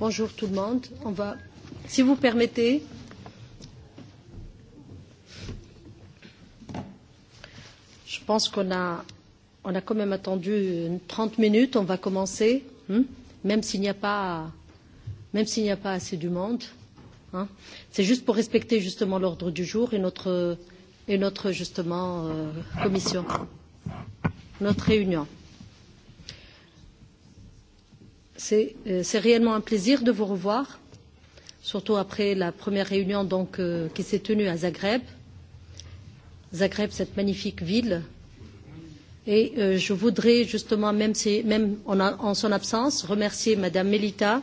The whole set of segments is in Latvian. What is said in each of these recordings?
Bonjour tout le monde. On va, si vous permettez, je pense qu'on a, on a quand même attendu 30 minutes. On va commencer, hein, même s'il n'y a pas, même s'il n'y a pas assez du monde. Hein. C'est juste pour respecter justement l'ordre du jour et notre, et notre justement euh, commission, notre réunion. C'est euh, réellement un plaisir de vous revoir, surtout après la première réunion donc, euh, qui s'est tenue à Zagreb. Zagreb, cette magnifique ville. Et euh, je voudrais justement, même, si, même en, en son absence, remercier Madame Melita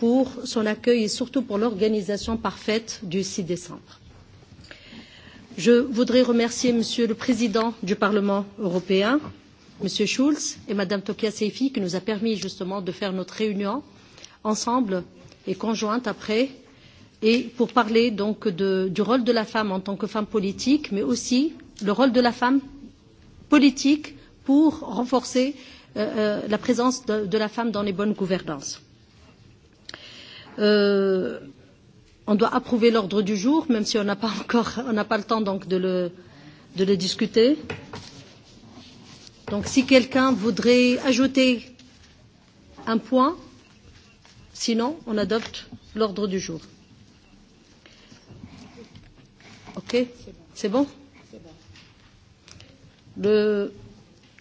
pour son accueil et surtout pour l'organisation parfaite du 6 décembre. Je voudrais remercier Monsieur le Président du Parlement européen, Monsieur Schulz et Madame Tokia Seifi qui nous a permis justement de faire notre réunion ensemble et conjointe après et pour parler donc de, du rôle de la femme en tant que femme politique, mais aussi le rôle de la femme politique pour renforcer euh, euh la présence de, de la femme dans les bonnes gouvernances. Euh, on doit approuver l'ordre du jour, même si on n'a pas encore on n'a pas le temps donc de le, de le discuter. Euh, Donc si quelqu'un voudrait ajouter un point, sinon on adopte l'ordre du jour. Ok C'est bon le,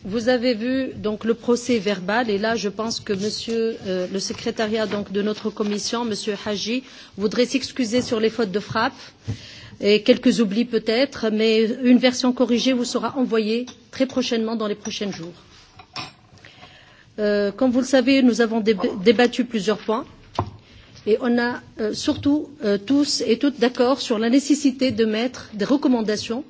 Vous avez vu donc le procès verbal et là je pense que monsieur euh, le secrétariat donc, de notre commission, monsieur Haji, voudrait s'excuser sur les fautes de frappe. Euh, et quelques oublis peut-être, mais une version corrigée vous sera envoyée très prochainement dans les prochains jours. Euh, comme vous le savez, nous avons dé débattu plusieurs points et on a euh, surtout euh, tous et toutes d'accord sur la nécessité de mettre des recommandations,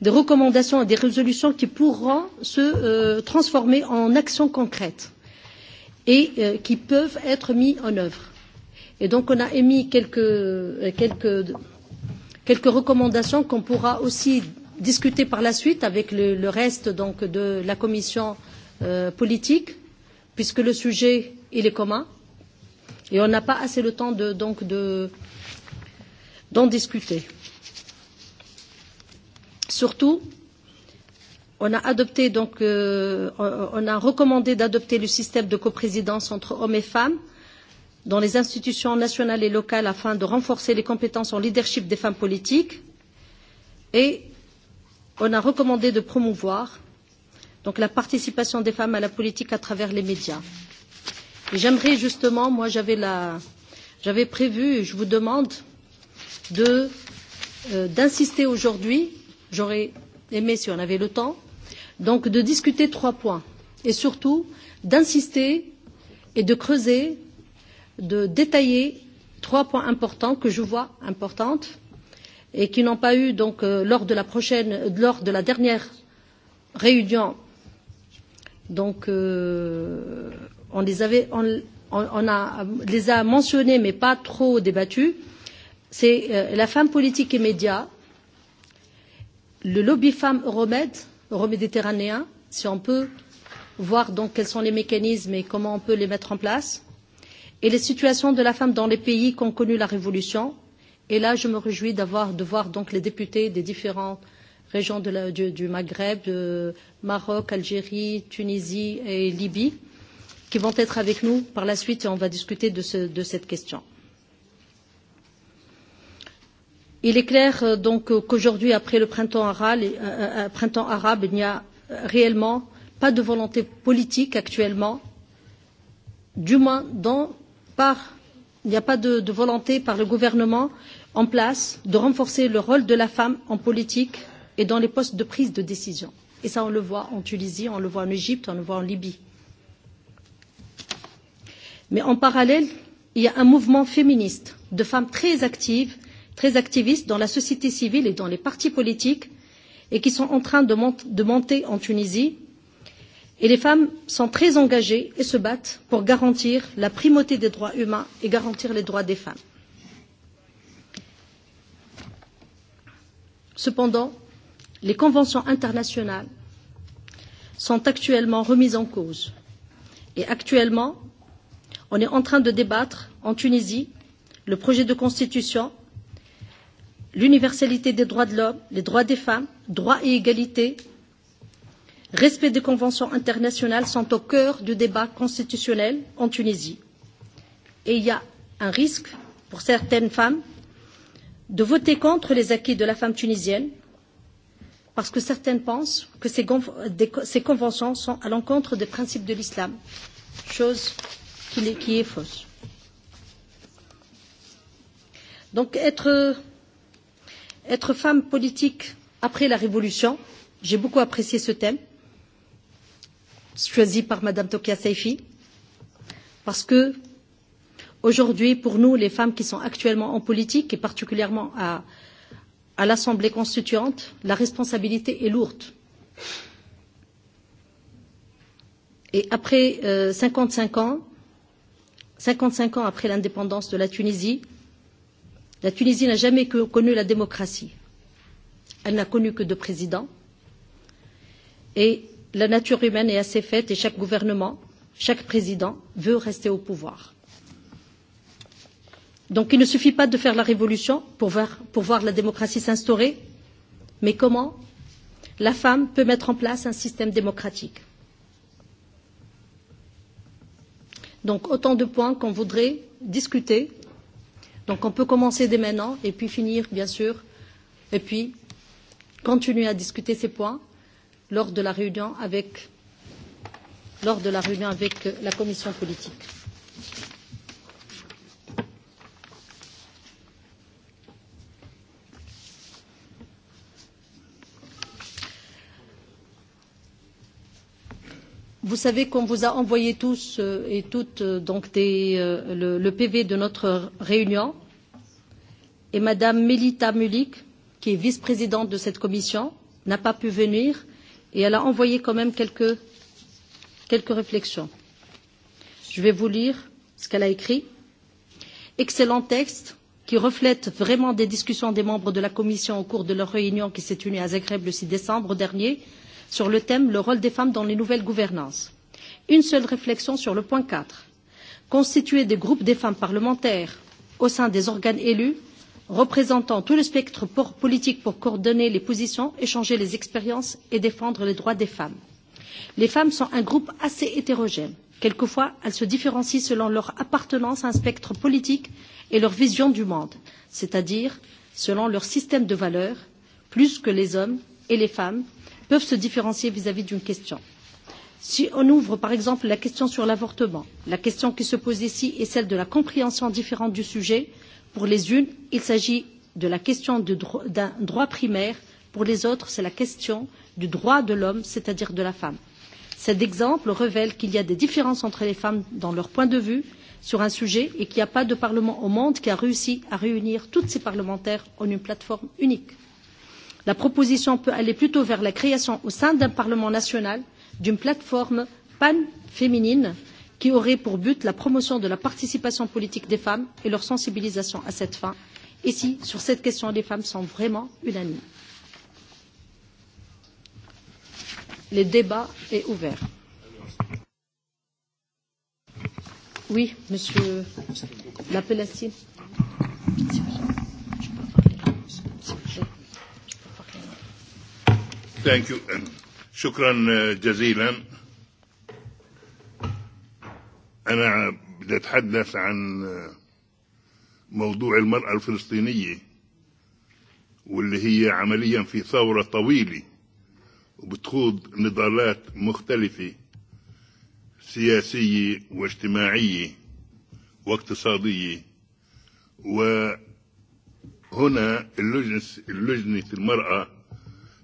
des recommandations et des résolutions qui pourront se euh, transformer en actions concrètes et euh, qui peuvent être mises en œuvre. Et donc on a émis quelques, euh, quelques quelques recommandations qu'on pourra aussi discuter par la suite avec le, le reste donc, de la commission euh, politique, puisque le sujet il est commun et on n'a pas assez le temps de, donc de, d'en discuter. Surtout, on a adopté donc euh, on a recommandé d'adopter le système de coprésidence entre hommes et femmes euh, dans les institutions nationales et locales afin de renforcer les compétences en leadership des femmes politiques. Et on a recommandé de promouvoir donc, la participation des femmes à la politique à travers les médias. Et j'aimerais justement, moi j'avais, la, j'avais prévu, je vous demande de, euh, d'insister aujourd'hui, j'aurais aimé si on avait le temps, donc de discuter trois points et surtout d'insister et de creuser de détailler trois points importants que je vois importantes et qui n'ont pas eu donc euh, lors de la prochaine lors de la dernière réunion donc euh, on les avait on, on, on a, les a mentionnés mais pas trop débattus c'est euh, la femme politique et médias le lobby femmes Euromed euroméditerranéen si on peut voir donc quels sont les mécanismes et comment on peut les mettre en place et les situations de la femme dans les pays qui ont connu la révolution. Et là, je me réjouis d'avoir, de voir donc les députés des différentes régions de la, du, du Maghreb, de Maroc, Algérie, Tunisie et Libye, qui vont être avec nous par la suite et on va discuter de, ce, de cette question. Il est clair euh, donc euh, qu'aujourd'hui, après le printemps arabe, euh, euh, printemps arabe, il n'y a réellement pas de volonté politique actuellement, du moins dans par, il n'y a pas de, de volonté par le gouvernement en place de renforcer le rôle de la femme en politique et dans les postes de prise de décision. Et ça, on le voit en Tunisie, on le voit en Égypte, on le voit en Libye. Mais en parallèle, il y a un mouvement féministe de femmes très actives, très activistes dans la société civile et dans les partis politiques, et qui sont en train de, mont de monter en Tunisie Et les femmes sont très engagées et se battent pour garantir la primauté des droits humains et garantir les droits des femmes. Cependant, les conventions internationales sont actuellement remises en cause. Et actuellement, on est en train de débattre en Tunisie le projet de constitution, l'universalité des droits de l'homme, les droits des femmes, droits et égalité respect des conventions internationales sont au cœur du débat constitutionnel en Tunisie. Et il y a un risque pour certaines femmes de voter contre les acquis de la femme tunisienne parce que certaines pensent que ces, ces conventions sont à l'encontre des principes de l'islam, chose qui, est, qui est fausse. Donc être, être femme politique après la Révolution, j'ai beaucoup apprécié ce thème, choisi par Madame Tokia Saifi, parce que aujourd'hui, pour nous, les femmes qui sont actuellement en politique et particulièrement à, à l'Assemblée constituante, la responsabilité est lourde. Et après euh, 55 ans, 55 ans après l'indépendance de la Tunisie, la Tunisie n'a jamais que, connu la démocratie. Elle n'a connu que deux présidents. Et la nature humaine est assez faite et chaque gouvernement, chaque président veut rester au pouvoir. Donc il ne suffit pas de faire la révolution pour voir, pour voir la démocratie s'instaurer, mais comment la femme peut mettre en place un système démocratique. Donc autant de points qu'on voudrait discuter. Donc on peut commencer dès maintenant et puis finir, bien sûr, et puis continuer à discuter ces points lors de la réunion avec, lors de la, réunion avec la commission politique. Vous savez qu'on vous a envoyé tous euh, et toutes euh, donc des, euh, le, le PV de notre réunion et Madame Melita Mulik, qui est vice-présidente de cette commission, n'a pas pu venir et elle a envoyé quand même quelques, quelques réflexions. Je vais vous lire ce qu'elle a écrit. Excellent texte qui reflète vraiment des discussions des membres de la Commission au cours de leur réunion qui s'est tenue à Zagreb le 6 décembre dernier sur le thème le rôle des femmes dans les nouvelles gouvernances. Une seule réflexion sur le point 4. Constituer des groupes des femmes parlementaires au sein des organes élus représentant tout le spectre politique pour coordonner les positions, échanger les expériences et défendre les droits des femmes. Les femmes sont un groupe assez hétérogène. Quelquefois, elles se différencient selon leur appartenance à un spectre politique et leur vision du monde, c'est-à-dire selon leur système de valeurs, plus que les hommes et les femmes peuvent se différencier vis-à-vis d'une question. Si on ouvre par exemple la question sur l'avortement, la question qui se pose ici est celle de la compréhension différente du sujet Pour les unes, il s'agit de la question d'un dro droit primaire, pour les autres, c'est la question du droit de l'homme, c'est-à-dire de la femme. Cet exemple révèle qu'il y a des différences entre les femmes dans leur point de vue sur un sujet et qu'il n'y a pas de parlement au monde qui a réussi à réunir toutes ces parlementaires en une plateforme unique. La proposition peut aller plutôt vers la création au sein d'un parlement national d'une plateforme pan-féminine euh, qui aurait pour but la promotion de la participation politique des femmes et leur sensibilisation à cette fin. Ici, sur cette question, les femmes sont vraiment unanimes. Le débat est ouvert. Oui, monsieur Lapelastine. Thank you. شكرا جزيلا eh, أنا بدي أتحدث عن موضوع المرأة الفلسطينية واللي هي عمليا في ثورة طويلة وبتخوض نضالات مختلفة سياسية واجتماعية واقتصادية وهنا اللجنة, اللجنة المرأة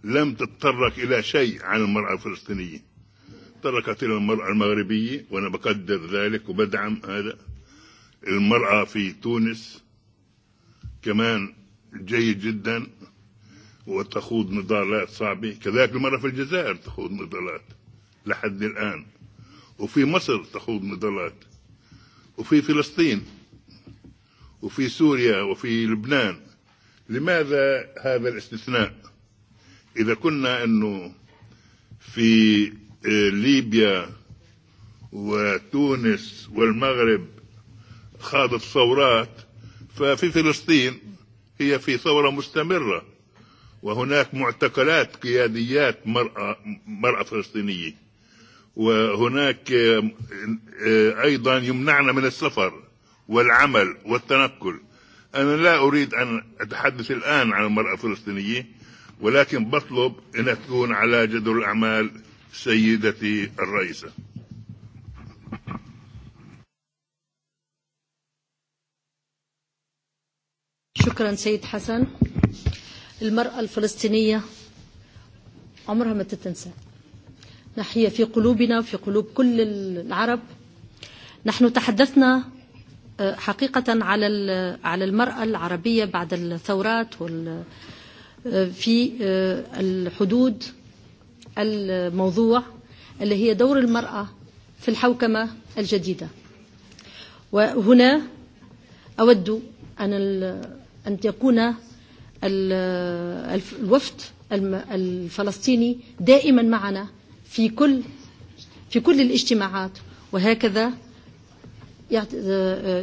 لم تتطرق إلى شيء عن المرأة الفلسطينية افتقر كثيرا المرأة المغربية وأنا بقدر ذلك وبدعم هذا المرأة في تونس كمان جيد جدا وتخوض نضالات صعبة كذلك المرأة في الجزائر تخوض نضالات لحد الآن وفي مصر تخوض نضالات وفي فلسطين وفي سوريا وفي لبنان لماذا هذا الاستثناء إذا كنا أنه في ليبيا وتونس والمغرب خاضت ثورات ففي فلسطين هي في ثورة مستمرة وهناك معتقلات قياديات مرأة, مرأة فلسطينية وهناك أيضا يمنعنا من السفر والعمل والتنقل أنا لا أريد أن أتحدث الآن عن المرأة الفلسطينية ولكن بطلب أن تكون على جدول الأعمال سيدتي الرئيسة شكرا سيد حسن المرأة الفلسطينية عمرها ما تتنسى نحيا في قلوبنا في قلوب كل العرب نحن تحدثنا حقيقة على على المرأة العربية بعد الثورات في الحدود الموضوع اللي هي دور المرأة في الحوكمة الجديدة وهنا أود أن أن يكون الوفد الفلسطيني دائما معنا في كل في كل الاجتماعات وهكذا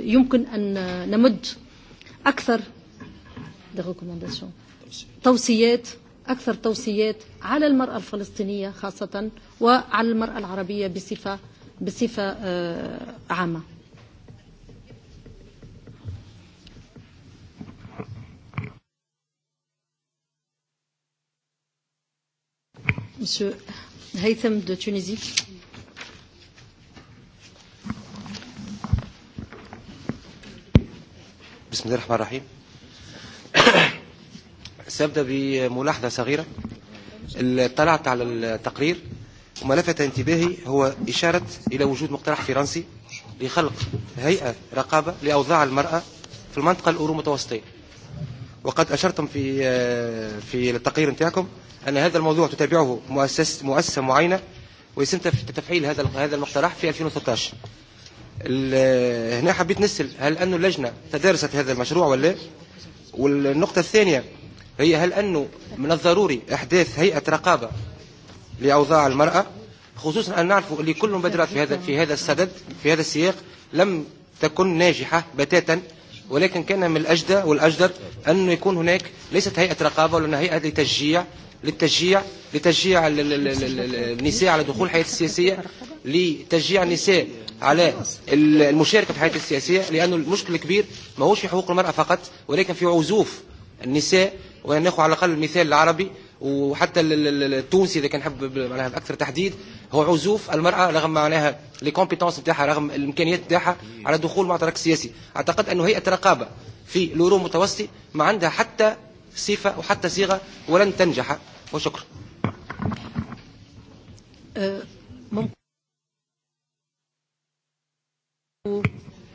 يمكن أن نمد أكثر توصيات أكثر توصيات على المرأة الفلسطينية خاصة وعلى المرأة العربية بصفة بصفة عامة Monsieur Haytham de Tunisie. بسم الله الرحمن الرحيم سأبدأ بملاحظة صغيرة اطلعت على التقرير وما لفت انتباهي هو إشارة إلى وجود مقترح فرنسي لخلق هيئة رقابة لأوضاع المرأة في المنطقة الأورو متوسطية وقد أشرتم في في التقرير نتاعكم أن هذا الموضوع تتابعه مؤسسة مؤسسة معينة ويتم تفعيل هذا هذا المقترح في 2013 هنا حبيت نسأل هل أن اللجنة تدارست هذا المشروع ولا والنقطة الثانية هي هل أنه من الضروري إحداث هيئة رقابة لأوضاع المرأة خصوصا أن نعرف اللي كل المبادرات في هذا في هذا السدد في هذا السياق لم تكن ناجحة بتاتا ولكن كان من الأجدى والأجدر أنه يكون هناك ليست هيئة رقابة ولكن هيئة لتشجيع للتشجيع لتشجيع النساء على دخول الحياة السياسية لتشجيع النساء على المشاركة في الحياة السياسية لأنه المشكل الكبير ماهوش في حقوق المرأة فقط ولكن في عزوف النساء وناخذ على الاقل المثال العربي وحتى التونسي اذا كان حب معناها باكثر تحديد هو عزوف المراه رغم معناها لي كومبيتونس نتاعها رغم الامكانيات نتاعها على دخول معترك سياسي اعتقد انه هيئه الرقابه في لورو متوسطي ما عندها حتى صفه وحتى صيغه ولن تنجح وشكرا euh,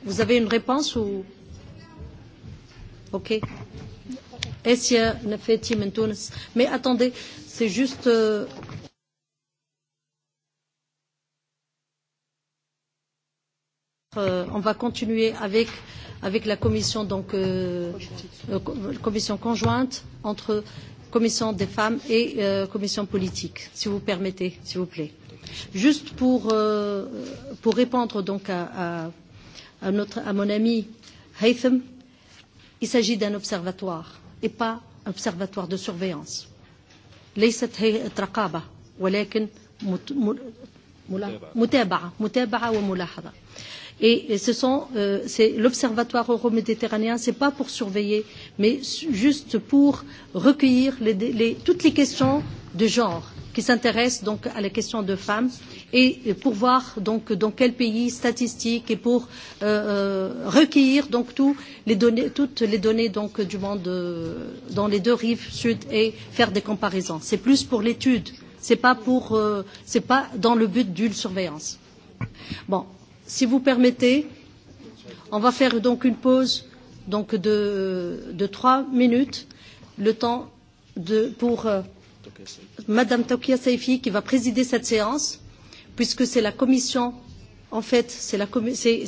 Vous avez une réponse ou OK اسيا نفاتي من تونس مي اتوندي سي جوست Euh, on va continuer avec, avec la commission, donc, euh, euh, commission conjointe entre commission des femmes et euh, commission politique, si vous permettez, s'il vous plaît. Juste pour, euh, pour répondre donc à, à, à, notre, à mon ami Haytham, il s'agit d'un observatoire et pas observatoire de surveillance. ليست هيئة رقابة ولكن متابعة متابعة وملاحظة. Et ce sont, euh, c'est l'observatoire euro-méditerranéen, c'est pas pour surveiller, mais juste pour recueillir les, les, toutes les questions de genre qui s'intéresse donc à la question de femmes et pour voir donc dans quel pays statistique et pour euh, euh recueillir donc tous les données, toutes les données donc du monde euh, dans les deux rives sud et faire des comparaisons. C'est plus pour l'étude, c'est pas pour euh, c'est pas dans le but d'une surveillance. Bon, si vous permettez, on va faire donc une pause donc de, de trois minutes, le temps de, pour euh, Madame Taukia Saifi qui va présider cette séance, puisque c'est la commission, en fait, c'est la, com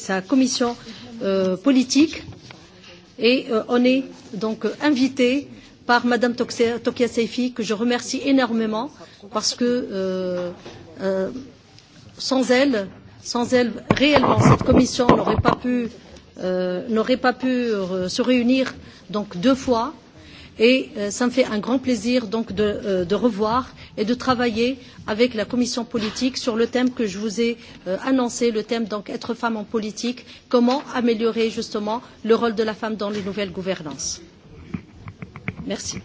la commission euh, politique, et euh, on est donc euh, invité par Madame Tokia Saifi, que je remercie énormément, parce que euh, euh, sans elle, sans elle, réellement, cette commission n'aurait pas pu, euh, pas pu euh, se réunir donc deux fois Et euh, ça me fait un grand plaisir donc de, euh, de revoir et de travailler avec la commission politique sur le thème que je vous ai euh, annoncé, le thème donc être femme en politique, comment améliorer justement le rôle de la femme dans les nouvelles gouvernances. Merci.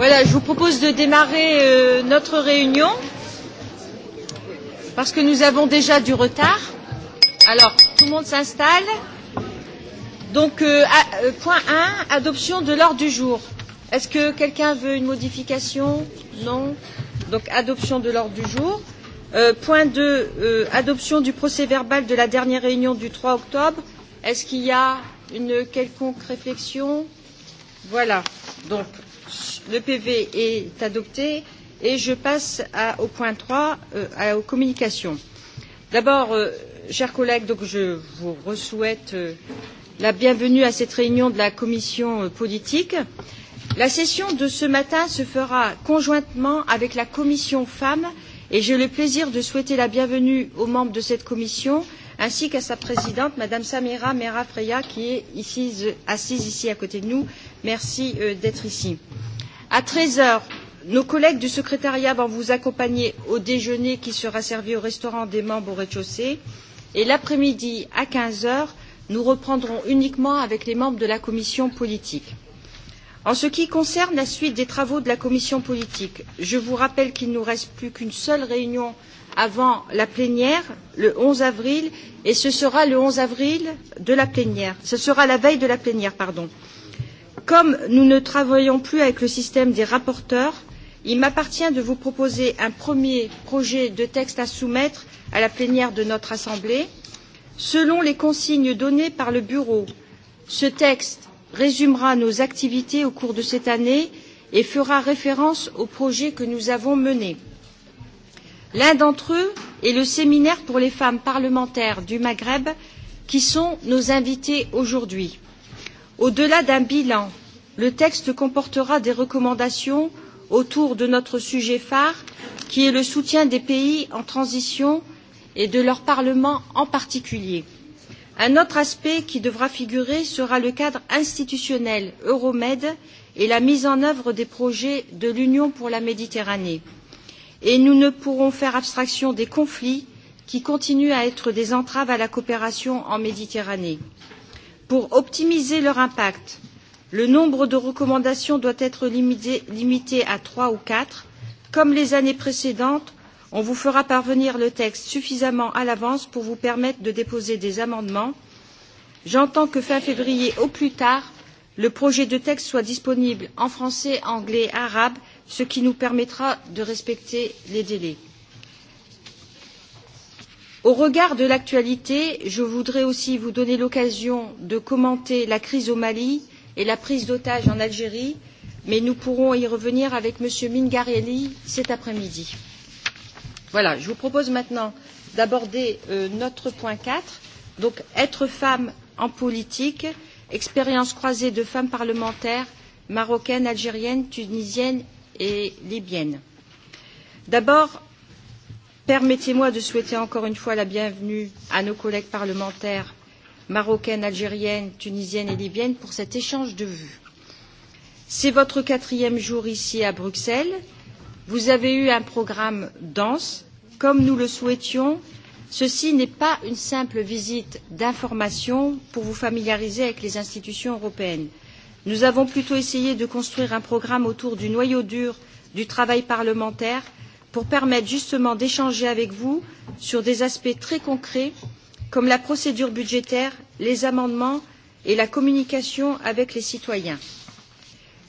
Voilà, je vous propose de démarrer euh, notre réunion parce que nous avons déjà du retard. Alors, tout le monde s'installe. Donc, euh, à, euh, point 1, adoption de l'ordre du jour. Est-ce que quelqu'un veut une modification Non Donc, adoption de l'ordre du jour. Euh, point 2, euh, adoption du procès verbal de la dernière réunion du 3 octobre. Est-ce qu'il y a une quelconque réflexion Voilà. Donc, Le PV est adopté et je passe à, au point 3, euh, à, aux communications. D'abord, euh, chers collègues, donc je vous souhaite euh, la bienvenue à cette réunion de la commission euh, politique. La session de ce matin se fera conjointement avec la commission femmes et j'ai le plaisir de souhaiter la bienvenue aux membres de cette commission ainsi qu'à sa présidente, Madame Samira Mera Freya, qui est ici, assise ici à côté de nous. Merci euh, d'être ici. À 13 heures, nos collègues du secrétariat vont vous accompagner au déjeuner qui sera servi au restaurant des membres au rez-de-chaussée. Et l'après-midi, à 15 heures, nous reprendrons uniquement avec les membres de la commission politique. En ce qui concerne la suite des travaux de la commission politique, je vous rappelle qu'il ne nous reste plus qu'une seule réunion avant la plénière le onze avril et ce sera le onze avril de la plénière ce sera la veille de la plénière pardon. Comme nous ne travaillons plus avec le système des rapporteurs, il m'appartient de vous proposer un premier projet de texte à soumettre à la plénière de notre Assemblée. Selon les consignes données par le Bureau, ce texte résumera nos activités au cours de cette année et fera référence aux projets que nous avons menés. L'un d'entre eux est le séminaire pour les femmes parlementaires du Maghreb, qui sont nos invités aujourd'hui. Au-delà d'un bilan, le texte comportera des recommandations autour de notre sujet phare, qui est le soutien des pays en transition et de leur Parlement en particulier. Un autre aspect qui devra figurer sera le cadre institutionnel Euromed et la mise en œuvre des projets de l'Union pour la Méditerranée et nous ne pourrons faire abstraction des conflits qui continuent à être des entraves à la coopération en Méditerranée. Pour optimiser leur impact, le nombre de recommandations doit être limité, limité à trois ou quatre. Comme les années précédentes, on vous fera parvenir le texte suffisamment à l'avance pour vous permettre de déposer des amendements. J'entends que fin février au plus tard, le projet de texte soit disponible en français, anglais, arabe ce qui nous permettra de respecter les délais. Au regard de l'actualité, je voudrais aussi vous donner l'occasion de commenter la crise au Mali et la prise d'otages en Algérie, mais nous pourrons y revenir avec M. Mingarelli cet après-midi. Voilà, je vous propose maintenant d'aborder euh, notre point 4, donc être femme en politique, expérience croisée de femmes parlementaires marocaines, algériennes, tunisiennes et libyenne. D'abord, permettez-moi de souhaiter encore une fois la bienvenue à nos collègues parlementaires marocaines, algériennes, tunisiennes et libyennes pour cet échange de vues. C'est votre quatrième jour ici à Bruxelles. Vous avez eu un programme dense. Comme nous le souhaitions, ceci n'est pas une simple visite d'information pour vous familiariser avec les institutions européennes. Nous avons plutôt essayé de construire un programme autour du noyau dur du travail parlementaire pour permettre justement d'échanger avec vous sur des aspects très concrets comme la procédure budgétaire, les amendements et la communication avec les citoyens.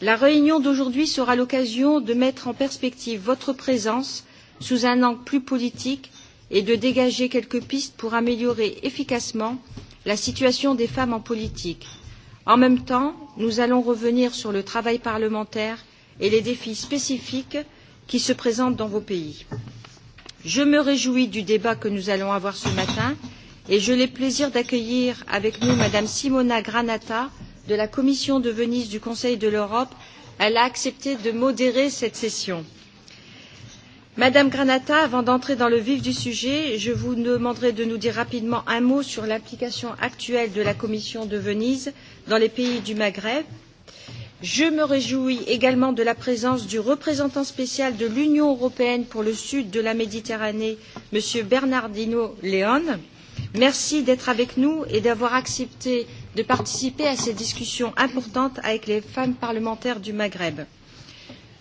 La réunion d'aujourd'hui sera l'occasion de mettre en perspective votre présence sous un angle plus politique et de dégager quelques pistes pour améliorer efficacement la situation des femmes en politique En même temps, nous allons revenir sur le travail parlementaire et les défis spécifiques qui se présentent dans vos pays. Je me réjouis du débat que nous allons avoir ce matin et j'ai le plaisir d'accueillir avec nous Madame Simona Granata de la Commission de Venise du Conseil de l'Europe. Elle a accepté de modérer cette session. Euh, Madame Granata, avant d'entrer dans le vif du sujet, je vous demanderai de nous dire rapidement un mot sur l'application actuelle de la Commission de Venise dans les pays du Maghreb. Je me réjouis également de la présence du représentant spécial de l'Union européenne pour le sud de la Méditerranée, M. Bernardino Leon. Merci d'être avec nous et d'avoir accepté de participer à ces discussions importantes avec les femmes parlementaires du Maghreb.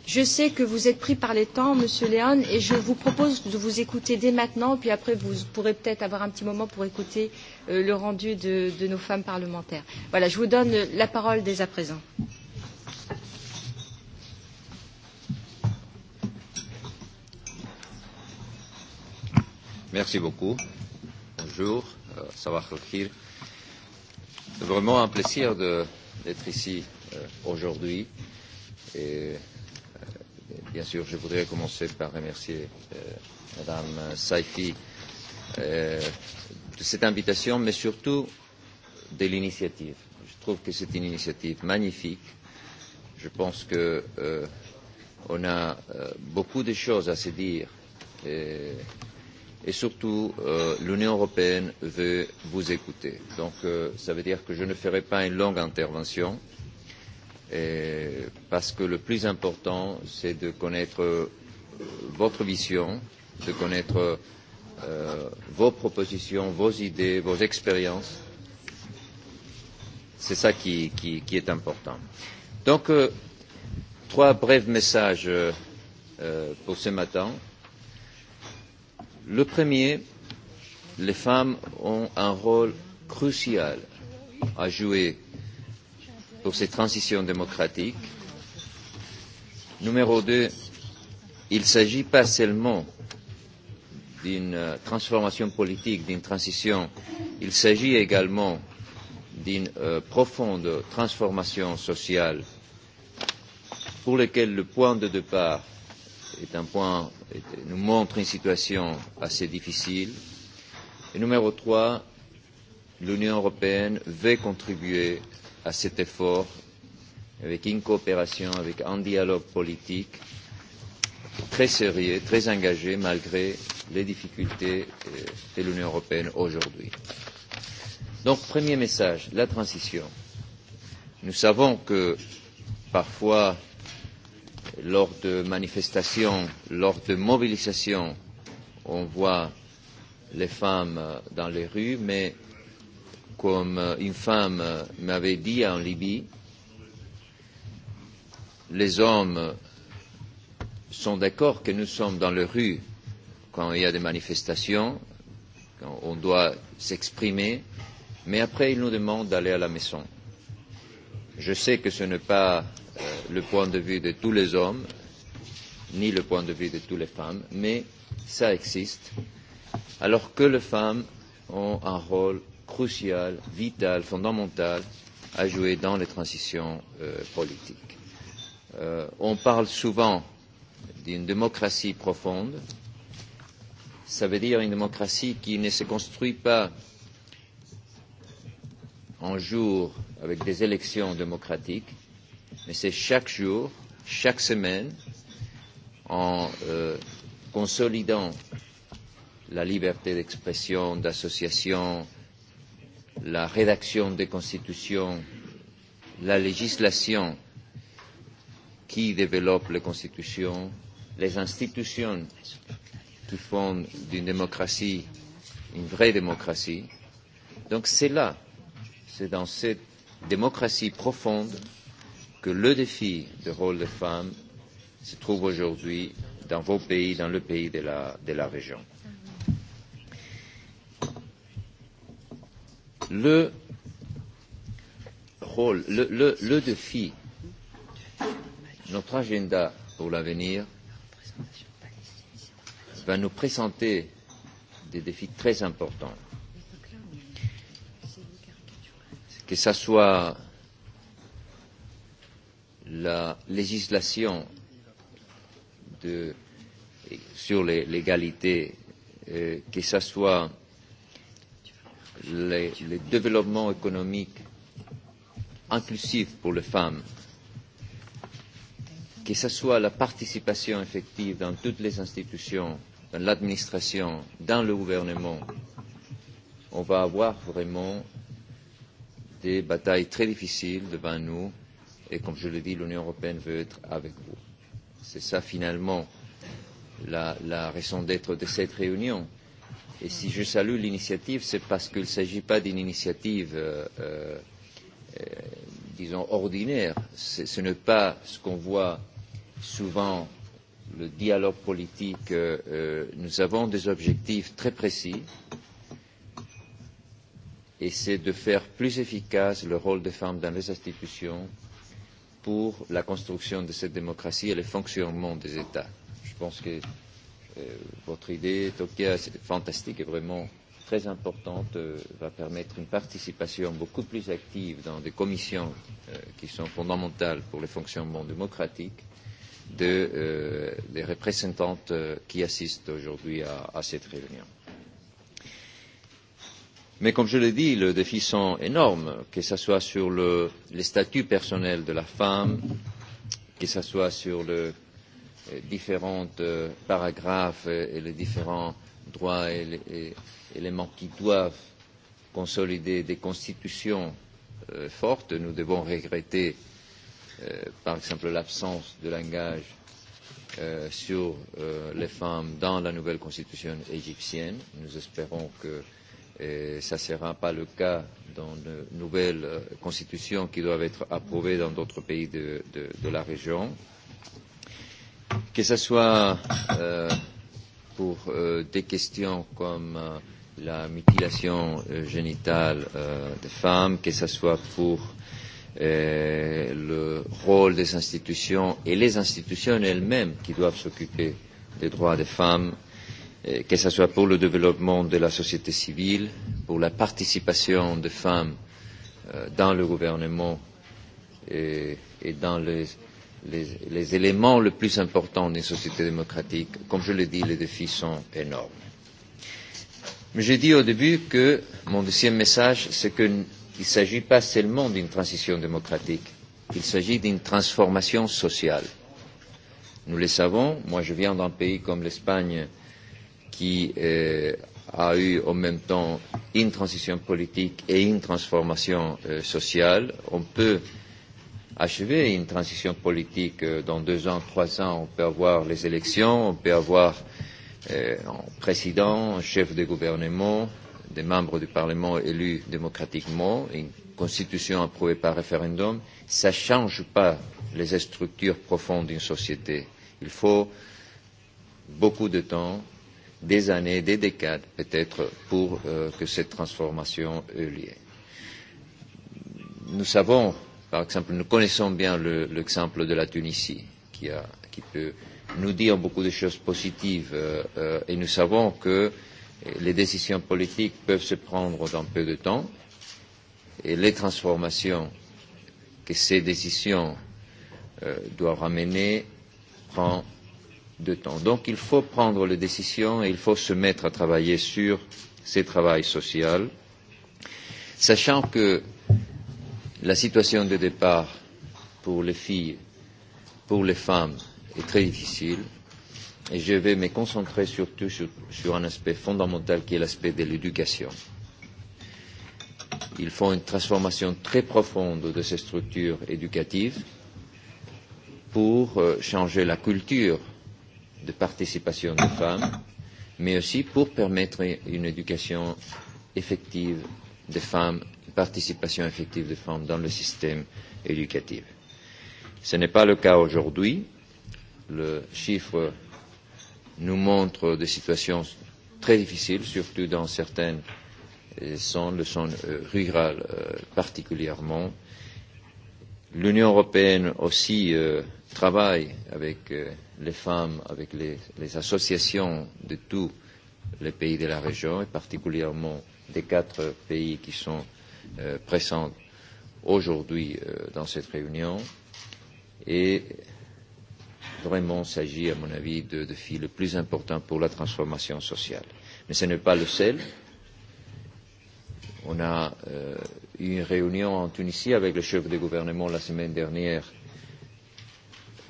Je sais que vous êtes pris par les temps, Monsieur Léon, et je vous propose de vous écouter dès maintenant, puis après vous pourrez peut-être avoir un petit moment pour écouter euh, le rendu de, de nos femmes parlementaires. Voilà, je vous donne la parole dès à présent. Merci beaucoup. Bonjour, euh, Sabah Khir. C'est vraiment un plaisir d'être ici euh, aujourd'hui. Et Euh, bien sûr, je voudrais commencer par remercier euh, Madame Saifi euh, de cette invitation, mais surtout de l'initiative. Je trouve que c'est une initiative magnifique. Je pense que euh, on a euh, beaucoup de choses à se dire et, euh, et surtout euh, l'Union européenne veut vous écouter. Donc euh, ça veut dire que je ne ferai pas une longue intervention. Euh, Et euh, parce que le plus important, c'est de connaître euh, votre vision, de connaître euh, vos propositions, vos idées, vos expériences. C'est ça qui, qui, qui est important. Donc, euh, trois brefs messages euh, euh pour ce matin. Le premier, les femmes ont un rôle crucial à jouer euh, pour ces transitions démocratiques. Numéro deux, il ne s'agit pas seulement d'une transformation politique, d'une transition, il s'agit également d'une euh, profonde transformation sociale pour laquelle le point de départ est un point, est, nous montre une situation assez difficile. Et numéro trois, l'Union européenne veut contribuer à cet effort avec une coopération, avec un dialogue politique très sérieux, très engagé malgré les difficultés euh, de l'Union européenne aujourd'hui. Donc, premier message, la transition. Nous savons que parfois, lors de manifestations, lors de mobilisations, on voit les femmes dans les rues, mais euh, comme une euh, femme euh, m'avait dit en Libye, les hommes sont d'accord que nous sommes dans les rues quand il y a des manifestations, quand on doit s'exprimer, mais après ils nous demandent d'aller à la maison. Je sais que ce n'est pas euh, le point de vue de tous les hommes, ni le point de vue de toutes les femmes, mais ça existe, alors que les femmes ont un rôle crucial, vital, fondamental à jouer dans les transitions euh, politiques. Euh, on parle souvent d'une démocratie profonde. Ça veut dire une démocratie qui ne se construit pas en jour avec des élections démocratiques, mais c'est chaque jour, chaque semaine, en euh, consolidant la liberté d'expression, d'association, euh, la rédaction des constitutions, la législation qui développe les constitutions, les institutions qui font d'une démocratie une vraie démocratie. Donc c'est là, c'est dans cette démocratie profonde que le défi du rôle des femmes se trouve aujourd'hui dans vos pays, dans le pays de la, de la région. le rôle, oh, le, le, le défi, notre agenda pour l'avenir va nous présenter des défis très importants. Que ce soit la législation de, sur l'égalité, euh, que ce soit le, le développement économique inclusif pour les femmes, que ce soit la participation effective dans toutes les institutions, dans l'administration, dans le gouvernement, on va avoir vraiment des batailles très difficiles devant nous et comme je l'ai dit, l'Union européenne veut être avec vous. C'est ça finalement la, la raison d'être de cette réunion, Et si je salue l'initiative, c'est parce qu'il ne s'agit pas d'une initiative, euh, euh, euh disons, ordinaire. Ce n'est pas ce qu'on voit souvent le dialogue politique. Euh, euh, nous avons des objectifs très précis et c'est de faire plus efficace le rôle des femmes dans les institutions pour la construction de cette démocratie et le fonctionnement des États. Je pense que euh, votre idée, Tokia, c'est fantastique et vraiment très importante, euh, va permettre une participation beaucoup plus active dans des commissions euh, qui sont fondamentales pour le fonctionnement démocratique de, euh, des représentantes euh, qui assistent aujourd'hui à, à cette réunion. Mais comme je l'ai dit, les défis sont énormes, que ce soit sur le, les statuts personnels de la femme, que ce soit sur le, euh, Euh, différents euh, paragraphes et les différents droits et, les, et éléments qui doivent consolider des constitutions euh, fortes. Nous devons regretter, euh, par exemple, l'absence de langage euh, sur euh, les femmes dans la nouvelle constitution égyptienne. Nous espérons que euh, ça ne sera pas le cas dans de nouvelles euh, constitutions qui doivent être approuvées dans d'autres pays de, de, de la région. Euh, que ce soit euh, pour euh, des questions comme euh, la mutilation euh, génitale euh, des femmes, que ce soit pour euh, le rôle des institutions et les institutions elles-mêmes qui doivent s'occuper des droits des femmes, euh, que ce soit pour le développement de la société civile, pour la participation des femmes euh, dans le gouvernement et, et dans les les, les éléments les plus importants d'une société démocratique. Comme je l'ai dit, les défis sont énormes. Mais j'ai dit au début que mon deuxième message, c'est qu'il ne s'agit pas seulement d'une transition démocratique, il s'agit d'une transformation sociale. Nous le savons, moi je viens d'un pays comme l'Espagne qui euh, a eu en même temps une transition politique et une transformation euh, sociale. On peut euh, achever une transition politique. Euh, dans deux ans, trois ans, on peut avoir les élections, on peut avoir euh, un président, un chef de gouvernement, des membres du Parlement élus démocratiquement, une constitution approuvée par référendum. Ça ne change pas les structures profondes d'une société. Il faut beaucoup de temps, des années, des décades peut-être, pour euh, que cette transformation ait lieu. Nous savons Par exemple, nous connaissons bien l'exemple le, de la Tunisie, qui, a, qui peut nous dire beaucoup de choses positives, euh, euh, et nous savons que euh, les décisions politiques peuvent se prendre dans peu de temps, et les transformations que ces décisions euh, doivent ramener prend de temps. Donc il faut prendre les décisions et il faut se mettre à travailler sur ces travail social, sachant que La situation de départ pour les filles, pour les femmes, est très difficile. Et je vais me concentrer surtout sur, sur un aspect fondamental qui est l'aspect de l'éducation. Il faut une transformation très profonde de ces structures éducatives pour euh, changer la culture de participation des femmes, mais aussi pour permettre une éducation effective des femmes participation effective des femmes dans le système éducatif. Ce n'est pas le cas aujourd'hui. Le chiffre nous montre des situations très difficiles, surtout dans certaines euh, zones, le zone euh, rurale euh, particulièrement. L'Union européenne aussi euh, travaille avec euh, les femmes, avec les, les associations de tous les pays de la région, et particulièrement des quatre pays qui sont euh, pressante aujourd'hui euh, dans cette réunion et vraiment s'agit, à mon avis, de défi le plus important pour la transformation sociale. Mais ce n'est pas le seul. On a euh, eu une réunion en Tunisie avec le chef de gouvernement la semaine dernière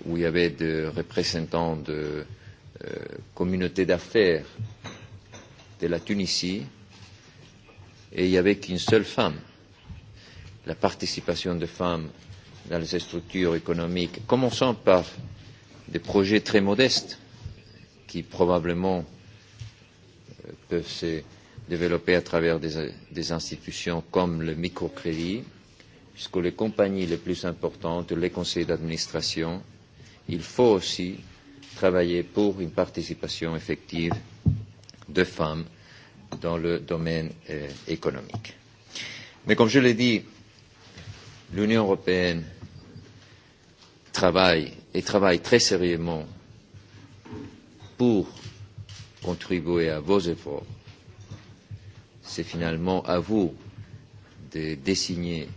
où il y avait des représentants de euh, communautés d'affaires de la Tunisie, euh, et il n'y avait qu'une seule femme. La participation des femmes dans les structures économiques, commençant par des projets très modestes qui probablement euh, peuvent se développer à travers des, des institutions comme le microcrédit, puisque les compagnies les plus importantes, les conseils d'administration, il faut aussi travailler pour une participation effective de femmes dans le domaine euh, économique. Mais comme je l'ai dit, l'Union européenne travaille et travaille très sérieusement pour contribuer à vos efforts. C'est finalement à vous de dessiner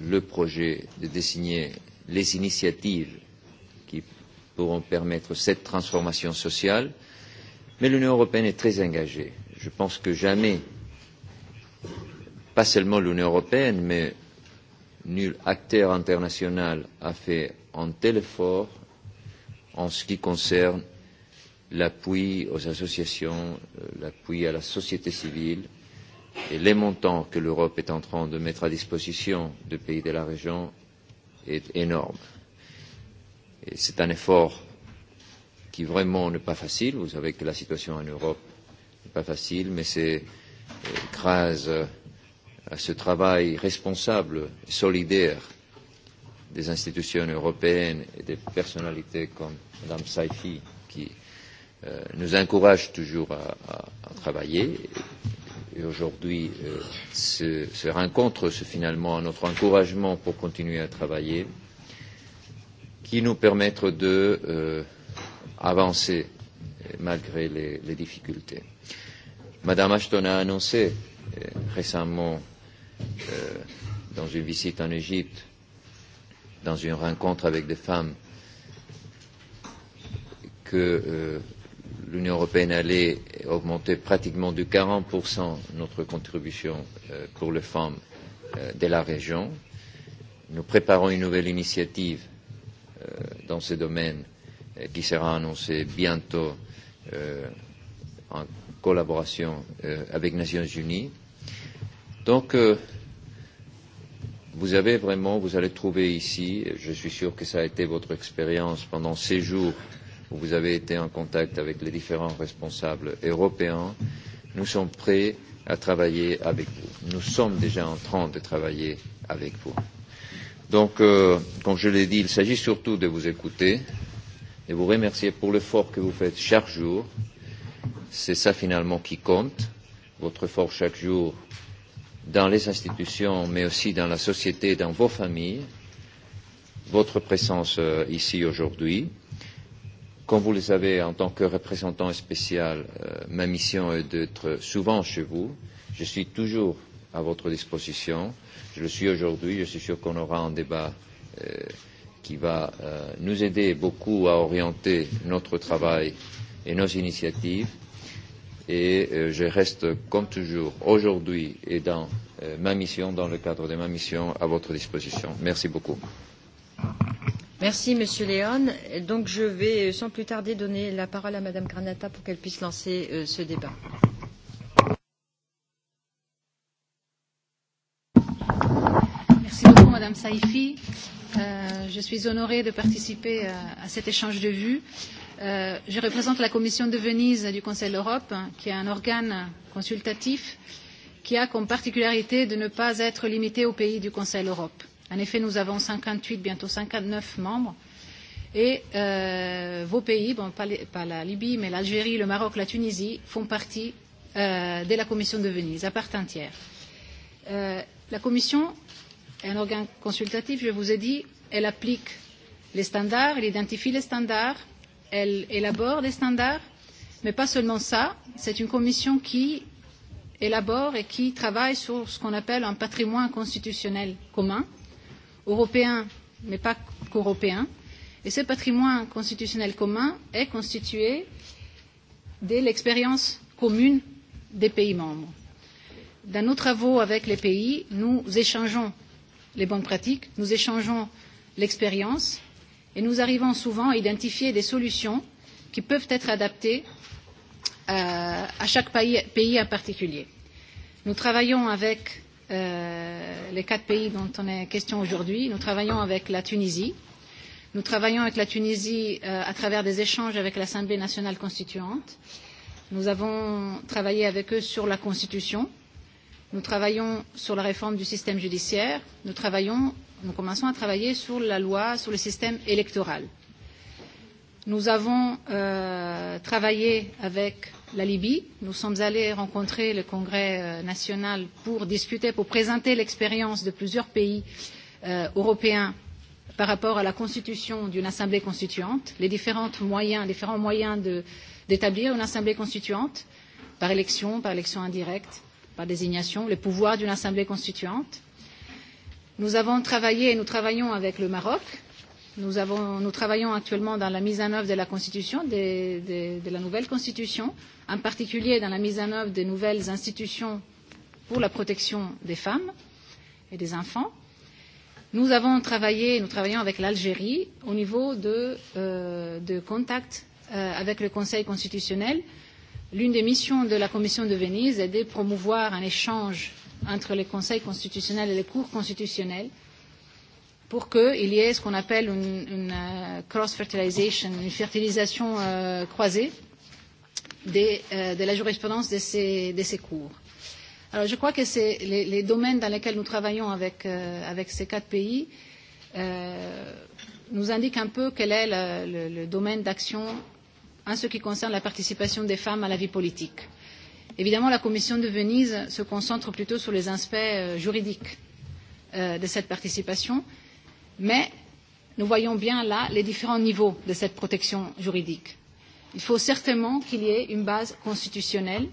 le projet, de dessiner les initiatives qui pourront permettre cette transformation sociale Mais l'Union européenne est très engagée. Je pense que jamais, pas seulement l'Union européenne, mais nul acteur international a fait un tel effort en ce qui concerne l'appui aux associations, euh, l'appui à la société civile et les montants que l'Europe est en train de mettre à disposition des pays de la région est énorme. Et c'est un effort qui vraiment n'est pas facile. Vous savez que la situation en Europe n'est pas facile, mais c'est euh, grâce à ce travail responsable, solidaire des institutions européennes et des personnalités comme Mme Saifi qui euh, nous encourage toujours à, à, à travailler. Et aujourd'hui, euh, ce, ce rencontre, c'est finalement notre encouragement pour continuer à travailler, qui nous permettre de euh, avancer malgré les, les difficultés. Madame Ashton a annoncé euh, récemment, euh, dans une visite en Égypte, dans une rencontre avec des femmes, que euh, l'Union européenne allait augmenter pratiquement de 40% notre contribution euh, pour les femmes euh, de la région. Nous préparons une nouvelle initiative euh, dans ce domaine Eh, qui sera annoncé bientôt euh, en collaboration euh, avec les Nations Unies. Donc, euh, vous avez vraiment, vous allez trouver ici, je suis sûr que ça a été votre expérience pendant ces jours où vous avez été en contact avec les différents responsables européens, nous sommes prêts à travailler avec vous. Nous sommes déjà en train de travailler avec vous. Donc, euh, comme je l'ai dit, il s'agit surtout de vous écouter, euh, et vous remercier pour l'effort que vous faites chaque jour. C'est ça finalement qui compte, votre effort chaque jour dans les institutions, mais aussi dans la société, dans vos familles, votre présence euh, ici aujourd'hui. Comme vous le savez, en tant que représentant spécial, euh, ma mission est d'être souvent chez vous. Je suis toujours à votre disposition. Je le suis aujourd'hui. Je suis sûr qu'on aura un débat euh, qui va euh, nous aider beaucoup à orienter notre travail et nos initiatives. Et euh, je reste, comme toujours, aujourd'hui et dans euh, ma mission, dans le cadre de ma mission, à votre disposition. Merci beaucoup. Merci, Monsieur Léon. Donc, je vais euh, sans plus tarder donner la parole à Madame Granata pour qu'elle puisse lancer euh, ce débat. Merci beaucoup, Madame Saifi. Euh, Euh, je suis honorée de participer à, à cet échange de vues. Euh, je représente la Commission de Venise du Conseil de l'Europe, qui est un organe consultatif qui a comme particularité de ne pas être limité aux pays du Conseil de l'Europe. En effet, nous avons 58, bientôt 59 membres. Et euh, vos pays, bon, pas, les, pas la Libye, mais l'Algérie, le Maroc, la Tunisie, font partie euh, de la Commission de Venise, à part entière. Euh, la Commission un organe consultatif, je vous ai dit, elle applique les standards, elle identifie les standards, elle élabore des standards, mais pas seulement ça, c'est une commission qui élabore et qui travaille sur ce qu'on appelle un patrimoine constitutionnel commun, européen, mais pas qu'européen. Et ce patrimoine constitutionnel commun est constitué de l'expérience commune des pays membres. Dans nos travaux avec les pays, nous échangeons les bonnes pratiques, nous échangeons l'expérience et nous arrivons souvent à identifier des solutions qui peuvent être adaptées euh, à chaque pays, pays en particulier. Nous travaillons avec euh, les quatre pays dont on est question aujourd'hui. Nous travaillons avec la Tunisie. Nous travaillons avec la Tunisie euh, à travers des échanges avec l'Assemblée nationale constituante. Nous avons travaillé avec eux sur la Constitution. Euh, Nous travaillons sur la réforme du système judiciaire. Nous travaillons, nous commençons à travailler sur la loi, sur le système électoral. Nous avons euh, travaillé avec la Libye. Nous sommes allés rencontrer le Congrès euh, national pour discuter, pour présenter l'expérience de plusieurs pays euh, européens par rapport à la constitution d'une assemblée constituante, les différents moyens, différents moyens d'établir une assemblée constituante par élection, par élection indirecte, par désignation, les pouvoirs d'une assemblée constituante. Nous avons travaillé et nous travaillons avec le Maroc. Nous, avons, nous travaillons actuellement dans la mise en œuvre de la Constitution, de, de, de la nouvelle Constitution, en particulier dans la mise en œuvre des nouvelles institutions pour la protection des femmes et des enfants. Nous avons travaillé, nous travaillons avec l'Algérie au niveau de, euh, de contacts euh, avec le Conseil constitutionnel euh, L'une des missions de la Commission de Venise est de promouvoir un échange entre les conseils constitutionnels et les cours constitutionnels pour qu'il y ait ce qu'on appelle une, une euh, cross-fertilisation, une fertilisation euh, croisée des, euh, de la jurisprudence de ces, de ces cours. Alors je crois que c'est les, les domaines dans lesquels nous travaillons avec, euh, avec ces quatre pays euh, nous indiquent un peu quel est le, le, le domaine d'action en ce qui concerne la participation des femmes à la vie politique. Évidemment, la Commission de Venise se concentre plutôt sur les aspects euh, juridiques euh, de cette participation, mais nous voyons bien là les différents niveaux de cette protection juridique. Il faut certainement qu'il y ait une base constitutionnelle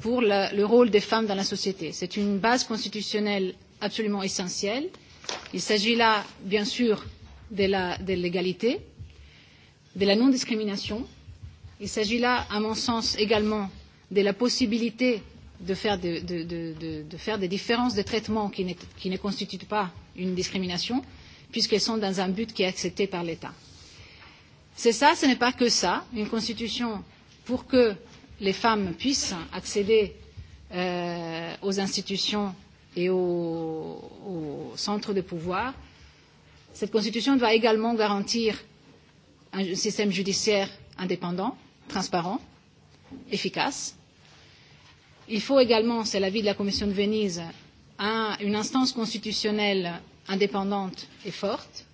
pour le, le rôle des femmes dans la société. C'est une base constitutionnelle absolument essentielle. Il s'agit là, bien sûr, de l'égalité, de la non-discrimination. Il s'agit là, à mon sens, également de la possibilité de faire, de, de, de, de, de faire des différences de traitement qui ne, qui ne constituent pas une discrimination, puisqu'elles sont dans un but qui est accepté par l'État. C'est ça, ce n'est pas que ça, une constitution pour que les femmes puissent accéder euh, aux institutions et aux, aux centres de pouvoir. Cette constitution doit également garantir un système judiciaire indépendant, transparent, efficace. Il faut également, c'est l'avis de la Commission de Venise, un, une instance constitutionnelle indépendante et forte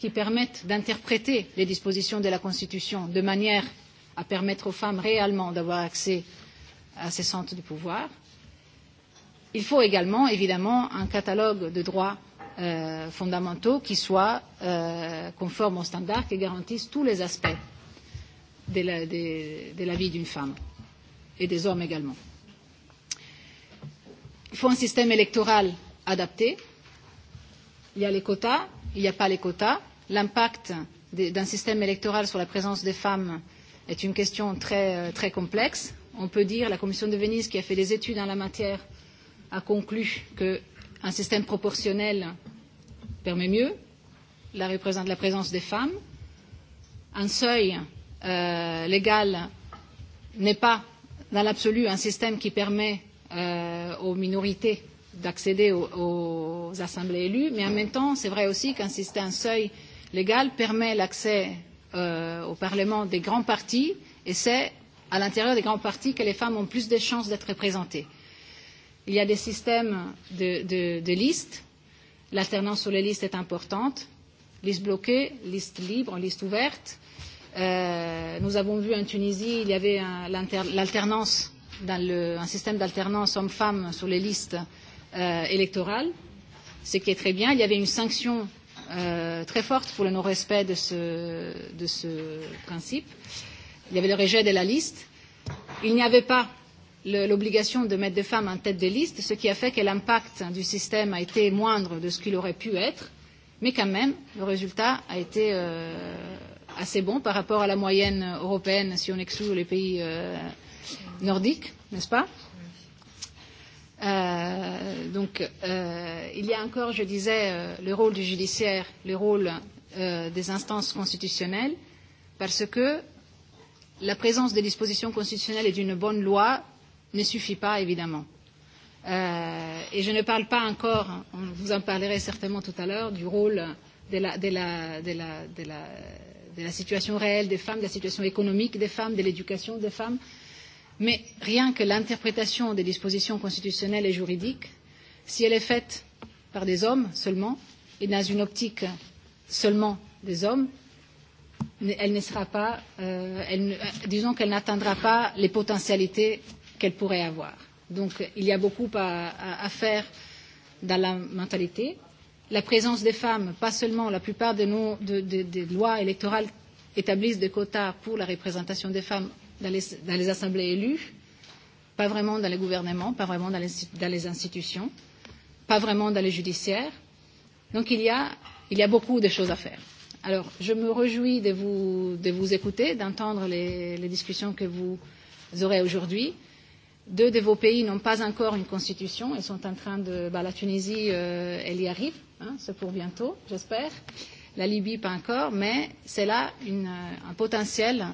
qui permette d'interpréter les dispositions de la Constitution de manière à permettre aux femmes réellement d'avoir accès à ces centres de pouvoir. Il faut également, évidemment, un catalogue de droits euh, fondamentaux qui soient euh, conformes aux standards qui garantissent tous les aspects de la, de, de la vie d'une femme et des hommes également. Il faut un système électoral adapté. Il y a les quotas, il n'y a pas les quotas. L'impact d'un système électoral sur la présence des femmes est une question très, euh, très complexe. On peut dire, la Commission de Venise, qui a fait des études en la matière, a conclu que un système proportionnel permet mieux la, la présence des femmes. Un seuil euh, légal n'est pas, dans l'absolu, un système qui permet euh, aux minorités d'accéder aux, aux assemblées élues, mais en même temps, c'est vrai aussi qu'un système seuil légal permet l'accès euh, au Parlement des grands partis, et c'est à l'intérieur des grands partis que les femmes ont plus de chances d'être représentées. Il y a des systèmes de, de, de listes. L'alternance sur les listes est importante. Liste bloquée, liste libre, liste ouverte. Euh, nous avons vu en Tunisie, il y avait l'alternance dans le, un système d'alternance hommes-femmes sur les listes euh, électorales, ce qui est très bien. Il y avait une sanction euh, très forte pour le non-respect de ce, de ce principe. Il y avait le rejet de la liste. Il n'y avait pas l'obligation de mettre des femmes en tête des listes, ce qui a fait que l'impact du système a été moindre de ce qu'il aurait pu être, mais quand même, le résultat a été euh, assez bon par rapport à la moyenne européenne si on exclut les pays euh, nordiques, n'est-ce pas euh, donc, euh, il y a encore, je disais, euh, le rôle du judiciaire, le rôle euh, des instances constitutionnelles, parce que la présence des dispositions constitutionnelles et d'une bonne loi ne suffit pas, évidemment. Euh, et je ne parle pas encore, vous en parlerez certainement tout à l'heure, du rôle de la, de, la, de, la, de, la, de la situation réelle des femmes, de la situation économique des femmes, de l'éducation des femmes. Mais rien que l'interprétation des dispositions constitutionnelles et juridiques, si elle est faite par des hommes seulement, et dans une optique seulement des hommes, elle ne sera pas, euh, elle, euh, disons qu'elle n'atteindra pas les potentialités qu'elle pourrait avoir. Donc il y a beaucoup à, à, à faire dans la mentalité. La présence des femmes, pas seulement la plupart de nos de, de, de lois électorales établissent des quotas pour la représentation des femmes dans les, dans les assemblées élues, pas vraiment dans les gouvernements, pas vraiment dans les, dans les institutions, pas vraiment dans les judiciaires. Donc il y, a, il y a beaucoup de choses à faire. Alors, je me réjouis de vous, de vous écouter, d'entendre les, les discussions que vous aurez aujourd'hui. Euh, Deux de vos pays n'ont pas encore une constitution. Ils sont en train de. Bah, la Tunisie, euh, elle y arrive. Hein, c'est pour bientôt, j'espère. La Libye, pas encore. Mais c'est là une, euh, un potentiel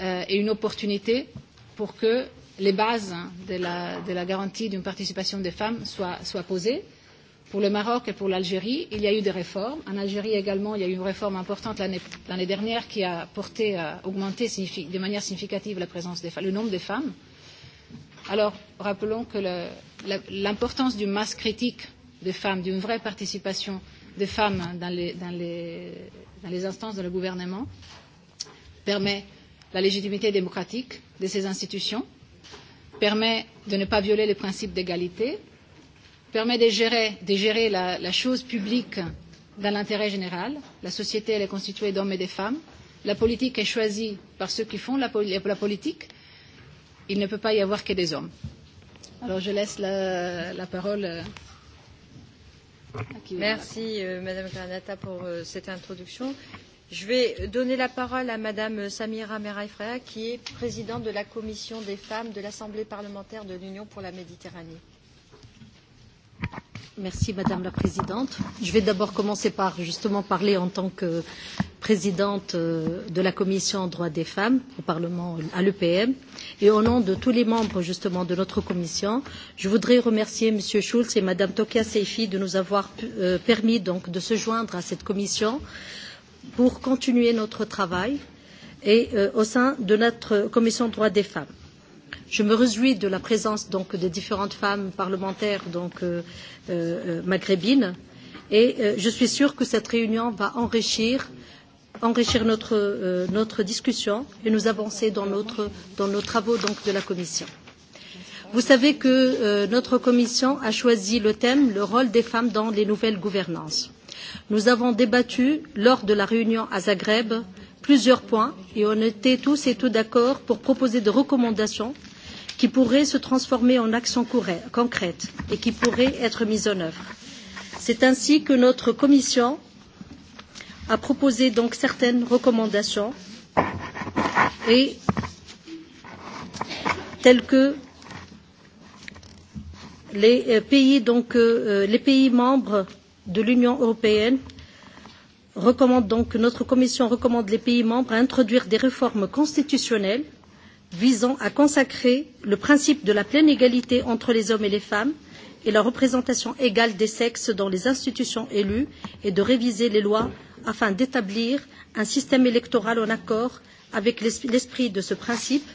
euh, et une opportunité pour que les bases de la, de la garantie d'une participation des femmes soient, soient posées. Pour le Maroc et pour l'Algérie, il y a eu des réformes. En Algérie également, il y a eu une réforme importante l'année dernière qui a porté à euh, augmenter de manière significative la présence des, le nombre de femmes. Euh, Alors, rappelons que l'importance d'une masse critique des femmes, d'une vraie participation des femmes dans les, dans les, dans les instances de le gouvernement, permet la légitimité démocratique de ces institutions, permet de ne pas violer les principes d'égalité, permet de gérer, de gérer la, la chose publique dans l'intérêt général. La société elle est constituée d'hommes et de femmes. La politique est choisie par ceux qui font la, la politique il ne peut pas y avoir que des hommes. Alors je laisse la, la parole. Euh, Merci euh, Madame Granata pour euh, cette introduction. Je vais donner la parole à Madame Samira Meraifrea, qui est présidente de la commission des femmes de l'Assemblée parlementaire de l'Union pour la Méditerranée. Merci Madame la Présidente. Je vais d'abord commencer par justement parler en tant que présidente euh, de la commission droits des femmes au Parlement à l'EPM. Euh, et au nom de tous les membres justement de notre commission, je voudrais remercier Monsieur Schulz et Madame Tokia Seifi de nous avoir euh, permis donc de se joindre à cette commission pour continuer notre travail et euh, au sein de notre commission droits des femmes. Je me réjouis de la présence donc des différentes femmes parlementaires donc euh, euh, euh, maghrébines et euh, je suis sûre que cette réunion va enrichir euh, enrichir notre, euh, notre discussion et nous avancer dans, notre, dans nos travaux donc, de la Commission. Vous savez que euh, notre Commission a choisi le thème le rôle des femmes dans les nouvelles gouvernances. Nous avons débattu lors de la réunion à Zagreb plusieurs points et on était tous et toutes d'accord pour proposer des recommandations qui pourraient se transformer en actions concrètes et qui pourraient être mises en œuvre. C'est ainsi que notre Commission a proposé donc certaines recommandations et telles que les euh, pays, donc, euh, euh, les pays membres de l'Union européenne recommandent donc notre commission recommande les pays membres à introduire des réformes constitutionnelles visant à consacrer le principe de la pleine égalité entre les hommes et les femmes et la représentation égale des sexes dans les institutions élues et de réviser les lois afin d'établir un système électoral en accord avec l'esprit de ce principe,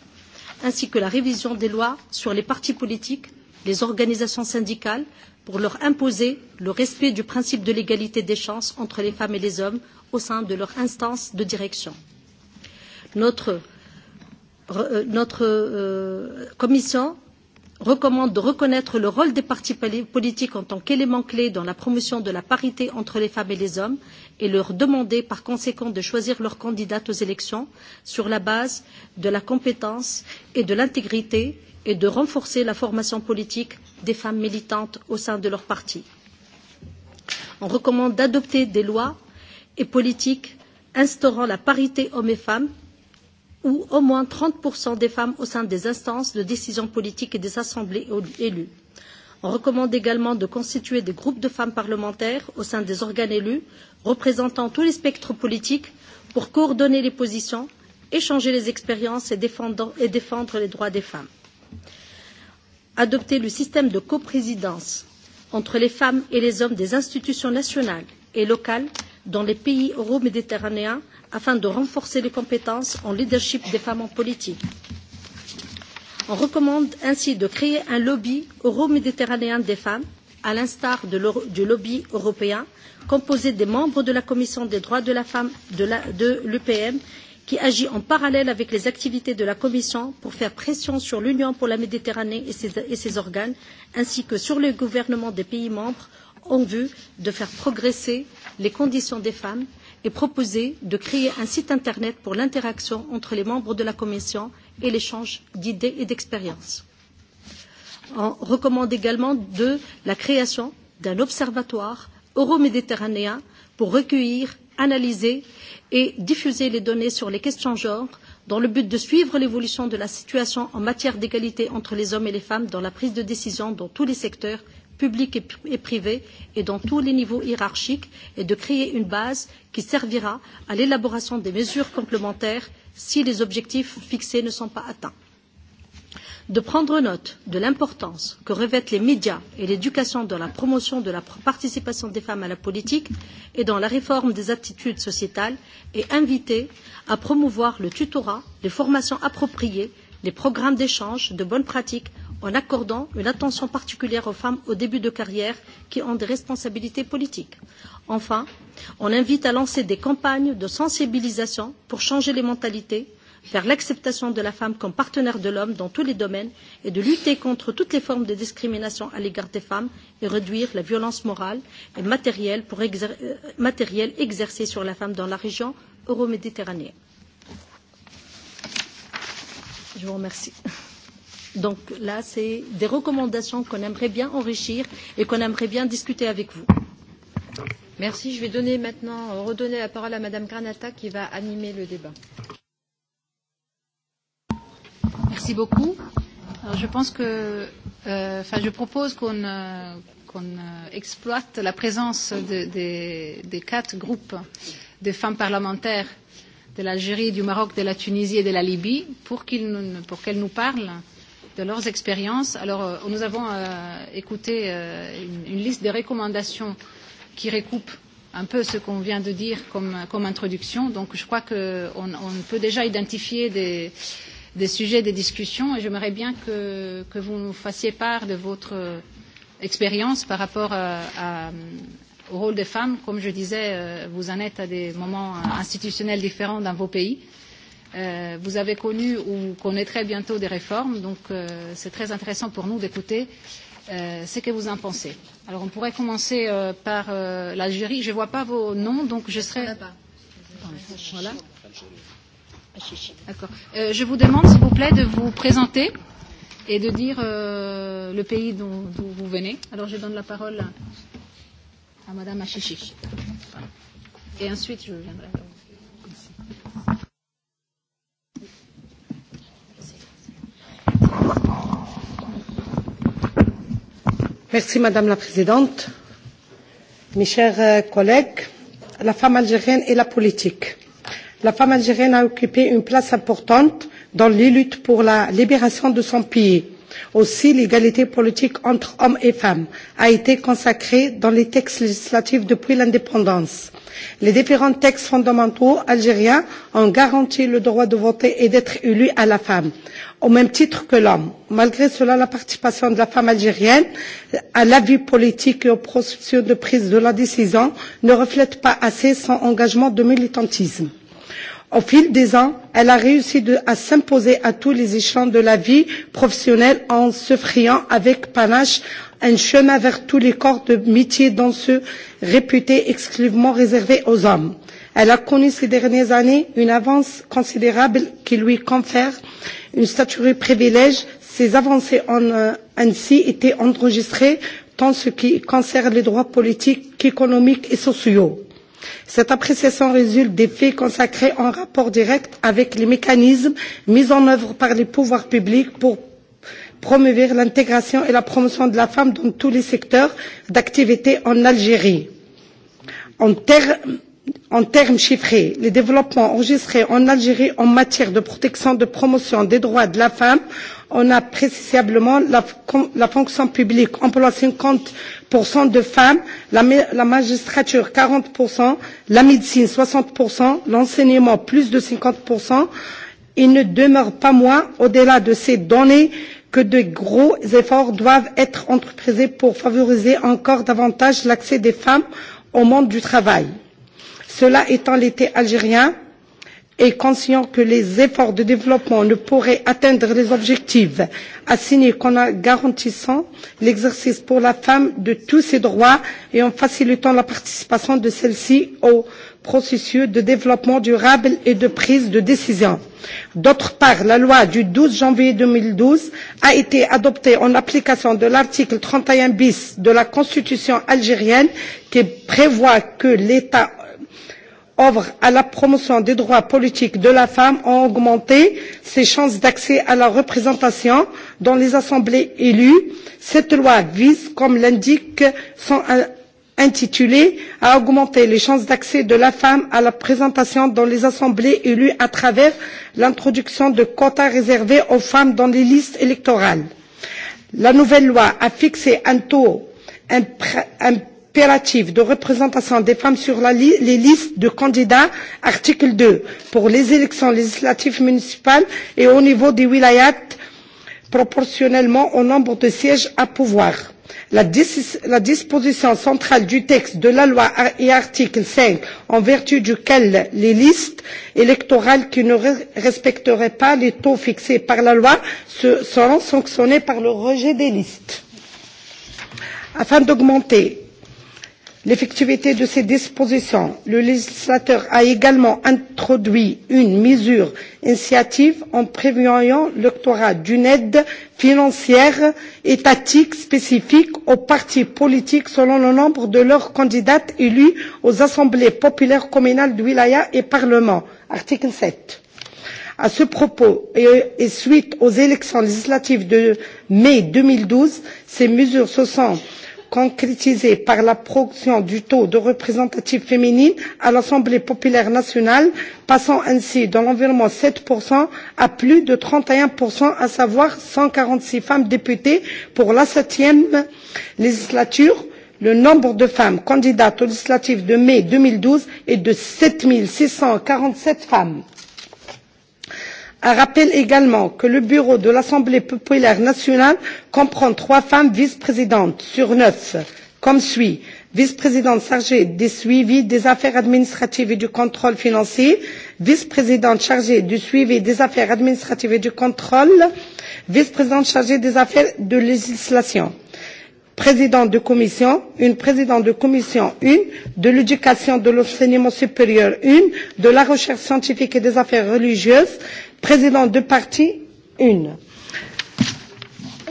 ainsi que la révision des lois sur les partis politiques, les organisations syndicales, pour leur imposer le respect du principe de l'égalité des chances entre les femmes et les hommes au sein de leur instance de direction. Notre, euh, notre euh, commission recommande de reconnaître le rôle des partis politiques en tant qu'élément clé dans la promotion de la parité entre les femmes et les hommes et leur demander par conséquent de choisir leur candidate aux élections sur la base de la compétence et de l'intégrité et de renforcer la formation politique des femmes militantes au sein de leur parti. On recommande d'adopter des lois et politiques instaurant la parité hommes et femmes ou au moins 30% des femmes au sein des instances de décision politique et des assemblées élues On recommande également de constituer des groupes de femmes parlementaires au sein des organes élus, représentant tous les spectres politiques, pour coordonner les positions, échanger les expériences et défendre, et défendre les droits des femmes. Adopter le système de coprésidence entre les femmes et les hommes des institutions nationales et locales dans les pays euro-méditerranéens afin de renforcer les compétences en leadership des femmes en politique. On recommande ainsi de créer un lobby euro-méditerranéen des femmes, à l'instar du lobby européen, composé des membres de la Commission des droits de la femme de l'UPM, qui agit en parallèle avec les activités de la Commission pour faire pression sur l'Union pour la Méditerranée et ses, et ses organes, ainsi que sur les gouvernements des pays membres, en vue de faire progresser les conditions des femmes et proposer de créer un site Internet pour l'interaction entre les membres de la Commission et et l'échange d'idées et d'expériences. On recommande également de la création d'un observatoire euroméditerranéen pour recueillir, analyser et diffuser les données sur les questions genre dans le but de suivre l'évolution de la situation en matière d'égalité entre les hommes et les femmes dans la prise de décision dans tous les secteurs publics et privés et dans tous les niveaux hiérarchiques et de créer une base qui servira à l'élaboration des mesures complémentaires si les objectifs fixés ne sont pas atteints. De prendre note de l'importance que revêtent les médias et l'éducation dans la promotion de la participation des femmes à la politique et dans la réforme des attitudes sociétales et inviter à promouvoir le tutorat, les formations appropriées, les programmes d'échange de bonnes pratiques en accordant une attention particulière aux femmes au début de carrière qui ont des responsabilités politiques. Enfin, on invite à lancer des campagnes de sensibilisation pour changer les mentalités vers l'acceptation de la femme comme partenaire de l'homme dans tous les domaines et de lutter contre toutes les formes de discrimination à l'égard des femmes et réduire la violence morale et matérielle, pour exer euh, matérielle exercée sur la femme dans la région euroméditerranéenne. Je vous remercie. Donc là, c'est des recommandations qu'on aimerait bien enrichir et qu'on aimerait bien discuter avec vous. Merci. Je vais donner maintenant, euh, redonner la parole à Madame Granata qui va animer le débat. Merci beaucoup. Alors, je pense que, euh, enfin, je propose qu'on euh, qu'on euh, exploite la présence des de, de quatre groupes de femmes parlementaires de l'Algérie, du Maroc, de la Tunisie et de la Libye pour qu'elles nous, pour qu nous parlent euh, de leurs expériences. Alors, euh, nous avons euh, écouté euh, une, une liste de recommandations qui recoupe un peu ce qu'on vient de dire comme, comme introduction. Donc, je crois qu'on on peut déjà identifier des, des sujets de discussion et j'aimerais bien que, que vous nous fassiez part de votre euh, expérience par rapport euh, à, à, au rôle des femmes. Comme je disais, vous en êtes à des moments institutionnels différents dans vos pays. Euh, Euh, vous avez connu ou connaîtrez bientôt des réformes, donc euh, c'est très intéressant pour nous d'écouter euh, ce que vous en pensez. Alors on pourrait commencer euh, par euh, l'Algérie. Je ne vois pas vos noms, donc je serai. Voilà. Ah, D'accord. Euh, je vous demande, s'il vous plaît, de vous présenter et de dire euh, le pays dont, d'où vous venez. Alors je donne la parole à, à Madame Achichi. Et ensuite, je viendrai. Ici. Merci, Madame la Présidente. Mes chers euh, collègues, la femme algérienne et la politique. La femme algérienne a occupé une place importante dans les luttes pour la libération de son pays Aussi, l'égalité politique entre hommes et femmes a été consacrée dans les textes législatifs depuis l'indépendance. Les différents textes fondamentaux algériens ont garanti le droit de voter et d'être élu à la femme, au même titre que l'homme. Malgré cela, la participation de la femme algérienne à la vie politique et au processus de prise de la décision ne reflète pas assez son engagement de militantisme. Au fil des ans, elle a réussi de, à s'imposer à tous les échelons de la vie professionnelle en se friant avec panache un chemin vers tous les corps de métier dont ceux réputés exclusivement réservés aux hommes. Elle a connu ces dernières années une avance considérable qui lui confère une stature privilège. Ces avancées ont euh, ainsi été enregistrées tant ce qui concerne les droits politiques qu'économiques et sociaux Cette appréciation résulte des faits consacrés en rapport direct avec les mécanismes mis en œuvre par les pouvoirs publics pour promouvoir l'intégration et la promotion de la femme dans tous les secteurs d'activité en Algérie. En termes en termes chiffrés, les développements enregistrés en Algérie en matière de protection de promotion des droits de la femme, on a précisablement la, la fonction publique emploie 50 de femmes, la, la magistrature 40%, la médecine 60%, l'enseignement plus de 50%. Il ne demeure pas moins, au-delà de ces données, que de gros efforts doivent être entreprisés pour favoriser encore davantage l'accès des femmes au monde du travail. Cela étant l'été algérien, est conscient que les efforts de développement ne pourraient atteindre les objectifs assignés qu'en garantissant l'exercice pour la femme de tous ses droits et en facilitant la participation de celles ci au processus de développement durable et de prise de décision. D'autre part, la loi du 12 janvier 2012 a été adoptée en application de l'article 31 bis de la Constitution algérienne qui prévoit que l'État œuvre à la promotion des droits politiques de la femme ont augmenté ses chances d'accès à la représentation dans les assemblées élues. Cette loi vise, comme l'indique son intitulé, à augmenter les chances d'accès de la femme à la présentation dans les assemblées élues à travers l'introduction de quotas réservés aux femmes dans les listes électorales. La nouvelle loi a fixé un taux un, un impératif de représentation des femmes sur la li les listes de candidats, article 2, pour les élections législatives municipales et au niveau des wilayats proportionnellement au nombre de sièges à pouvoir. La, dis la disposition centrale du texte de la loi et article 5, en vertu duquel les listes électorales qui ne re respecteraient pas les taux fixés par la loi se seront sanctionnées par le rejet des listes. Afin d'augmenter l'effectivité de ces dispositions le législateur a également introduit une mesure incitative en prévoyant l'octroi d'une aide financière étatique spécifique aux partis politiques selon le nombre de leurs candidats élus aux assemblées populaires communales de wilaya et parlement article sept à ce propos et suite aux élections législatives de mai deux mille douze ces mesures se sont concrétisée par la progression du taux de représentative féminine à l'Assemblée populaire nationale, passant ainsi dans l'environnement 7% à plus de 31%, à savoir 146 femmes députées pour la septième législature. Le nombre de femmes candidates aux législatives de mai 2012 est de 7647 femmes. Elle rappelle également que le bureau de l'Assemblée populaire nationale comprend trois femmes vice-présidentes sur neuf, comme suit vice-présidente chargée du suivi des affaires administratives et du contrôle financier, vice-présidente chargée du suivi des affaires administratives et du contrôle, vice-présidente chargée des affaires de législation, présidente de commission, une présidente de commission, une de l'éducation, de l'enseignement supérieur, une de la recherche scientifique et des affaires religieuses, président de parti une.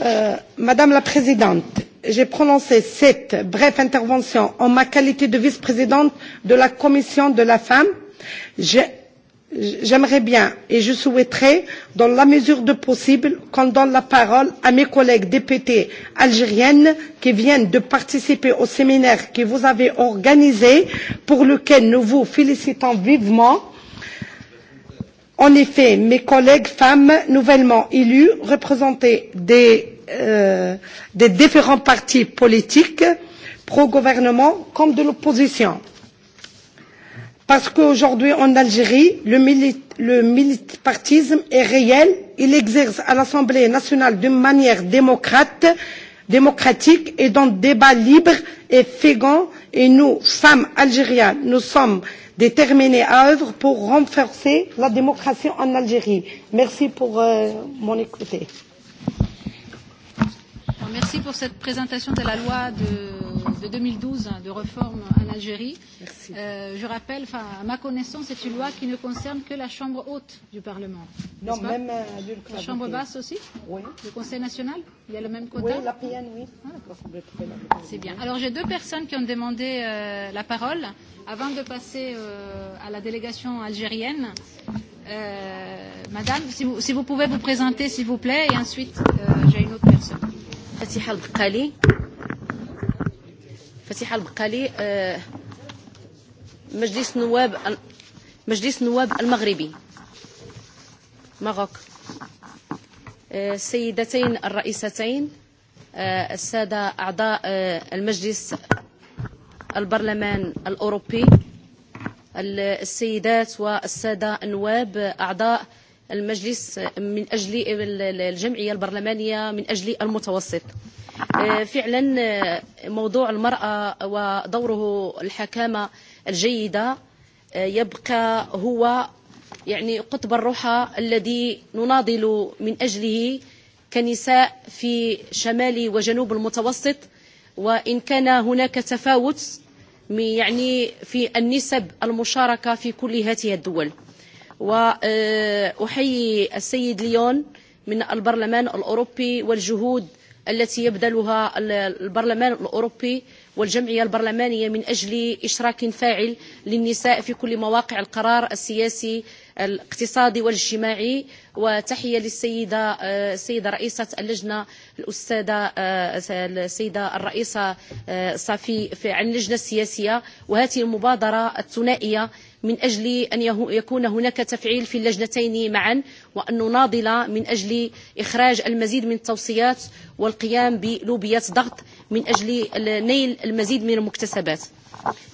Euh, madame la présidente j'ai prononcé cette brève intervention en ma qualité de vice présidente de la commission de la femme. j'aimerais ai, bien et je souhaiterais dans la mesure du possible qu'on donne la parole à mes collègues députées algériennes qui viennent de participer au séminaire que vous avez organisé pour lequel nous vous félicitons vivement En effet, mes collègues femmes nouvellement élues représentaient des, euh, des différents partis politiques, pro-gouvernement comme de l'opposition. Parce qu'aujourd'hui en Algérie, le, milit le militantisme est réel. Il exerce à l'Assemblée nationale d'une manière démocrate, démocratique et dans débat libre et fécond. Et nous, femmes algériennes, nous sommes euh, déterminée à œuvrer pour renforcer la démocratie en algérie. merci pour euh, m'avoir écoutée. Merci pour cette présentation de la loi de, de 2012 de réforme en Algérie. Merci. Euh, je rappelle, à ma connaissance, c'est une loi qui ne concerne que la Chambre haute du Parlement. Non, pas? même euh, du La Chambre basse aussi Oui. Le Conseil national Il y a le même quota Oui, la PN, oui. Ah, d'accord. C'est bien. Alors, j'ai deux personnes qui ont demandé euh, la parole. Avant de passer euh, à la délégation algérienne, euh, Madame, si vous, si vous pouvez vous présenter, s'il vous plaît, et ensuite, euh, j'ai une autre personne. فتيحة البقالي فتيحة البقالي مجلس نواب مجلس النواب المغربي ماروك السيدتين الرئيستين السادة أعضاء المجلس البرلمان الأوروبي السيدات والسادة النواب أعضاء المجلس من أجل الجمعية البرلمانية من أجل المتوسط فعلا موضوع المرأة ودوره الحكامة الجيدة يبقى هو يعني قطب الروحة الذي نناضل من أجله كنساء في شمال وجنوب المتوسط وإن كان هناك تفاوت يعني في النسب المشاركة في كل هذه الدول وأحيي السيد ليون من البرلمان الأوروبي والجهود التي يبذلها البرلمان الأوروبي والجمعية البرلمانية من أجل إشراك فاعل للنساء في كل مواقع القرار السياسي الاقتصادي والاجتماعي وتحية للسيدة السيدة رئيسة اللجنة الأستاذة السيدة الرئيسة صافي عن اللجنة السياسية وهذه المبادرة الثنائية من أجل أن يكون هناك تفعيل في اللجنتين معا وأن نناضل من أجل إخراج المزيد من التوصيات والقيام بلوبية ضغط من أجل نيل المزيد من المكتسبات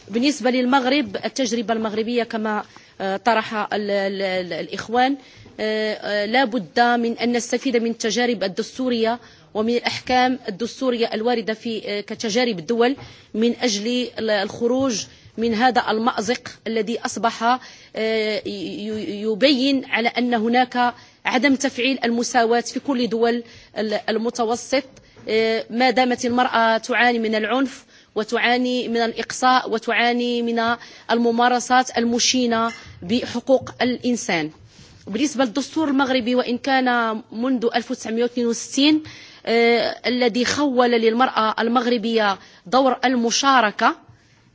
بالنسبة للمغرب التجربة المغربية كما طرح الإخوان لا بد من أن نستفيد من التجارب الدستورية ومن الأحكام الدستورية الواردة في كتجارب الدول من أجل الخروج من هذا المأزق الذي أصبح يبين على أن هناك عدم تفعيل المساواة في كل دول المتوسط ما دامت المرأة تعاني من العنف وتعاني من الإقصاء وتعاني من الممارسات المشينة بحقوق الإنسان بالنسبة للدستور المغربي وإن كان منذ 1962 الذي خول للمرأة المغربية دور المشاركة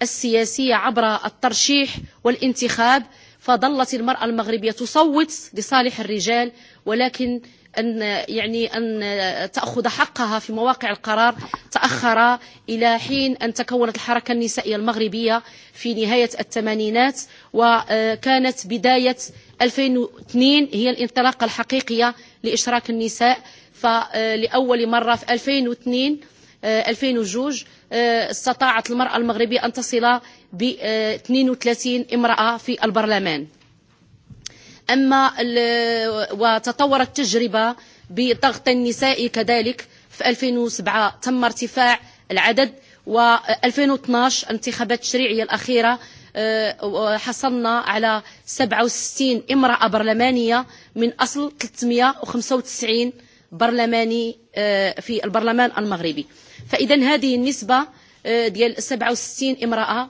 السياسية عبر الترشيح والانتخاب فظلت المرأة المغربية تصوت لصالح الرجال ولكن أن يعني أن تأخذ حقها في مواقع القرار تأخر إلى حين أن تكونت الحركة النسائية المغربية في نهاية الثمانينات وكانت بداية 2002 هي الانطلاقة الحقيقية لإشراك النساء فلأول مرة في 2002 2002 استطاعت المرأة المغربية أن تصل ب 32 امرأة في البرلمان أما وتطورت تجربة بضغط النساء كذلك في 2007 تم ارتفاع العدد و 2012 انتخابات التشريعية الأخيرة حصلنا على 67 امرأة برلمانية من أصل 395 برلماني في البرلمان المغربي فإذا هذه النسبة ديال 67 امرأة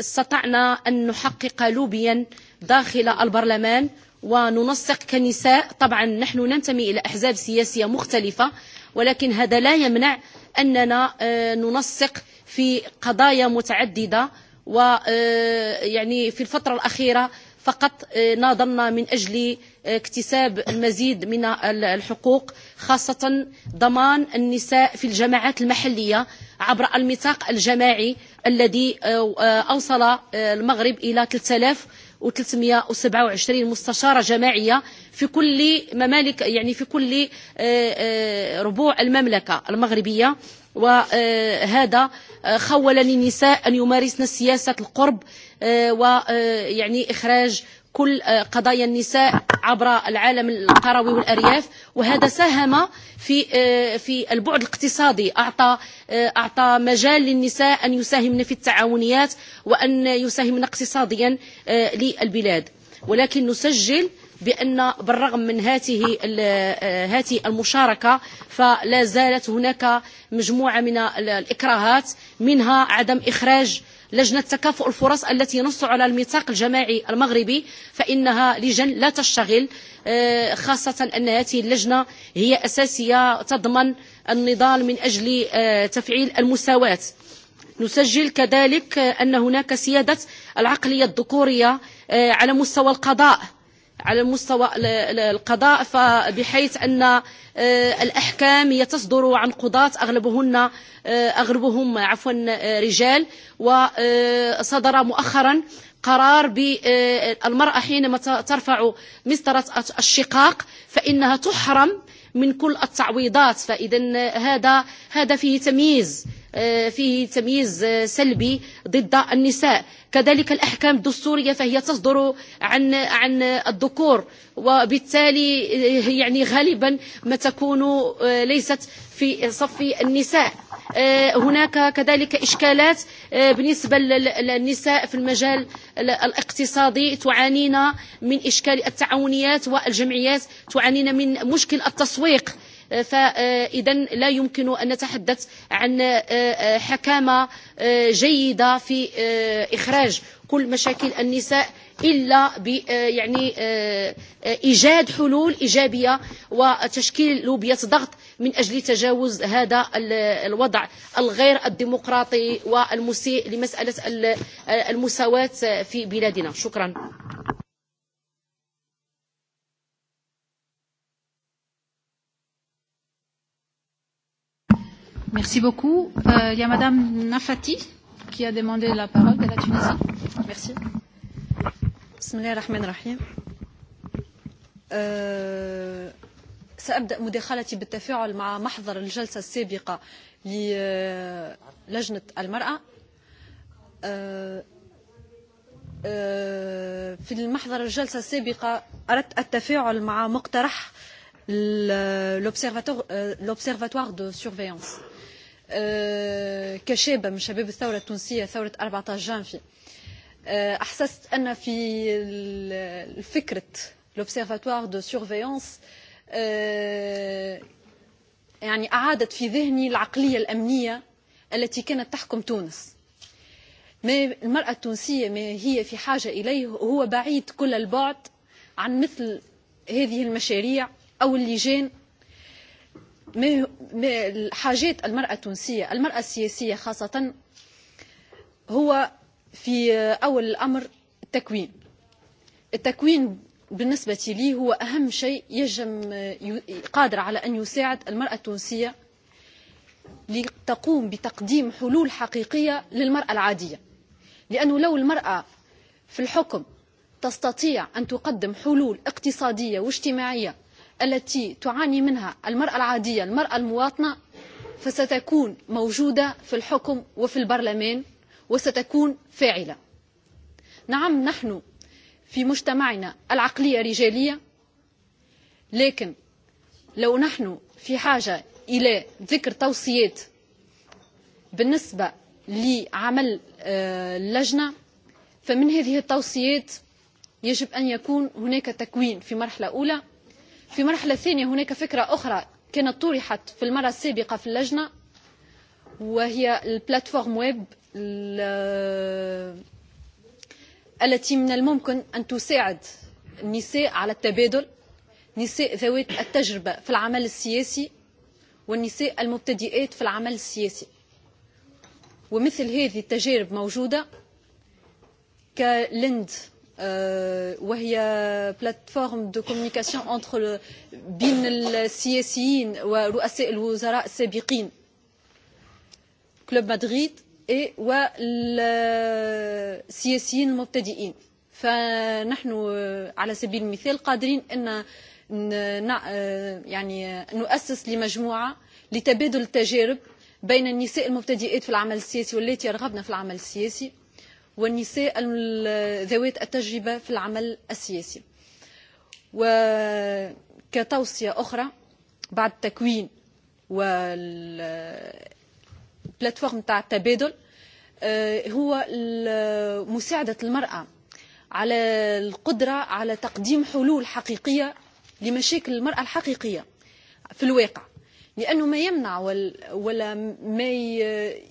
استطعنا أن نحقق لوبيا داخل البرلمان وننسق كنساء طبعا نحن ننتمي إلى أحزاب سياسية مختلفة ولكن هذا لا يمنع أننا ننسق في قضايا متعددة ويعني في الفترة الأخيرة فقط ناضلنا من أجل اكتساب المزيد من الحقوق خاصة ضمان النساء في الجماعات المحلية عبر الميثاق الجماعي الذي أوصل المغرب إلى 3000 و327 مستشارة جماعية في كل ممالك يعني في كل ربوع المملكة المغربية وهذا خول للنساء أن يمارسن سياسة القرب ويعني إخراج كل قضايا النساء عبر العالم القروي والارياف وهذا ساهم في في البعد الاقتصادي اعطى اعطى مجال للنساء ان يساهمن في التعاونيات وان يساهمن اقتصاديا للبلاد ولكن نسجل بان بالرغم من هذه هذه المشاركه فلا زالت هناك مجموعه من الاكراهات منها عدم اخراج لجنة تكافؤ الفرص التي نص على الميثاق الجماعي المغربي فإنها لجن لا تشتغل خاصة أن هذه اللجنة هي أساسية تضمن النضال من أجل تفعيل المساواة نسجل كذلك أن هناك سيادة العقلية الذكورية على مستوى القضاء على مستوى القضاء فبحيث أن الأحكام هي تصدر عن قضاة أغلبهن أغلبهم عفوا رجال وصدر مؤخرا قرار بالمرأة حينما ترفع مسطرة الشقاق فإنها تحرم من كل التعويضات فإذا هذا هذا فيه تمييز فيه تمييز سلبي ضد النساء كذلك الأحكام الدستورية فهي تصدر عن عن الذكور وبالتالي يعني غالبا ما تكون ليست في صف النساء هناك كذلك إشكالات بالنسبة للنساء في المجال الاقتصادي تعانين من إشكال التعاونيات والجمعيات تعانين من مشكل التسويق فإذا لا يمكن أن نتحدث عن حكامة جيدة في إخراج كل مشاكل النساء الا ب يعني ايجاد حلول ايجابيه وتشكيل لوبيه ضغط من اجل تجاوز هذا الوضع الغير الديمقراطي والمسيء لمساله المساواه في بلادنا شكرا Merci beaucoup. Euh, il y a Madame Nafati qui a demandé la parole de la Tunisie. Merci. بسم الله الرحمن الرحيم أه سأبدأ مداخلتي بالتفاعل مع محضر الجلسة السابقة للجنة المرأة أه أه في المحضر الجلسة السابقة أردت التفاعل مع مقترح l'Observatoire de surveillance. كشابة من شباب الثورة التونسية ثورة 14 جانفي أحسست أن في فكرة الأوبسيرفاتوار دو سيرفيونس يعني أعادت في ذهني العقلية الأمنية التي كانت تحكم تونس ما المرأة التونسية ما هي في حاجة إليه هو بعيد كل البعد عن مثل هذه المشاريع أو اللجان حاجات المرأة التونسية المرأة السياسية خاصة هو في أول الأمر التكوين التكوين بالنسبة لي هو أهم شيء يجم قادر على أن يساعد المرأة التونسية لتقوم بتقديم حلول حقيقية للمرأة العادية لأنه لو المرأة في الحكم تستطيع أن تقدم حلول اقتصادية واجتماعية التي تعاني منها المرأة العادية المرأة المواطنة فستكون موجودة في الحكم وفي البرلمان وستكون فاعلة نعم نحن في مجتمعنا العقلية رجالية لكن لو نحن في حاجة إلى ذكر توصيات بالنسبة لعمل اللجنة فمن هذه التوصيات يجب أن يكون هناك تكوين في مرحلة أولى في مرحلة ثانية هناك فكرة أخرى كانت طرحت في المرة السابقة في اللجنة وهي البلاتفورم ويب التي من الممكن أن تساعد النساء على التبادل نساء ذوات التجربة في العمل السياسي والنساء المبتدئات في العمل السياسي ومثل هذه التجارب موجودة كليند وهي بلاتفورم دو كوميونيكاسيون انتر بين السياسيين ورؤساء الوزراء السابقين كلوب مدريد اي والسياسيين المبتدئين فنحن على سبيل المثال قادرين ان يعني نؤسس لمجموعه لتبادل التجارب بين النساء المبتدئات في العمل السياسي واللاتي يرغبن في العمل السياسي والنساء ذوات التجربة في العمل السياسي وكتوصية أخرى بعد تكوين والبلاتفورم تاع التبادل هو مساعدة المرأة على القدرة على تقديم حلول حقيقية لمشاكل المرأة الحقيقية في الواقع لأنه ما يمنع ولا ما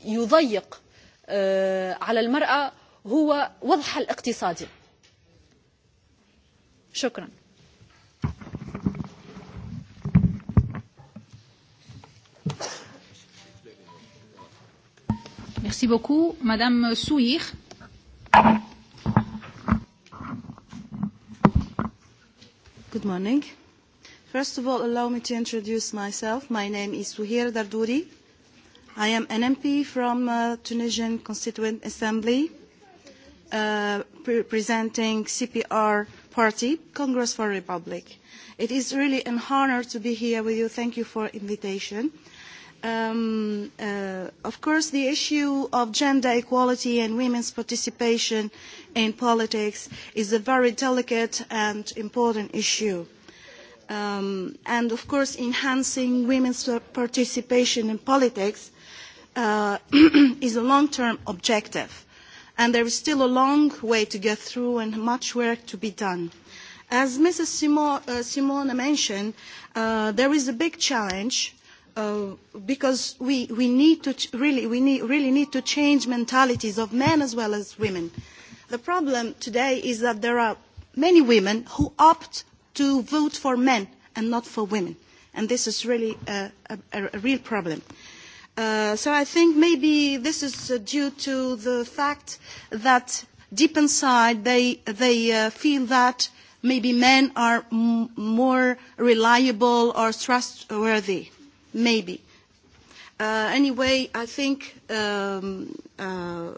يضيق على المرأة هو وضح الاقتصادي شكرا Merci beaucoup. Madame Souir. Good morning. First of all, allow me to introduce myself. My name is Souhir Dardouri. I am an MP from uh, Tunisian Constituent Assembly uh, pre presenting CPR Party, Congress for Republic. It is really an honor to be here with you. Thank you for invitation. Um, uh, of course, the issue of gender equality and women's participation in politics is a very delicate and important issue. Um, and of course, enhancing women's participation in politics uh, is a long-term objective and there is still a long way to get through and much work to be done. As Mrs. Simone, uh, Simone mentioned, uh, there is a big challenge uh, because we, we need to ch- really, we need, really need to change mentalities of men as well as women. The problem today is that there are many women who opt to vote for men and not for women. And this is really a, a, a real problem. Uh, Uh, so I think maybe this is uh, due to the fact that deep inside they, they uh, feel that maybe men are m- more reliable or trustworthy. Maybe. Uh, anyway, I think um, uh,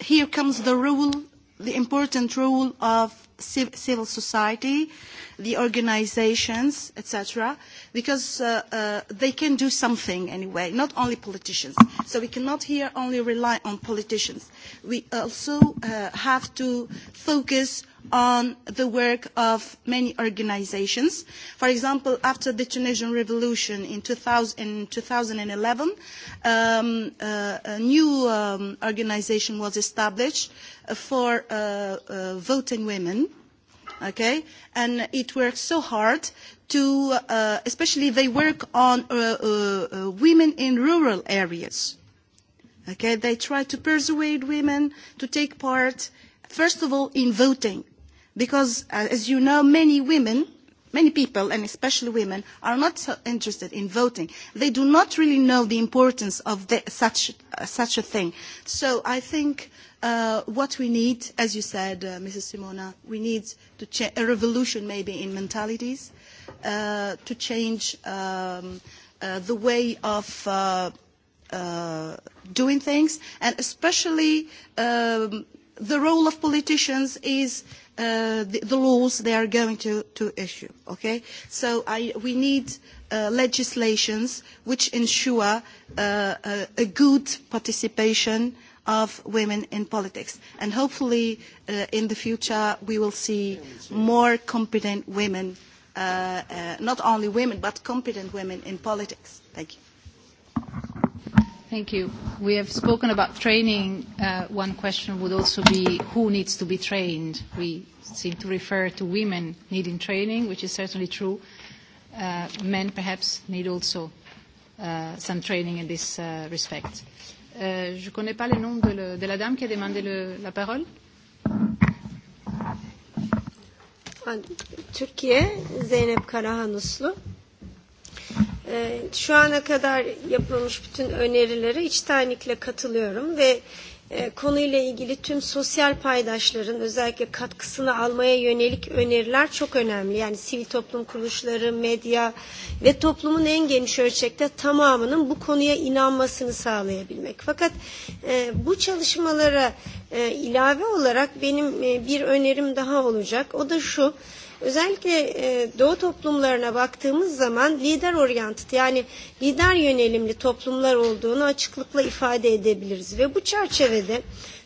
here comes the rule the important role of civil society, the organizations, etc., because uh, uh, they can do something anyway, not only politicians. So we cannot here only rely on politicians. We also uh, have to focus on the work of many organizations. For example, after the Tunisian Revolution in, 2000, in 2011, um, uh, a new um, organization was established uh, for uh, uh, voting women. Okay, and it works so hard to, uh, especially they work on uh, uh, uh, women in rural areas. Okay, they try to persuade women to take part, first of all, in voting Because, uh, as you know, many women, many people, and especially women, are not so interested in voting. They do not really know the importance of the, such, uh, such a thing. So I think uh, what we need, as you said, uh, Mrs. Simona, we need to cha- a revolution maybe in mentalities, uh, to change um, uh, the way of uh, uh, doing things, and especially um, the role of politicians is uh, uh, the, the laws they are going to, to issue. Okay? So I, we need uh, legislations which ensure uh, a, uh, a good participation of women in politics. And hopefully uh, in the future we will see more competent women, uh, uh, not only women, but competent women in politics. Thank you. Thank you. We have spoken about training. Uh, one question would also be who needs to be trained? We seem to refer to women needing training, which is certainly true. Uh, men perhaps need also uh, some training in this uh, respect. Euh, je ne connais pas le nom de, le, de la dame qui a demandé le, la parole. Türkiye Zeynep Karahanuslu. E, şu ana kadar yapılmış bütün önerilere içtenlikle katılıyorum ve e, konuyla ilgili tüm sosyal paydaşların özellikle katkısını almaya yönelik öneriler çok önemli. Yani sivil toplum kuruluşları, medya ve toplumun en geniş ölçekte tamamının bu konuya inanmasını sağlayabilmek. Fakat e, bu çalışmalara e, ilave olarak benim e, bir önerim daha olacak. O da şu. E, Özellikle e, Doğu toplumlarına baktığımız zaman lider oryantıt yani lider yönelimli toplumlar olduğunu açıklıkla ifade edebiliriz. Ve bu çerçevede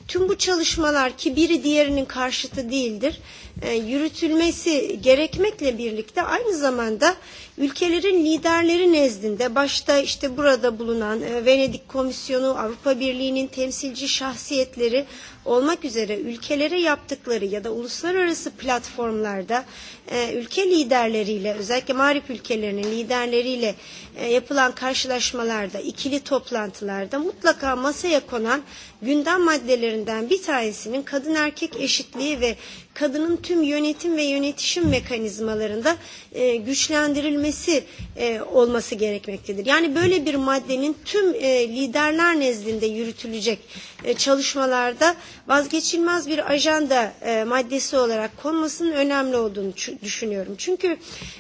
tüm bu çalışmalar ki biri diğerinin karşıtı değildir E, yürütülmesi gerekmekle birlikte aynı zamanda ülkelerin liderleri nezdinde başta işte burada bulunan e, Venedik Komisyonu, Avrupa Birliği'nin temsilci şahsiyetleri olmak üzere ülkelere yaptıkları ya da uluslararası platformlarda e, ülke liderleriyle özellikle mağrip ülkelerinin liderleriyle yapılan karşılaşmalarda, ikili toplantılarda mutlaka masaya konan gündem maddelerinden bir tanesinin kadın erkek eşitliği ve kadının tüm yönetim ve yönetişim mekanizmalarında e, güçlendirilmesi e, olması gerekmektedir. Yani böyle bir maddenin tüm e, liderler nezdinde yürütülecek E, çalışmalarda vazgeçilmez bir ajanda e, maddesi olarak konmasının önemli olduğunu düşünüyorum. Çünkü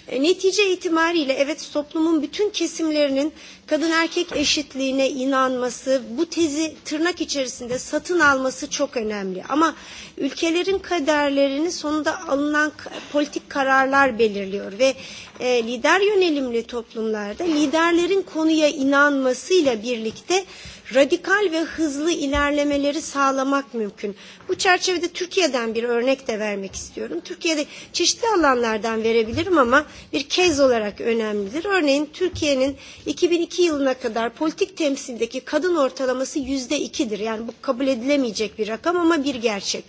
e, netice itibariyle evet toplumun bütün kesimlerinin kadın erkek eşitliğine inanması, bu tezi tırnak içerisinde satın alması çok önemli. Ama ülkelerin kaderlerini sonunda alınan politik kararlar belirliyor ve e, lider yönelimli toplumlarda liderlerin konuya inanmasıyla birlikte birlikte radikal ve hızlı ilerlemeleri sağlamak mümkün. Bu çerçevede Türkiye'den bir örnek de vermek istiyorum. Türkiye'de çeşitli alanlardan verebilirim ama bir kez olarak önemlidir. Örneğin Türkiye'nin 2002 yılına kadar politik temsildeki kadın ortalaması %2'dir. Yani bu kabul edilemeyecek bir rakam ama bir gerçek.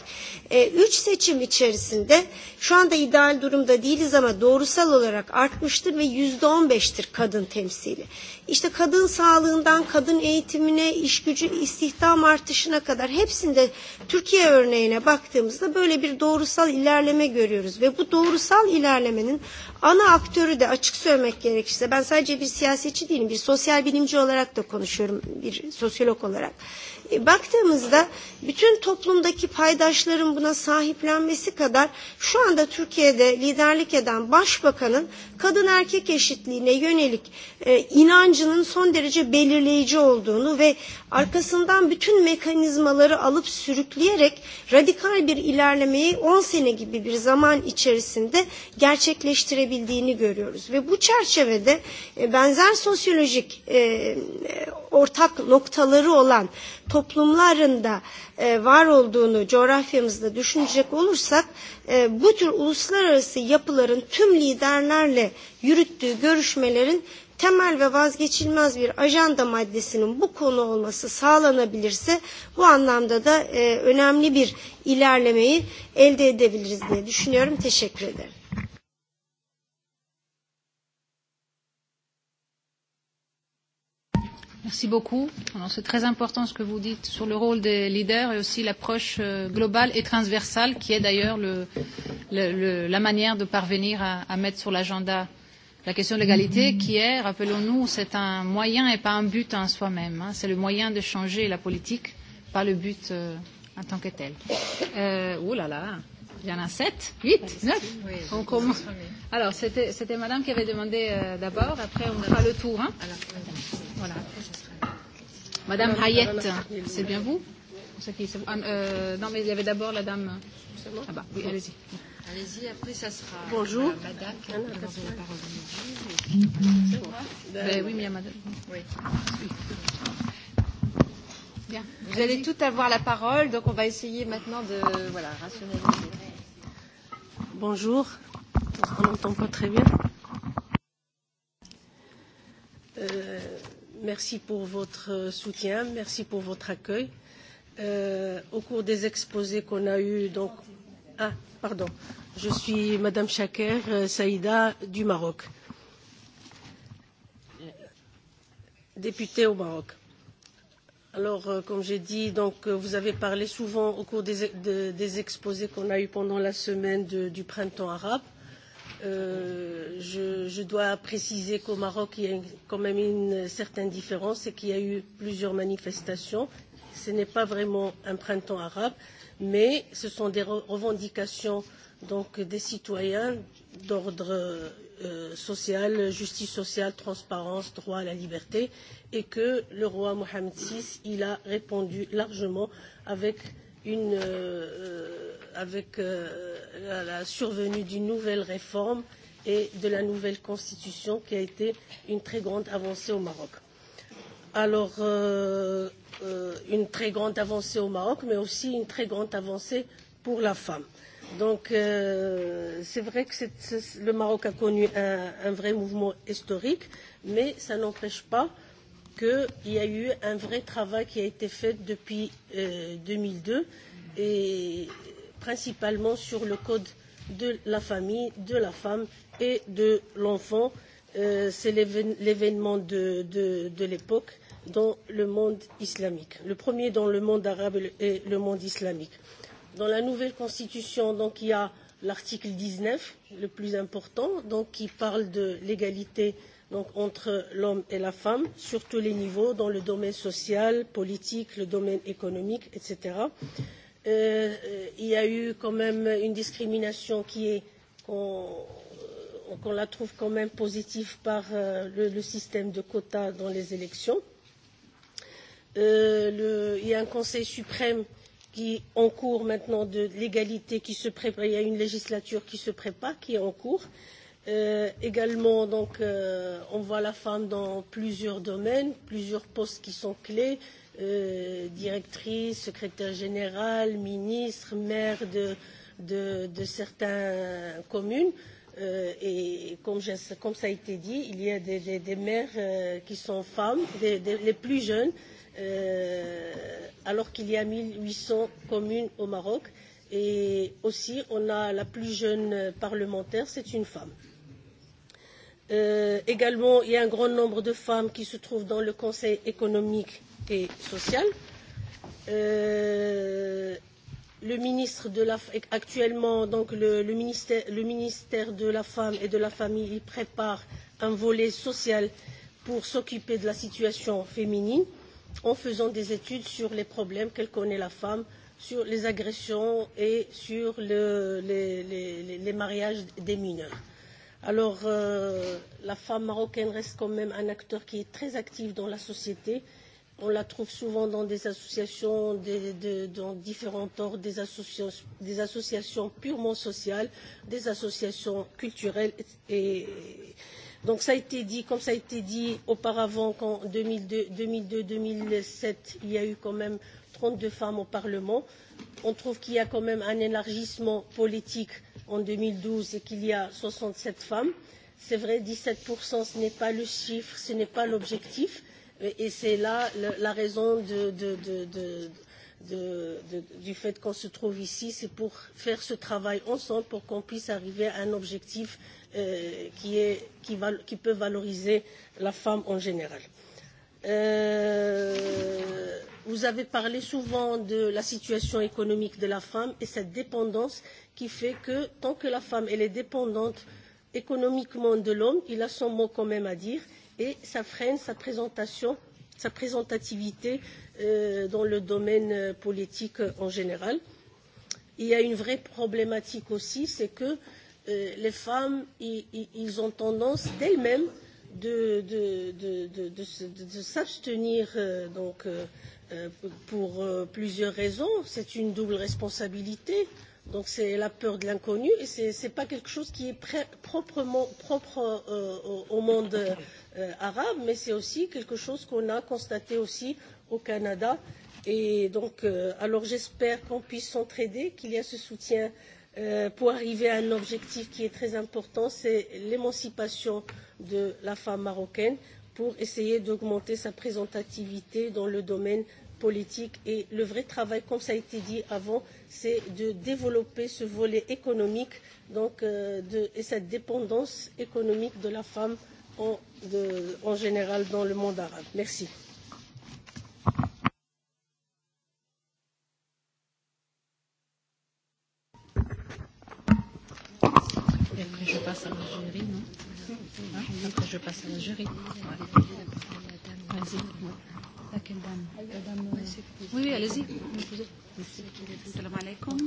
E, üç seçim içerisinde şu anda ideal durumda değiliz ama doğrusal olarak artmıştır ve %15'tir kadın temsili. İşte kadın sağlığından, kadın eğitimine, ve iş gücü istihdam artışına kadar hepsinde Türkiye örneğine baktığımızda böyle bir doğrusal ilerleme görüyoruz. Ve bu doğrusal ilerlemenin ana aktörü de açık söylemek gerekirse ben sadece bir siyasetçi değilim bir sosyal bilimci olarak da konuşuyorum bir sosyolog olarak baktığımızda bütün toplumdaki paydaşların buna sahiplenmesi kadar şu anda Türkiye'de liderlik eden başbakanın kadın erkek eşitliğine yönelik e, inancının son derece belirleyici olduğunu ve arkasından bütün mekanizmaları alıp sürükleyerek radikal bir ilerlemeyi 10 sene gibi bir zaman içerisinde gerçekleştirebildiğini görüyoruz. Ve bu çerçevede e, benzer sosyolojik e, ortak noktaları olan toplumlarında e, var olduğunu coğrafyamızda düşünecek olursak e, bu tür uluslararası yapıların tüm liderlerle yürüttüğü görüşmelerin temel ve vazgeçilmez bir ajanda maddesinin bu konu olması sağlanabilirse bu anlamda da e, önemli bir ilerlemeyi elde edebiliriz diye düşünüyorum. Teşekkür ederim. Merci beaucoup. C'est très important ce que vous dites sur le rôle des leaders et aussi l'approche euh, globale et transversale qui est d'ailleurs le, le, le, la manière de parvenir à, à mettre sur l'agenda la question de l'égalité qui est, rappelons-nous, c'est un moyen et pas un but en soi-même. Hein. C'est le moyen de changer la politique, pas le but euh, en tant que tel. Euh, ouh là là, il y en a sept, huit, neuf. Oui, on commence. Alors, c'était, c'était madame qui avait demandé euh, d'abord, après on fera le tour. Hein. Voilà. Madame Hayette, c'est bien vous c'est qui, c'est, ah, euh, Non, mais il y avait d'abord la dame. Ah bah, oui, allez-y. Allez-y, après ça sera euh, Bonjour. Euh, madame qui a demandé la parole. C'est moi ben, Oui, mais il y a madame. Oui. oui. Bien. Vous allez tout avoir la parole, donc on va essayer maintenant de voilà, rationaliser. Bonjour. On n'entend pas très bien. Euh, merci pour votre soutien, merci pour votre accueil. Euh, au cours des exposés qu'on a eus, donc. Ah, pardon. Je suis Madame Chaker euh, Saïda du Maroc, députée au Maroc. Alors, euh, comme j'ai dit, donc, euh, vous avez parlé souvent au cours des, de, des exposés qu'on a eus pendant la semaine de, du printemps arabe. Euh, je, je dois préciser qu'au Maroc, il y a quand même une certaine différence, c'est qu'il y a eu plusieurs manifestations. Ce n'est pas vraiment un printemps arabe, mais ce sont des revendications euh, donc des citoyens d'ordre euh, social, justice sociale, transparence, droit à la liberté, et que le roi Mohamed VI il a répondu largement avec, une, euh, avec euh, la, la survenue d'une nouvelle réforme et de la nouvelle constitution qui a été une très grande avancée au Maroc. Alors, euh, euh, une très grande avancée au Maroc, mais aussi une très grande avancée pour la femme. Euh, Donc, euh, c'est vrai que c'est, c'est, le Maroc a connu un, un vrai mouvement historique, mais ça n'empêche pas qu'il y a eu un vrai travail qui a été fait depuis euh, 2002, et principalement sur le code de la famille, de la femme et de l'enfant. Euh, c'est l'éven, l'événement de, de, de l'époque dans le monde islamique, le premier dans le monde arabe et le, et le monde islamique. Euh, Dans la nouvelle Constitution, donc, il y a l'article 19, le plus important, donc, qui parle de l'égalité donc, entre l'homme et la femme, sur tous les niveaux, dans le domaine social, politique, le domaine économique, etc. Euh, il y a eu quand même une discrimination qui est qu'on qu la trouve quand même positive par euh, le, le système de quotas dans les élections. Euh, le, il y a un Conseil suprême qui est en cours maintenant de l'égalité qui se prépare, il y a une législature qui se prépare, qui est en cours. Euh, également, donc, euh, on voit la femme dans plusieurs domaines, plusieurs postes qui sont clés, euh, directrice, secrétaire générale, ministre, maire de, de, de certaines communes. Euh, et comme, je, comme ça a été dit, il y a des, des, des maires euh, qui sont femmes, des, des, les plus jeunes, euh, alors qu'il y a 1800 communes au Maroc. Et aussi, on a la plus jeune parlementaire, c'est une femme. Euh, également, il y a un grand nombre de femmes qui se trouvent dans le Conseil économique et social. Euh, le ministre de la, actuellement, donc le, le, ministère, le ministère de la Femme et de la Famille il prépare un volet social pour s'occuper de la situation féminine. Euh, en faisant des études sur les problèmes qu'elle connaît la femme, sur les agressions et sur le, les, les, les mariages des mineurs. Alors, euh, la femme marocaine reste quand même un acteur qui est très actif dans la société. On la trouve souvent dans des associations, des, de, dans différents ordres, des associations, des associations purement sociales, des associations culturelles et, et Donc ça a été dit, comme ça a été dit auparavant, qu'en 2002-2007, il y a eu quand même 32 femmes au Parlement. On trouve qu'il y a quand même un élargissement politique en 2012 et qu'il y a 67 femmes. C'est vrai, 17%, ce n'est pas le chiffre, ce n'est pas l'objectif. Et c'est là la raison de, de, de, de, de, de, du fait qu'on se trouve ici. C'est pour faire ce travail ensemble, pour qu'on puisse arriver à un objectif euh, euh, qui, est, qui, val, qui peut valoriser la femme en général. Euh, vous avez parlé souvent de la situation économique de la femme et cette dépendance qui fait que tant que la femme elle est dépendante économiquement de l'homme, il a son mot quand même à dire et ça freine sa présentation, sa présentativité euh, dans le domaine euh, politique euh, en général. Il y a une vraie problématique aussi, c'est que euh, euh, les femmes, ils ont tendance d'elles-mêmes de, de, de, de, de, de, de s'abstenir euh, donc euh, euh, pour euh, plusieurs raisons. C'est une double responsabilité. Donc c'est la peur de l'inconnu et ce n'est pas quelque chose qui est pré, proprement, propre euh, au, au monde euh, arabe, mais c'est aussi quelque chose qu'on a constaté aussi au Canada. Et donc, euh, alors j'espère qu'on puisse s'entraider, qu'il y a ce soutien euh, euh, pour arriver à un objectif qui est très important, c'est l'émancipation de la femme marocaine pour essayer d'augmenter sa présentativité dans le domaine politique. Et le vrai travail, comme ça a été dit avant, c'est de développer ce volet économique donc, euh, de, et cette dépendance économique de la femme en, de, en général dans le monde arabe. Merci. Et après, je passe à la jury, non hein Après, je passe à la jury. Ouais. Vas-y. À quelle dame euh, Oui, oui, allez-y. السلام عليكم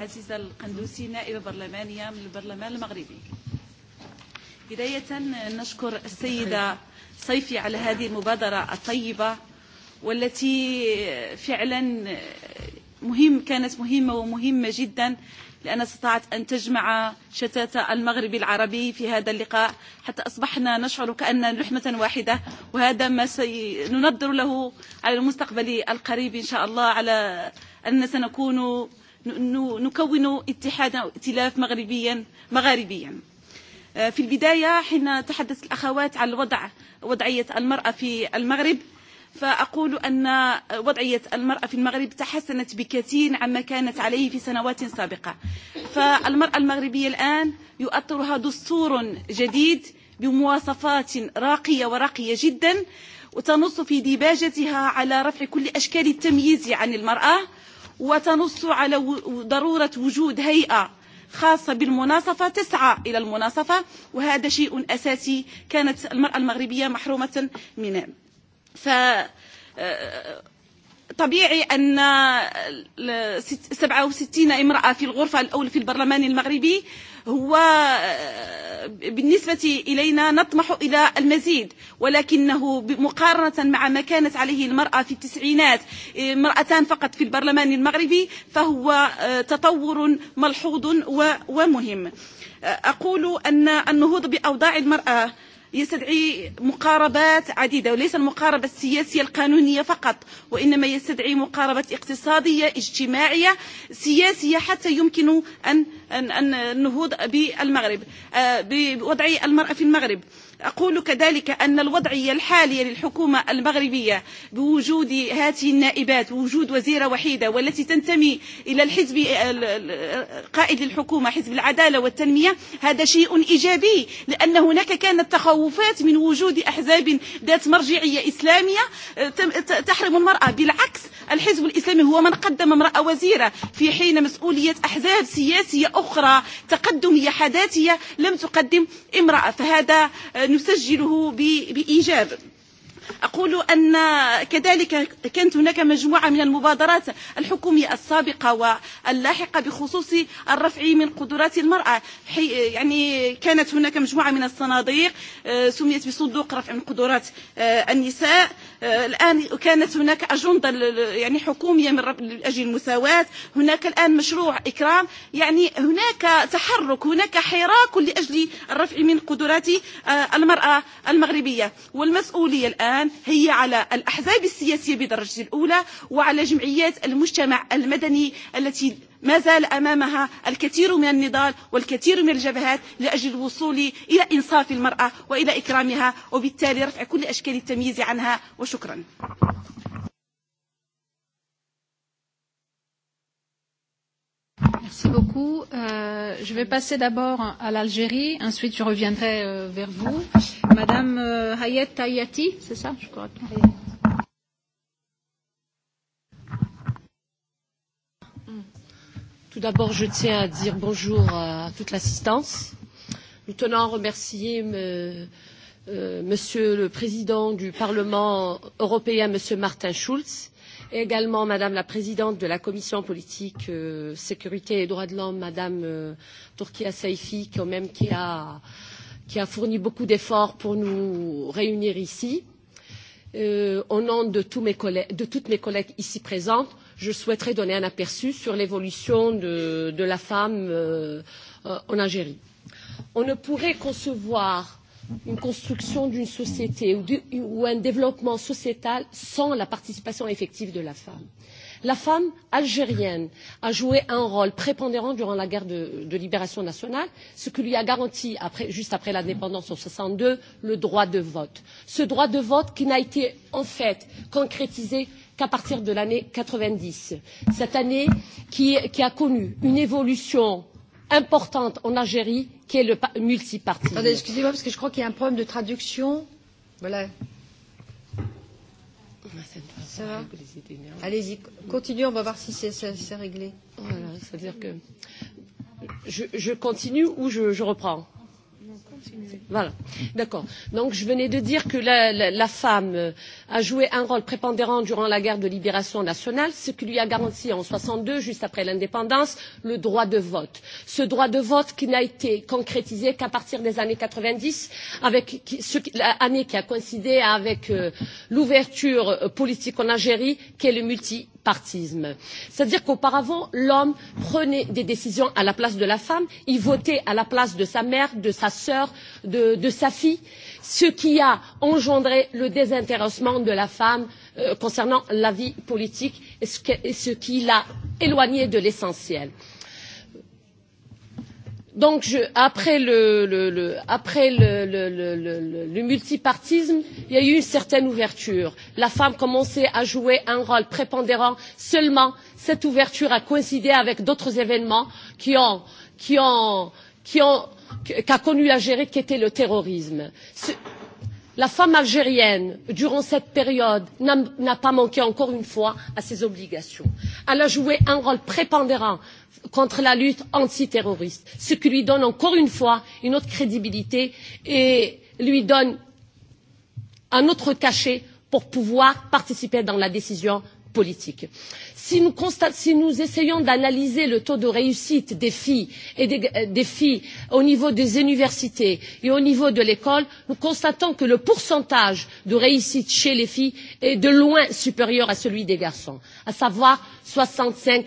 عزيزة القندوسي نائبة برلمانية من البرلمان المغربي بداية نشكر السيدة صيفي على هذه المبادرة الطيبة والتي فعلا مهم كانت مهمة ومهمة جدا لأن استطاعت أن تجمع شتات المغرب العربي في هذا اللقاء حتى أصبحنا نشعر كأننا لحمة واحدة وهذا ما سننظر له على المستقبل القريب إن شاء الله على أن سنكون نكون اتحادا أو ائتلاف مغربيا مغاربيا في البداية حين تحدث الأخوات عن وضع وضعية المرأة في المغرب فأقول أن وضعية المرأة في المغرب تحسنت بكثير عما كانت عليه في سنوات سابقة فالمرأة المغربية الآن يؤطرها دستور جديد بمواصفات راقية وراقية جدا وتنص في ديباجتها على رفع كل أشكال التمييز عن المرأة وتنص على ضرورة وجود هيئة خاصة بالمناصفة تسعى إلى المناصفة وهذا شيء أساسي كانت المرأة المغربية محرومة منه ف طبيعي أن 67 امرأة في الغرفة الأول في البرلمان المغربي هو بالنسبة إلينا نطمح إلى المزيد ولكنه مقارنة مع ما كانت عليه المرأة في التسعينات مرأتان فقط في البرلمان المغربي فهو تطور ملحوظ ومهم أقول أن النهوض بأوضاع المرأة يستدعي مقاربات عديدة وليس المقاربة السياسية القانونية فقط وإنما يستدعي مقاربة اقتصادية اجتماعية سياسية حتى يمكن أن النهوض بالمغرب بوضع المرأة في المغرب أقول كذلك أن الوضعية الحالية للحكومة المغربية بوجود هذه النائبات ووجود وزيرة وحيدة والتي تنتمي إلى الحزب قائد الحكومة حزب العدالة والتنمية هذا شيء إيجابي لأن هناك كانت تخوفات من وجود أحزاب ذات مرجعية إسلامية تحرم المرأة بالعكس الحزب الإسلامي هو من قدم امرأة وزيرة في حين مسؤولية أحزاب سياسية أخرى تقدمية حداثية لم تقدم امرأة فهذا نسجله بإيجاب أقول أن كذلك كانت هناك مجموعة من المبادرات الحكومية السابقة واللاحقة بخصوص الرفع من قدرات المرأة حي يعني كانت هناك مجموعة من الصناديق سميت بصندوق رفع من قدرات النساء الآن كانت هناك أجندة يعني حكومية من أجل المساواة هناك الآن مشروع إكرام يعني هناك تحرك هناك حراك لأجل الرفع من قدرات المرأة المغربية والمسؤولية الآن هي على الأحزاب السياسية بدرجة الأولى وعلى جمعيات المجتمع المدني التي ما زال أمامها الكثير من النضال والكثير من الجبهات لأجل الوصول إلى إنصاف المرأة وإلى إكرامها وبالتالي رفع كل أشكال التمييز عنها وشكرا Merci beaucoup. Euh, je vais passer d'abord à l'Algérie, ensuite je reviendrai euh, vers vous. Madame euh, Hayet Hayati, c'est ça Je crois. Hayet. Tout d'abord, je tiens à dire bonjour euh, à toute l'assistance. Nous tenons à remercier me, euh, Monsieur le Président du Parlement européen, Monsieur Martin Schulz, et également Madame la Présidente de la Commission politique, euh, sécurité et droits de l'homme, Madame euh, Turquia Saifi, quand même qui a, qui a fourni beaucoup d'efforts pour nous réunir ici. Euh, au nom de, tous mes collègues, de toutes mes collègues ici présentes, je souhaiterais donner un aperçu sur l'évolution de, de la femme euh, euh, en Algérie. On ne pourrait concevoir une construction d'une société ou, de, ou un développement sociétal sans la participation effective de la femme. La femme algérienne a joué un rôle prépondérant durant la guerre de, de libération nationale, ce qui lui a garanti, après, juste après l'indépendance en 62, le droit de vote. Ce droit de vote qui n'a été en fait concrétisé qu'à partir de l'année 90. Cette année qui, qui a connu une évolution importante en Algérie qui est le multipartisme. Attendez, excusez-moi parce que je crois qu'il y a un problème de traduction. Voilà. Ça va Allez-y, continuez, on va voir si c'est réglé. Voilà, c'est-à-dire que je, je continue ou je, je reprends Voilà, d'accord. Donc je venais de dire que la, la, la femme euh, a joué un rôle prépondérant durant la guerre de libération nationale, ce qui lui a garanti en 62, juste après l'indépendance, le droit de vote. Ce droit de vote qui n'a été concrétisé qu'à partir des années 90, avec ce, l'année qui a coïncidé avec euh, l'ouverture euh, politique en Algérie, qui est le multi partisme. C'est-à-dire qu'auparavant, l'homme prenait des décisions à la place de la femme, il votait à la place de sa mère, de sa sœur, de, de sa fille, ce qui a engendré le désintéressement de la femme euh, concernant la vie politique et ce, que, et ce qui l'a éloignée de l'essentiel. Euh, donc je, après le, le, le, après le, le, le, le, le multipartisme, il y a eu une certaine ouverture. La femme commençait à jouer un rôle prépondérant. Seulement, cette ouverture a coïncidé avec d'autres événements qui ont, qui ont, qui ont, qu'a connu l'Algérie, qui était le terrorisme. Ce, La femme algérienne, durant cette période, n'a pas manqué encore une fois à ses obligations. Elle a joué un rôle prépondérant contre la lutte antiterroriste, ce qui lui donne encore une fois une autre crédibilité et lui donne un autre cachet pour pouvoir participer dans la décision politique. Si nous, constat, si nous essayons d'analyser le taux de réussite des filles et des, euh, des filles au niveau des universités et au niveau de l'école, nous constatons que le pourcentage de réussite chez les filles est de loin supérieur à celui des garçons, à savoir 65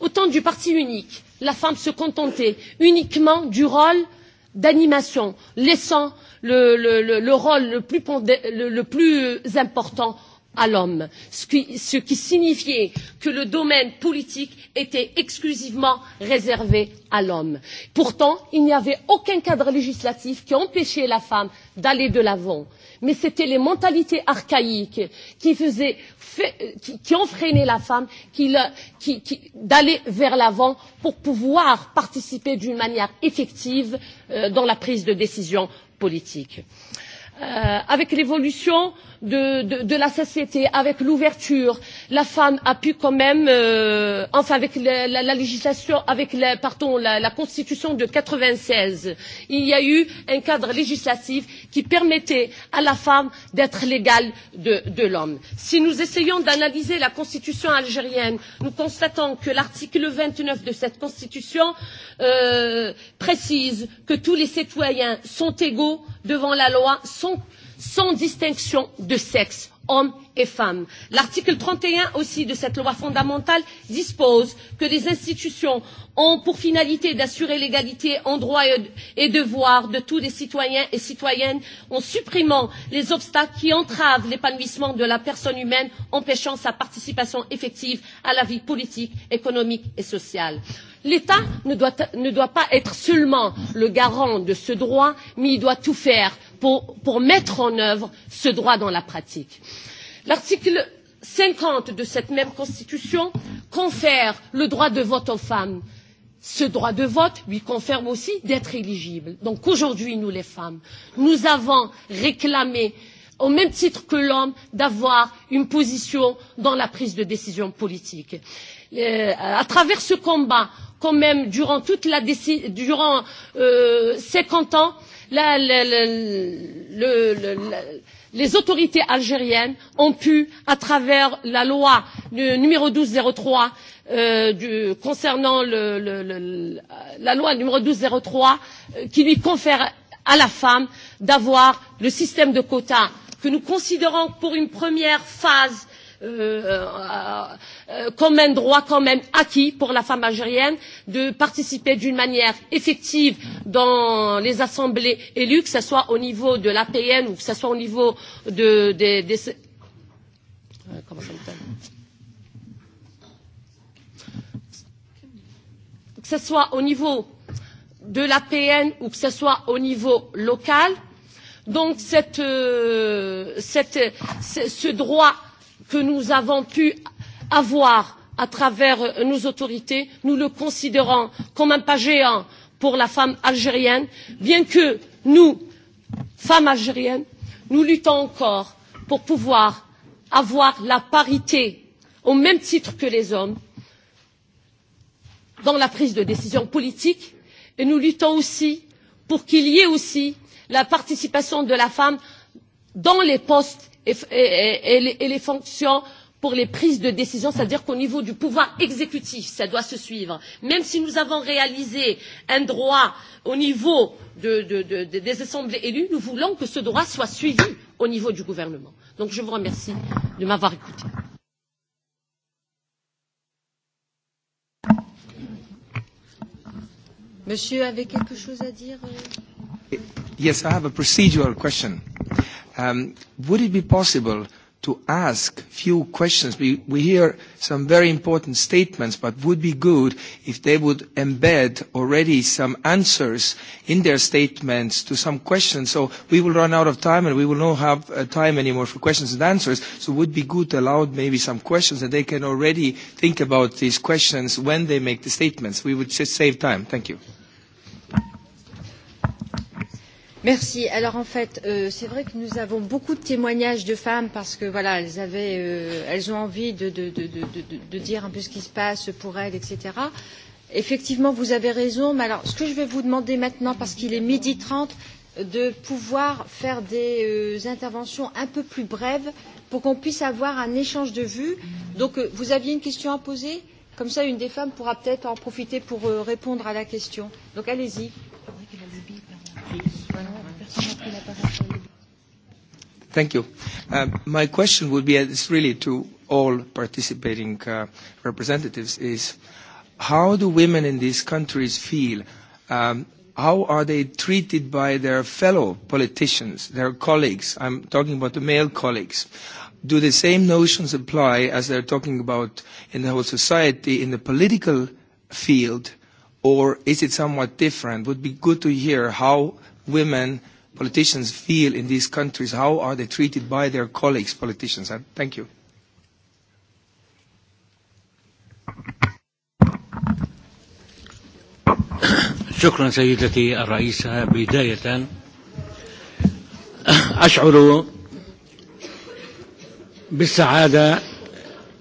Au temps du parti unique, la femme se contentait uniquement du rôle d'animation, laissant le, le, le, le rôle le plus, pondé, le, le plus important à l'homme, ce qui, ce qui signifiait que le domaine politique était exclusivement réservé à l'homme. Pourtant, il n'y avait aucun cadre législatif qui empêchait la femme d'aller de l'avant. Mais c'était les mentalités archaïques qui, faisaient, qui, qui ont freiné la femme qui, qui, qui, d'aller vers l'avant pour pouvoir participer d'une manière effective euh, dans la prise de décision politique. Euh, avec l'évolution euh, de, de, de la société, avec l'ouverture, la femme a pu quand même, euh, enfin avec la, la, la législation, avec la, pardon, la, la constitution de 96, il y a eu un cadre législatif qui permettait à la femme d'être l'égale de, de l'homme. Si nous essayons d'analyser la constitution algérienne, nous constatons que l'article 29 de cette constitution euh, précise que tous les citoyens sont égaux devant la loi, sont euh, sans distinction de sexe hommes et femmes. L'article 31 aussi de cette loi fondamentale dispose que les institutions ont pour finalité d'assurer l'égalité en droits et devoirs de tous les citoyens et citoyennes en supprimant les obstacles qui entravent l'épanouissement de la personne humaine, empêchant sa participation effective à la vie politique, économique et sociale. L'État ne doit, ne doit pas être seulement le garant de ce droit, mais il doit tout faire pour, pour mettre en œuvre ce droit dans la pratique. L'article 50 de cette même Constitution confère le droit de vote aux femmes. Ce droit de vote lui confère aussi d'être éligible. Donc aujourd'hui, nous les femmes, nous avons réclamé au même titre que l'homme, d'avoir une position dans la prise de décision politique. Euh, à travers ce combat, quand même, durant toute la durant euh, 50 ans, la, la, la, le, le, la, les autorités algériennes ont pu, à travers la loi nu, numéro douze zéro trois euh, concernant le, le, le, la loi numéro douze zéro trois euh, qui lui confère à la femme d'avoir le système de quotas que nous considérons pour une première phase euh, euh, comme un droit quand même acquis pour la femme algérienne de participer d'une manière effective dans les assemblées élues, que ce soit au niveau de l'APN ou que ce soit au niveau de, de, de, de... Euh, comment ça s'appelle que ce soit au niveau de l'APN ou que ce soit au niveau local. Donc cette, euh, cette, ce droit que nous avons pu avoir à travers euh, nos autorités, nous le considérons comme un pas géant pour la femme algérienne, bien que nous, femmes algériennes, nous luttons encore pour pouvoir avoir la parité au même titre que les hommes dans la prise de décision politique et nous luttons aussi pour qu'il y ait aussi la participation de la femme dans les postes et, et, et, les, et les fonctions pour les prises de décision, c'est-à-dire qu'au niveau du pouvoir exécutif, ça doit se suivre. Même si nous avons réalisé un droit au niveau de, de, de, de, des assemblées élues, nous voulons que ce droit soit suivi au niveau du gouvernement. Donc je vous remercie de m'avoir écouté. Monsieur avait quelque chose à dire euh Yes, I have a procedural question. Um, would it be possible to ask few questions? We, we hear some very important statements, but would be good if they would embed already some answers in their statements to some questions. So we will run out of time, and we will not have uh, time anymore for questions and answers. So it would be good to allow maybe some questions, and they can already think about these questions when they make the statements. We would just save time. Thank you. Merci. Alors en fait, euh, c'est vrai que nous avons beaucoup de témoignages de femmes parce que voilà, elles avaient, euh, elles ont envie de, de, de, de, de, de dire un peu ce qui se passe pour elles, etc. Effectivement, vous avez raison. Mais alors, ce que je vais vous demander maintenant, parce qu'il est midi 30, de pouvoir faire des euh, interventions un peu plus brèves pour qu'on puisse avoir un échange de vues. Donc, euh, vous aviez une question à poser Comme ça, une des femmes pourra peut-être en profiter pour euh, répondre à la question. Donc, allez-y. Oui, Thank you. Uh, my question would be, uh, it's really to all participating uh, representatives, is how do women in these countries feel? Um, how are they treated by their fellow politicians, their colleagues? I'm talking about the male colleagues. Do the same notions apply as they're talking about in the whole society, in the political field? Uh, or is it somewhat different? Would be good to hear how women politicians feel in these countries. How are they treated by their colleagues, politicians? And thank you. شكرا سيدتي الرئيسة بداية أشعر بالسعادة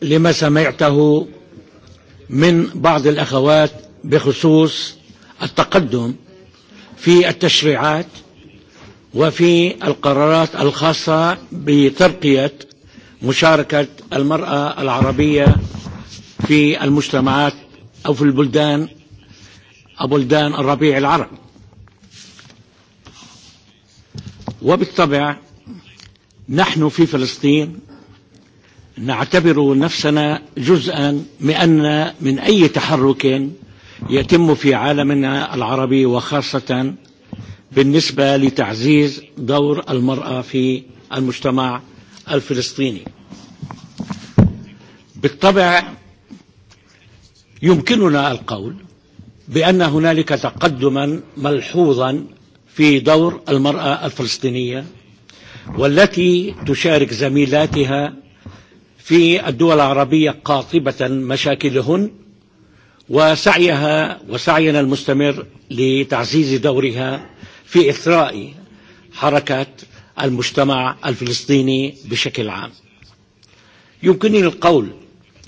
لما سمعته من بعض الأخوات بخصوص التقدم في التشريعات وفي القرارات الخاصة بترقية مشاركة المرأة العربية في المجتمعات أو في البلدان أو بلدان الربيع العربي وبالطبع نحن في فلسطين نعتبر نفسنا جزءا من من أي تحرك يتم في عالمنا العربي وخاصة بالنسبة لتعزيز دور المرأة في المجتمع الفلسطيني بالطبع يمكننا القول بأن هنالك تقدما ملحوظا في دور المرأة الفلسطينية والتي تشارك زميلاتها في الدول العربية قاطبة مشاكلهن وسعيها وسعينا المستمر لتعزيز دورها في إثراء حركة المجتمع الفلسطيني بشكل عام يمكنني القول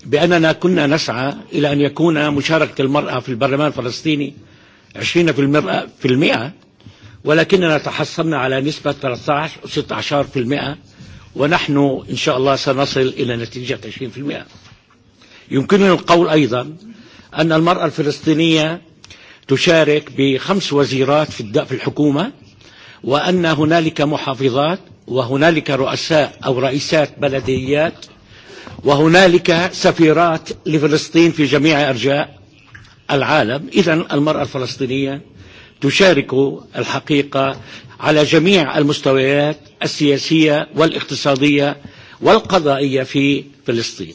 بأننا كنا نسعى إلى أن يكون مشاركة المرأة في البرلمان الفلسطيني 20% في المئة ولكننا تحصلنا على نسبة 13 و 16% ونحن إن شاء الله سنصل إلى نتيجة 20% يمكننا القول أيضا أن المرأة الفلسطينية تشارك بخمس وزيرات في الحكومة وأن هنالك محافظات وهنالك رؤساء أو رئيسات بلديات وهنالك سفيرات لفلسطين في جميع أرجاء العالم إذا المرأة الفلسطينية تشارك الحقيقة على جميع المستويات السياسية والاقتصادية والقضائية في فلسطين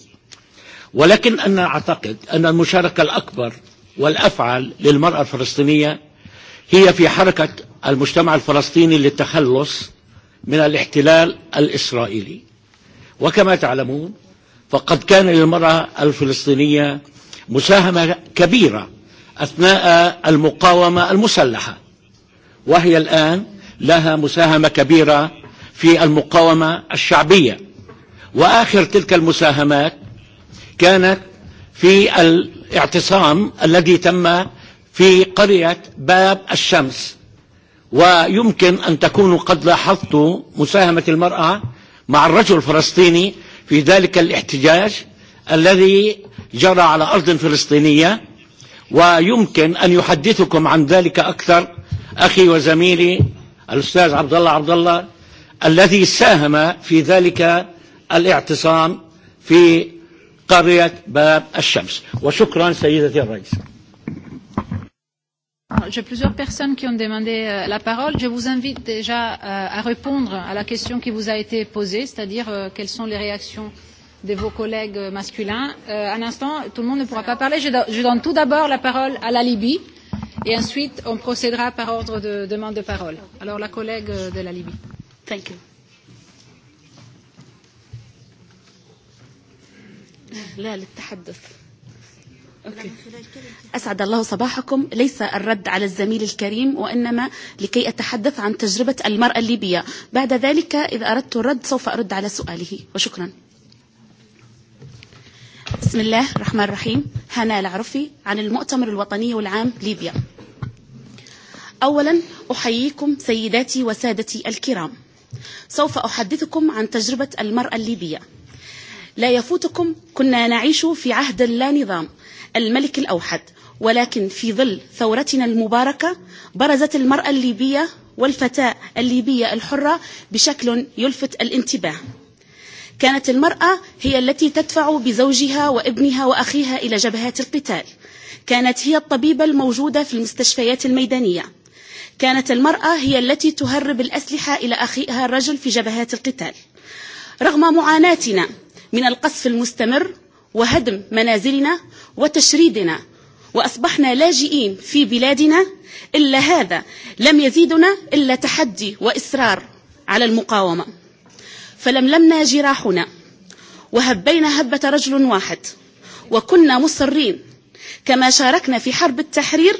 ولكن أنا أعتقد أن المشاركة الأكبر والأفعل للمرأة الفلسطينية هي في حركة المجتمع الفلسطيني للتخلص من الاحتلال الإسرائيلي وكما تعلمون فقد كان للمرأة الفلسطينية مساهمة كبيرة أثناء المقاومة المسلحة وهي الآن لها مساهمة كبيرة في المقاومة الشعبية وآخر تلك المساهمات كانت في الاعتصام الذي تم في قرية باب الشمس ويمكن أن تكونوا قد لاحظتوا مساهمة المرأة مع الرجل الفلسطيني في ذلك الاحتجاج الذي جرى على أرض فلسطينية ويمكن أن يحدثكم عن ذلك أكثر أخي وزميلي الأستاذ عبد الله عبد الله الذي ساهم في ذلك الاعتصام في قرية باب الشمس وشكرا سيدتي الرئيسة J'ai plusieurs personnes qui ont demandé euh, la parole. Je vous invite déjà euh, à répondre à la question qui vous a été posée, c'est-à-dire euh, quelles sont les réactions de vos collègues masculins. Euh, un instant, tout le monde ne pourra pas parler. Je, do je donne tout d'abord la parole à la Libye et ensuite on procédera par ordre de demande de parole. Alors la collègue de la Libye. Thank you. لا للتحدث أوكي. أسعد الله صباحكم ليس الرد على الزميل الكريم وإنما لكي أتحدث عن تجربة المرأة الليبية بعد ذلك إذا أردت الرد سوف أرد على سؤاله وشكرا بسم الله الرحمن الرحيم هنا العرفي عن المؤتمر الوطني والعام ليبيا أولا أحييكم سيداتي وسادتي الكرام سوف أحدثكم عن تجربة المرأة الليبية لا يفوتكم كنا نعيش في عهد اللانظام الملك الأوحد ولكن في ظل ثورتنا المباركة برزت المرأة الليبية والفتاة الليبية الحرة بشكل يلفت الانتباه كانت المرأة هي التي تدفع بزوجها وابنها وأخيها إلى جبهات القتال كانت هي الطبيبة الموجودة في المستشفيات الميدانية كانت المرأة هي التي تهرب الأسلحة إلى أخيها الرجل في جبهات القتال رغم معاناتنا من القصف المستمر وهدم منازلنا وتشريدنا وأصبحنا لاجئين في بلادنا إلا هذا لم يزيدنا إلا تحدي وإصرار على المقاومة فلملمنا جراحنا وهبينا هبة رجل واحد وكنا مصرين كما شاركنا في حرب التحرير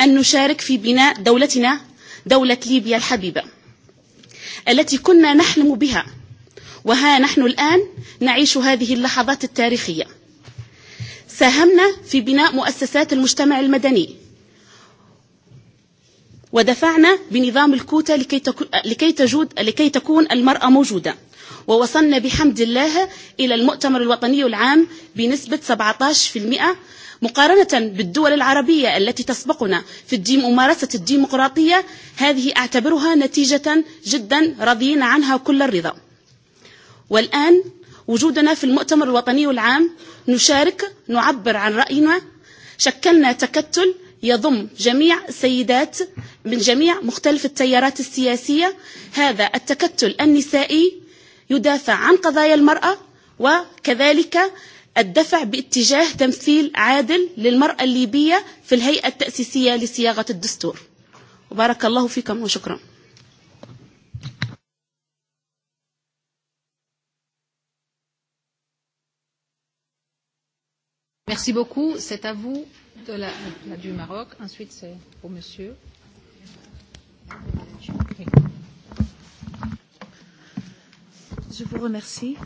أن نشارك في بناء دولتنا دولة ليبيا الحبيبة التي كنا نحلم بها وها نحن الآن نعيش هذه اللحظات التاريخية ساهمنا في بناء مؤسسات المجتمع المدني ودفعنا بنظام الكوتا لكي, تكو لكي, تجود لكي تكون المرأة موجودة ووصلنا بحمد الله إلى المؤتمر الوطني العام بنسبة 17% مقارنة بالدول العربية التي تسبقنا في الديم ممارسة الديمقراطية هذه أعتبرها نتيجة جدا رضينا عنها كل الرضا والآن وجودنا في المؤتمر الوطني العام نشارك نعبر عن رأينا شكلنا تكتل يضم جميع السيدات من جميع مختلف التيارات السياسية هذا التكتل النسائي يدافع عن قضايا المرأة وكذلك الدفع باتجاه تمثيل عادل للمرأة الليبية في الهيئة التأسيسية لصياغة الدستور وبارك الله فيكم وشكرا Merci beaucoup. C'est à vous de la, la du Maroc. Ensuite, c'est au monsieur. Je vous remercie.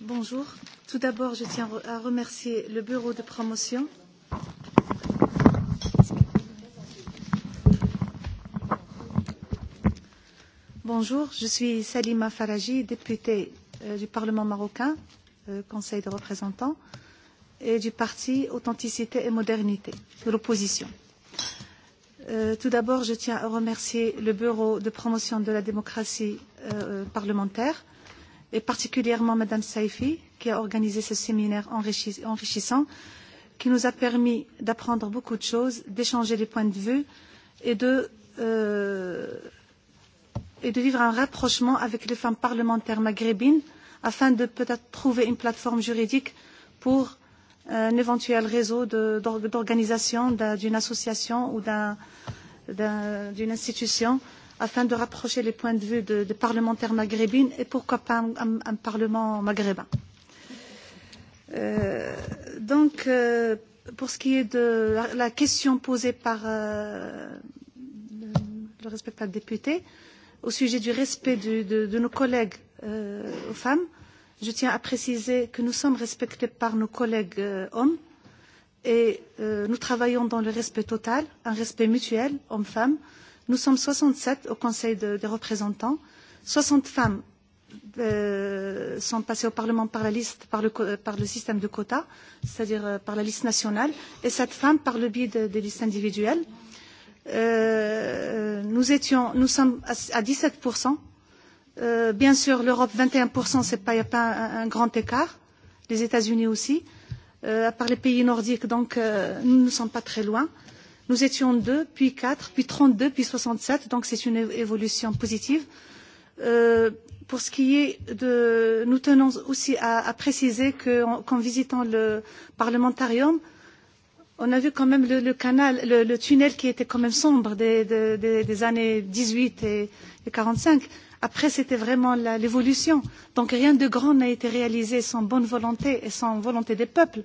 Bonjour. Tout d'abord, je tiens à remercier le bureau de promotion Bonjour, je suis Salima Faraji, députée euh, du Parlement marocain. Euh, euh, Conseil des représentants et du parti Authenticité et Modernité, de l'opposition. Euh, tout d'abord, je tiens à remercier le Bureau de promotion de la démocratie euh, parlementaire et particulièrement Madame Saifi qui a organisé ce séminaire enrichi enrichissant qui nous a permis d'apprendre beaucoup de choses, d'échanger des points de vue et de, euh, et de vivre un rapprochement avec les femmes parlementaires maghrébines euh, afin de peut-être trouver une plateforme juridique pour euh, un éventuel réseau d'organisation d'une association ou d'une un, institution afin de rapprocher les points de vue des de parlementaires maghrébines et pourquoi pas un, un, un parlement maghrébin. Euh, donc, euh, pour ce qui est de la, la question posée par euh, le, le respectable député au sujet du respect du, de, de nos collègues euh, aux femmes. Je tiens à préciser que nous sommes respectés par nos collègues euh, hommes et euh, nous travaillons dans le respect total, un respect mutuel hommes-femmes. Nous sommes 67 au Conseil de, des représentants. 60 femmes euh, sont passées au Parlement par la liste, par le, par le système de quotas, c'est-à-dire euh, par la liste nationale, et 7 femmes par le biais des de listes individuelles. Euh, nous, étions, nous sommes à, à 17 Euh, bien sûr, l'Europe, 21%, ce n'est pas, y a pas un, un grand écart. Les États-Unis aussi. Euh, à part les pays nordiques, donc euh, nous ne sommes pas très loin. Nous étions 2, puis 4, puis 32, puis 67. Donc c'est une évolution positive. Euh, pour ce qui est de, nous tenons aussi à, à préciser qu'en qu visitant le parlementarium, on a vu quand même le, le canal, le, le tunnel qui était quand même sombre des, des, des années 18 et, et 45. Après, c'était vraiment l'évolution. Donc rien de grand n'a été réalisé sans bonne volonté et sans volonté des peuples.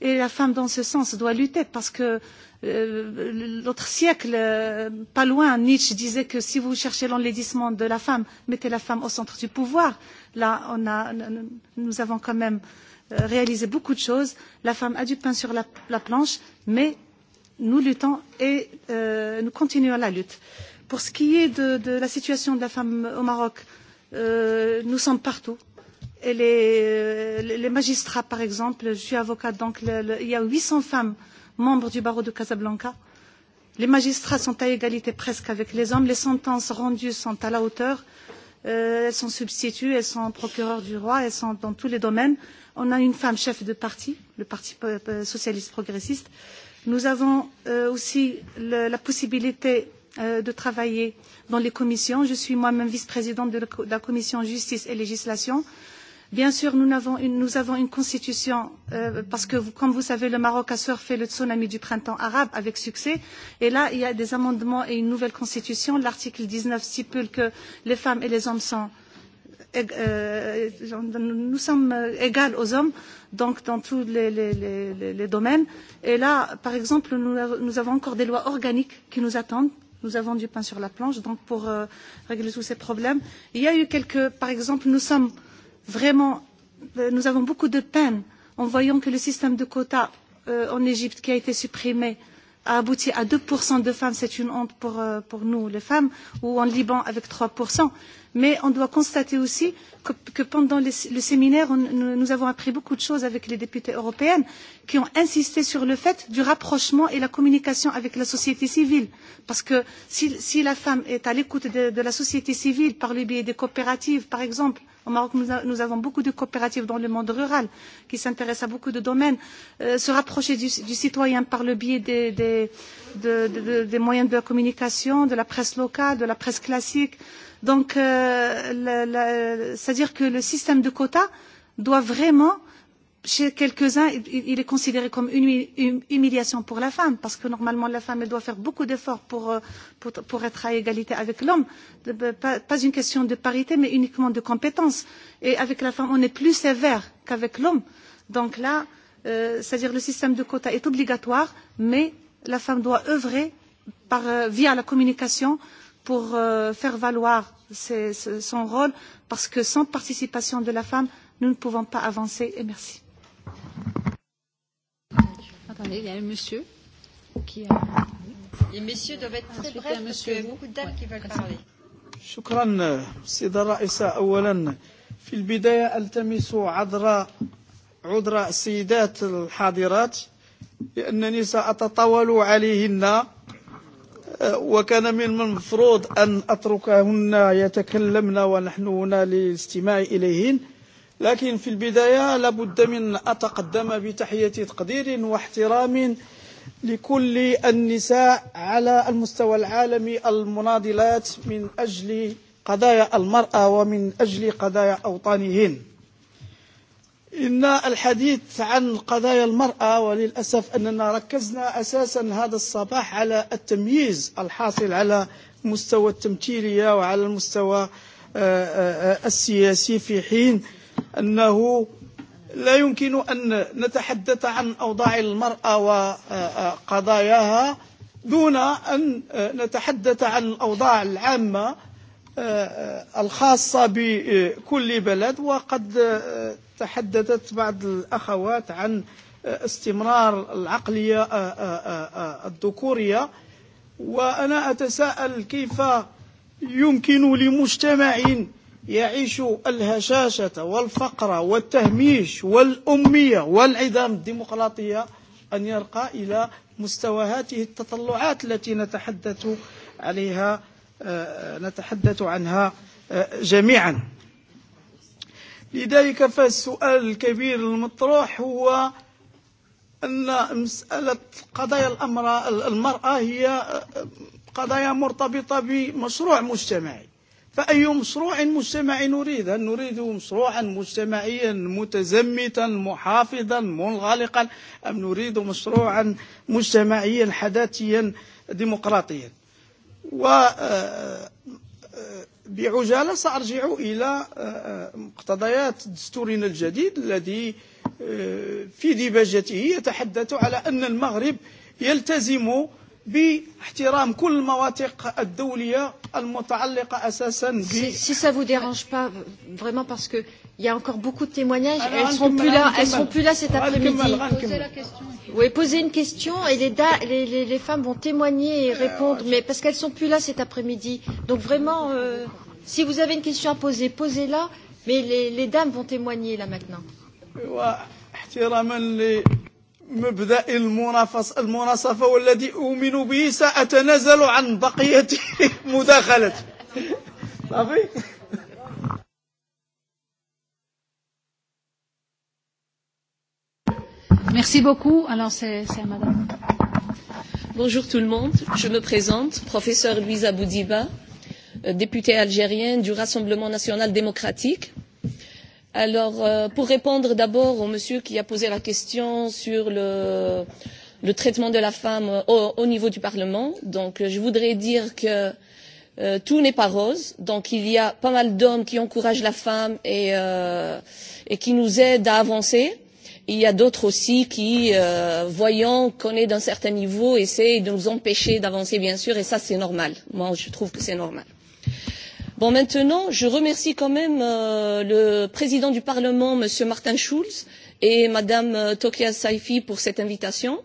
Et la femme, dans ce sens, doit lutter parce que euh, l'autre siècle, euh, pas loin, Nietzsche disait que si vous cherchez l'enlaidissement de la femme, mettez la femme au centre du pouvoir. Là, on a, nous avons quand même euh, réalisé beaucoup de choses. La femme a du pain sur la, la planche, mais nous luttons et euh, nous continuons la lutte. Euh, Pour ce qui est de, de la situation de la femme au Maroc, euh, nous sommes partout. Et les, euh, les magistrats, par exemple, je suis avocate, donc le, le, il y a 800 femmes membres du barreau de Casablanca. Les magistrats sont à égalité presque avec les hommes. Les sentences rendues sont à la hauteur. Euh, elles sont substituts, elles sont procureurs du roi, elles sont dans tous les domaines. On a une femme chef de parti, le Parti euh, socialiste progressiste. Nous avons euh, aussi le, la possibilité euh, de travailler dans les commissions. Je suis moi-même vice-présidente de la commission justice et législation. Bien sûr, nous avons une, nous avons une constitution euh, parce que, comme vous savez, le Maroc a surfé le tsunami du printemps arabe avec succès. Et là, il y a des amendements et une nouvelle constitution. L'article 19 stipule que les femmes et les hommes sont euh, nous sommes euh, égales aux hommes donc dans tous les, les, les, les domaines. Et là, par exemple, nous, nous avons encore des lois organiques qui nous attendent nous avons du pain sur la planche donc pour euh, régler tous ces problèmes. Il y a eu quelques, par exemple, nous sommes vraiment, euh, nous avons beaucoup de peine en voyant que le système de quotas euh, en Égypte qui a été supprimé a abouti à 2% de femmes, c'est une honte pour, euh, pour nous les femmes, ou en Liban avec 3%. Mais on doit constater aussi que, que pendant les, le séminaire, on, nous avons appris beaucoup de choses avec les députés européennes qui ont insisté sur le fait du rapprochement et la communication avec la société civile. Parce que si, si la femme est à l'écoute de, de la société civile par le biais des coopératives, par exemple, au Maroc, nous, a, nous avons beaucoup de coopératives dans le monde rural qui s'intéressent à beaucoup de domaines, euh, se rapprocher du, du citoyen par le biais des, des, de, de, de, des moyens de la communication, de la presse locale, de la presse classique, euh, Donc, euh, c'est-à-dire que le système de quotas doit vraiment, chez quelques-uns, il, il est considéré comme une, une humiliation pour la femme, parce que normalement, la femme, elle doit faire beaucoup d'efforts pour, euh, pour, pour être à égalité avec l'homme. Pas, pas une question de parité, mais uniquement de compétence. Et avec la femme, on est plus sévère qu'avec l'homme. Donc là, euh, c'est-à-dire le système de quotas est obligatoire, mais la femme doit œuvrer par, euh, via la communication euh, pour euh, faire valoir ses, son rôle, parce que sans participation de la femme, nous ne pouvons pas avancer. Et merci. Attendez, il y a un monsieur qui a... Les messieurs doivent être très brefs parce qu'il y a beaucoup de dames ouais. qui veulent parler. شكرا سيدة الرئيسة أولا في البداية ألتمس عذر عذر السيدات الحاضرات لأنني سأتطاول عليهن وكان من المفروض أن أتركهن يتكلمن ونحن هنا للاستماع إليهن لكن في البداية لابد من أتقدم بتحية تقدير واحترام لكل النساء على المستوى العالمي المناضلات من أجل قضايا المرأة ومن أجل قضايا أوطانهن إن الحديث عن قضايا المرأة وللأسف أننا ركزنا أساسا هذا الصباح على التمييز الحاصل على مستوى التمثيلية وعلى المستوى السياسي في حين أنه لا يمكن أن نتحدث عن أوضاع المرأة وقضاياها دون أن نتحدث عن الأوضاع العامة الخاصة بكل بلد وقد تحدثت بعض الأخوات عن استمرار العقلية الذكورية وأنا أتساءل كيف يمكن لمجتمع يعيش الهشاشة والفقر والتهميش والأمية والعدام الديمقراطية أن يرقى إلى مستوى هذه التطلعات التي نتحدث عليها نتحدث عنها جميعا لذلك فالسؤال الكبير المطروح هو ان مساله قضايا الامر المراه هي قضايا مرتبطه بمشروع مجتمعي فاي مشروع مجتمعي نريد هل نريد مشروعا مجتمعيا متزمتا محافظا منغلقا ام نريد مشروعا مجتمعيا حداثيا ديمقراطيا وبعجالة سأرجع إلى مقتضيات دستورنا الجديد الذي في ديباجته يتحدث على أن المغرب يلتزم باحترام كل المواثيق الدولية المتعلقة أساسا ب... Si, si ça vous dérange pas, vraiment parce que euh, il y a encore beaucoup de témoignages. Alors, elles ne seront, plus là, elles seront plus là cet après-midi. Oui, posez une question et les, da, les, les, les femmes vont témoigner et répondre, mais parce qu'elles ne sont plus là cet après-midi. Donc vraiment, euh, si vous avez une question à poser, posez-la, mais les, les dames vont témoigner là maintenant. احتراما لمبدا المناصفه والذي اؤمن به ساتنازل عن بقيه مداخلتي صافي Merci beaucoup. Alors, c'est à madame. Bonjour tout le monde. Je me présente, professeur Louisa Boudiba, euh, députée algérienne du Rassemblement national démocratique. Alors, euh, pour répondre d'abord au monsieur qui a posé la question sur le, le traitement de la femme au, au niveau du Parlement, donc je voudrais dire que euh, tout n'est pas rose. Donc, il y a pas mal d'hommes qui encouragent la femme et, euh, et qui nous aident à avancer. Il y a d'autres aussi qui, euh, voyant qu'on est d'un certain niveau, essayent de nous empêcher d'avancer, bien sûr, et ça, c'est normal. Moi, je trouve que c'est normal. Bon, maintenant, je remercie quand même euh, le président du Parlement, M. Martin Schulz, et Mme euh, Tokia Saifi pour cette invitation.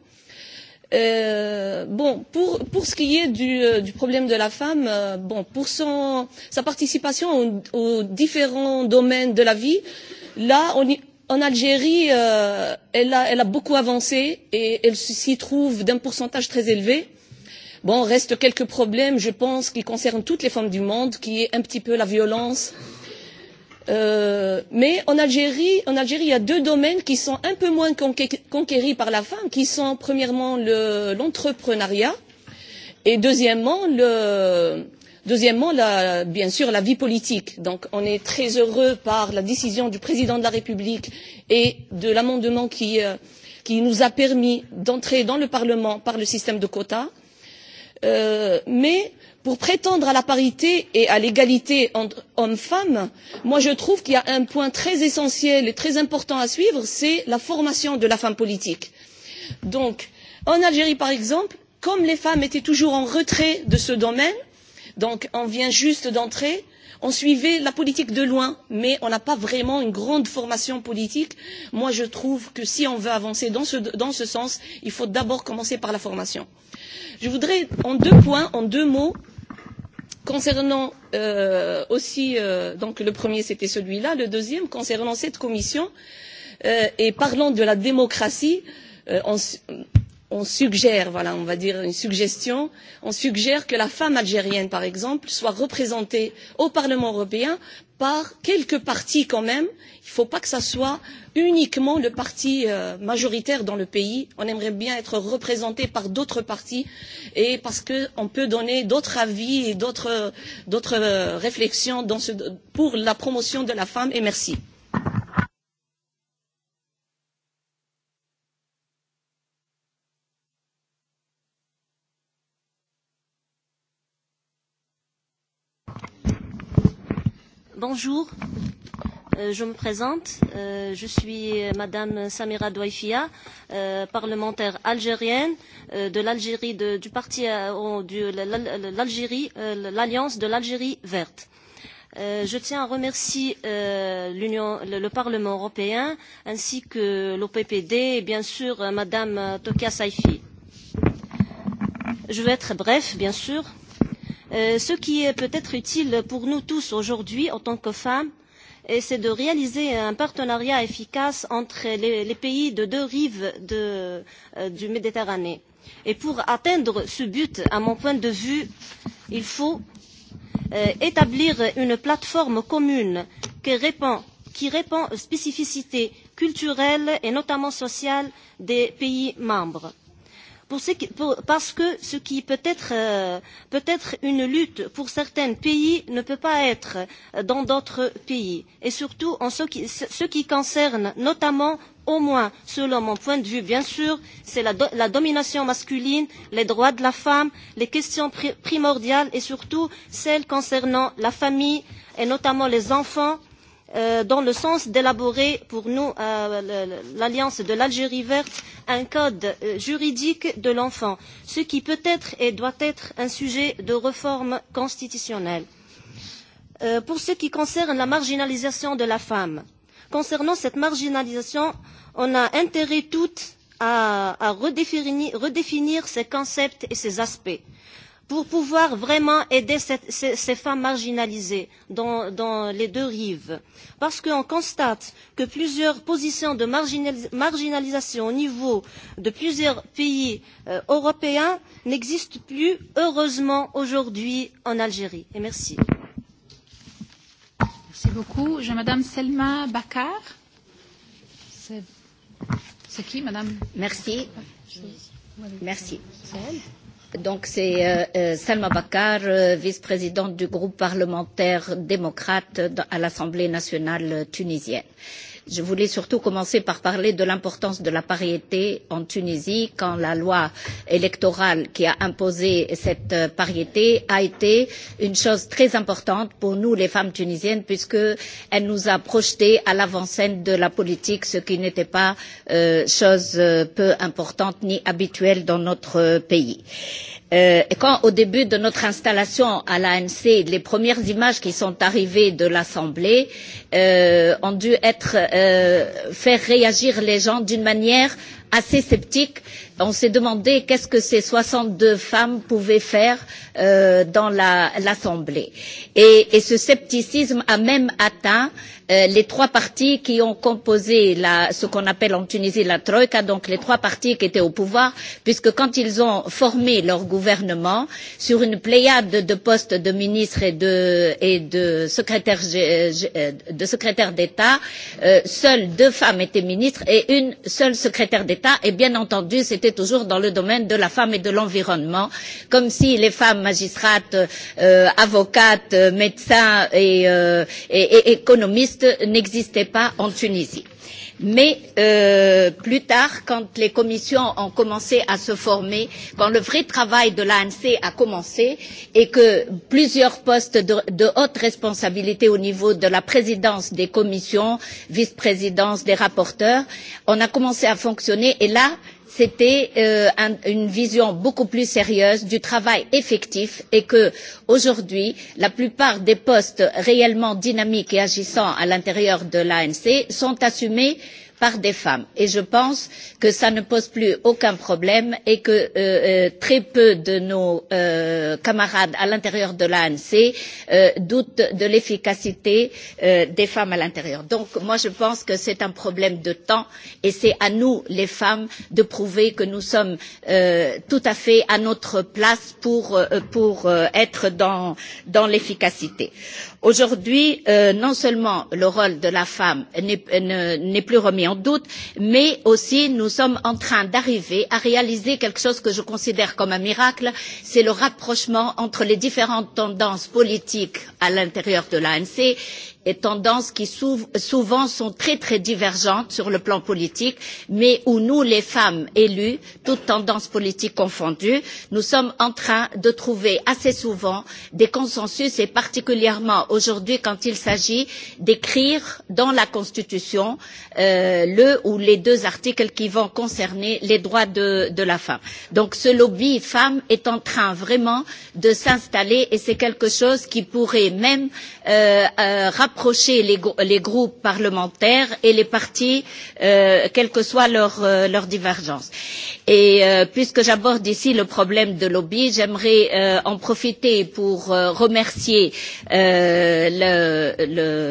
Euh, bon, pour, pour ce qui est du, euh, du problème de la femme, euh, bon, pour son, sa participation aux, aux différents domaines de la vie, là, on y, en Algérie, euh, elle, a, elle a beaucoup avancé et elle s'y trouve d'un pourcentage très élevé. Bon, reste quelques problèmes, je pense, qui concernent toutes les femmes du monde, qui est un petit peu la violence. Euh, mais en Algérie, en Algérie, il y a deux domaines qui sont un peu moins conqué conquéris par la femme, qui sont premièrement l'entrepreneuriat le, et deuxièmement le, Deuxièmement, la, bien sûr, la vie politique. Donc, on est très heureux par la décision du président de la République et de l'amendement qui, euh, qui nous a permis d'entrer dans le Parlement par le système de quotas. Euh, mais pour prétendre à la parité et à l'égalité entre hommes femmes moi je trouve qu'il y a un point très essentiel et très important à suivre c'est la formation de la femme politique. donc en algérie par exemple comme les femmes étaient toujours en retrait de ce domaine Donc on vient juste d'entrer, on suivait la politique de loin, mais on n'a pas vraiment une grande formation politique. Moi, je trouve que si on veut avancer dans ce, dans ce sens, il faut d'abord commencer par la formation. Je voudrais, en deux points, en deux mots, concernant euh, aussi, euh, donc le premier c'était celui-là, le deuxième concernant cette commission euh, et parlant de la démocratie, euh, on, on suggère, voilà, on va dire une suggestion, on suggère que la femme algérienne, par exemple, soit représentée au Parlement européen par quelques partis quand même. Il ne faut pas que ça soit uniquement le parti euh, majoritaire dans le pays. On aimerait bien être représenté par d'autres partis et parce qu'on peut donner d'autres avis et d'autres euh, réflexions dans ce, pour la promotion de la femme. Et merci. Bonjour, euh, je me présente. Euh, je suis Madame Samira Douaifia, euh, parlementaire algérienne euh, de l'Algérie, du parti euh, de l'Algérie, euh, l'Alliance de l'Algérie verte. Euh, je tiens à remercier euh, le, le Parlement européen ainsi que l'OPPD et bien sûr euh, Madame Tokia Saifi. Je vais être bref, bien sûr. Euh, Euh, ce qui est peut-être utile pour nous tous aujourd'hui en tant que femmes, c'est de réaliser un partenariat efficace entre les, les pays de deux rives de, euh, du Méditerranée. Et pour atteindre ce but, à mon point de vue, il faut euh, établir une plateforme commune qui répond, qui répond aux spécificités culturelles et notamment sociales des pays membres. Euh, pour ce, pour, parce que ce qui peut être, euh, peut être une lutte pour certains pays ne peut pas être euh, dans d'autres pays. Et surtout en ce qui, ce qui concerne notamment au moins, selon mon point de vue, bien sûr, c'est la, do la domination masculine, les droits de la femme, les questions pri primordiales et surtout celles concernant la famille et notamment les enfants euh, dans le sens d'élaborer pour nous, euh, l'Alliance de l'Algérie verte, un code euh, juridique de l'enfant, ce qui peut être et doit être un sujet de réforme constitutionnelle. Euh, pour ce qui concerne la marginalisation de la femme, concernant cette marginalisation, on a intérêt toutes à, à redéfinir, redéfinir ces concepts et ces aspects. Euh, pour pouvoir vraiment aider cette, ces, ces femmes marginalisées dans, dans les deux rives. Parce qu'on constate que plusieurs positions de marginalis marginalisation au niveau de plusieurs pays euh, européens n'existent plus, heureusement, aujourd'hui en Algérie. Et merci. Merci beaucoup. Je, Madame Selma Bakar. C'est qui, Madame Merci. Ah, merci. C'est elle Donc c'est euh, euh, Salma Bakar, euh, vice-présidente du groupe parlementaire démocrate à l'Assemblée nationale tunisienne. Je voulais surtout commencer par parler de l'importance de la parité en Tunisie quand la loi électorale qui a imposé cette euh, parité a été une chose très importante pour nous, les femmes tunisiennes, puisqu'elle nous a projetées à l'avant-scène de la politique, ce qui n'était pas euh, chose euh, peu importante ni habituelle dans notre euh, pays. Euh, Euh, et quand au début de notre installation à l'ANC, les premières images qui sont arrivées de l'Assemblée euh, ont dû être euh, faire réagir les gens d'une manière assez sceptique. On s'est demandé qu'est-ce que ces 62 femmes pouvaient faire euh, dans l'Assemblée. La, et, et ce scepticisme a même atteint euh, les trois partis qui ont composé la, ce qu'on appelle en Tunisie la Troïka, donc les trois partis qui étaient au pouvoir, puisque quand ils ont formé leur gouvernement sur une pléiade de postes de ministres et de, et de secrétaires euh, de secrétaires d'État, euh, seules deux femmes étaient ministres et une seule secrétaire d'État l'État et bien entendu c'était toujours dans le domaine de la femme et de l'environnement, comme si les femmes magistrates, euh, avocates, médecins et, euh, et, et économistes n'existaient pas en Tunisie. Euh, Mais euh, plus tard, quand les commissions ont commencé à se former, quand le vrai travail de l'ANC a commencé et que plusieurs postes de, de haute responsabilité au niveau de la présidence des commissions, vice-présidence, des rapporteurs, on a commencé à fonctionner et là, euh, c'était euh, un, une vision beaucoup plus sérieuse du travail effectif et que aujourd'hui la plupart des postes réellement dynamiques et agissants à l'intérieur de l'ANC sont assumés euh, par des femmes. Et je pense que ça ne pose plus aucun problème et que euh, euh, très peu de nos euh, camarades à l'intérieur de l'ANC euh, doutent de l'efficacité euh, des femmes à l'intérieur. Donc moi je pense que c'est un problème de temps et c'est à nous les femmes de prouver que nous sommes euh, tout à fait à notre place pour, euh, pour euh, être dans, dans l'efficacité. Aujourd'hui, euh, non seulement le rôle de la femme n'est euh, plus remis millions d'août, mais aussi nous sommes en train d'arriver à réaliser quelque chose que je considère comme un miracle, c'est le rapprochement entre les différentes tendances politiques à l'intérieur de l'ANC et tendances qui souvent sont très très divergentes sur le plan politique, mais où nous, les femmes élues, toutes tendances politiques confondues, nous sommes en train de trouver assez souvent des consensus et particulièrement aujourd'hui quand il s'agit d'écrire dans la Constitution euh, le ou les deux articles qui vont concerner les droits de, de la femme. Donc ce lobby femmes est en train vraiment de s'installer et c'est quelque chose qui pourrait même euh, euh, rappeler rapprocher les, les groupes parlementaires et les partis, euh, quelles que soient leurs euh, leur divergences. Et euh, puisque j'aborde ici le problème de lobby, j'aimerais euh, en profiter pour euh, remercier euh, le,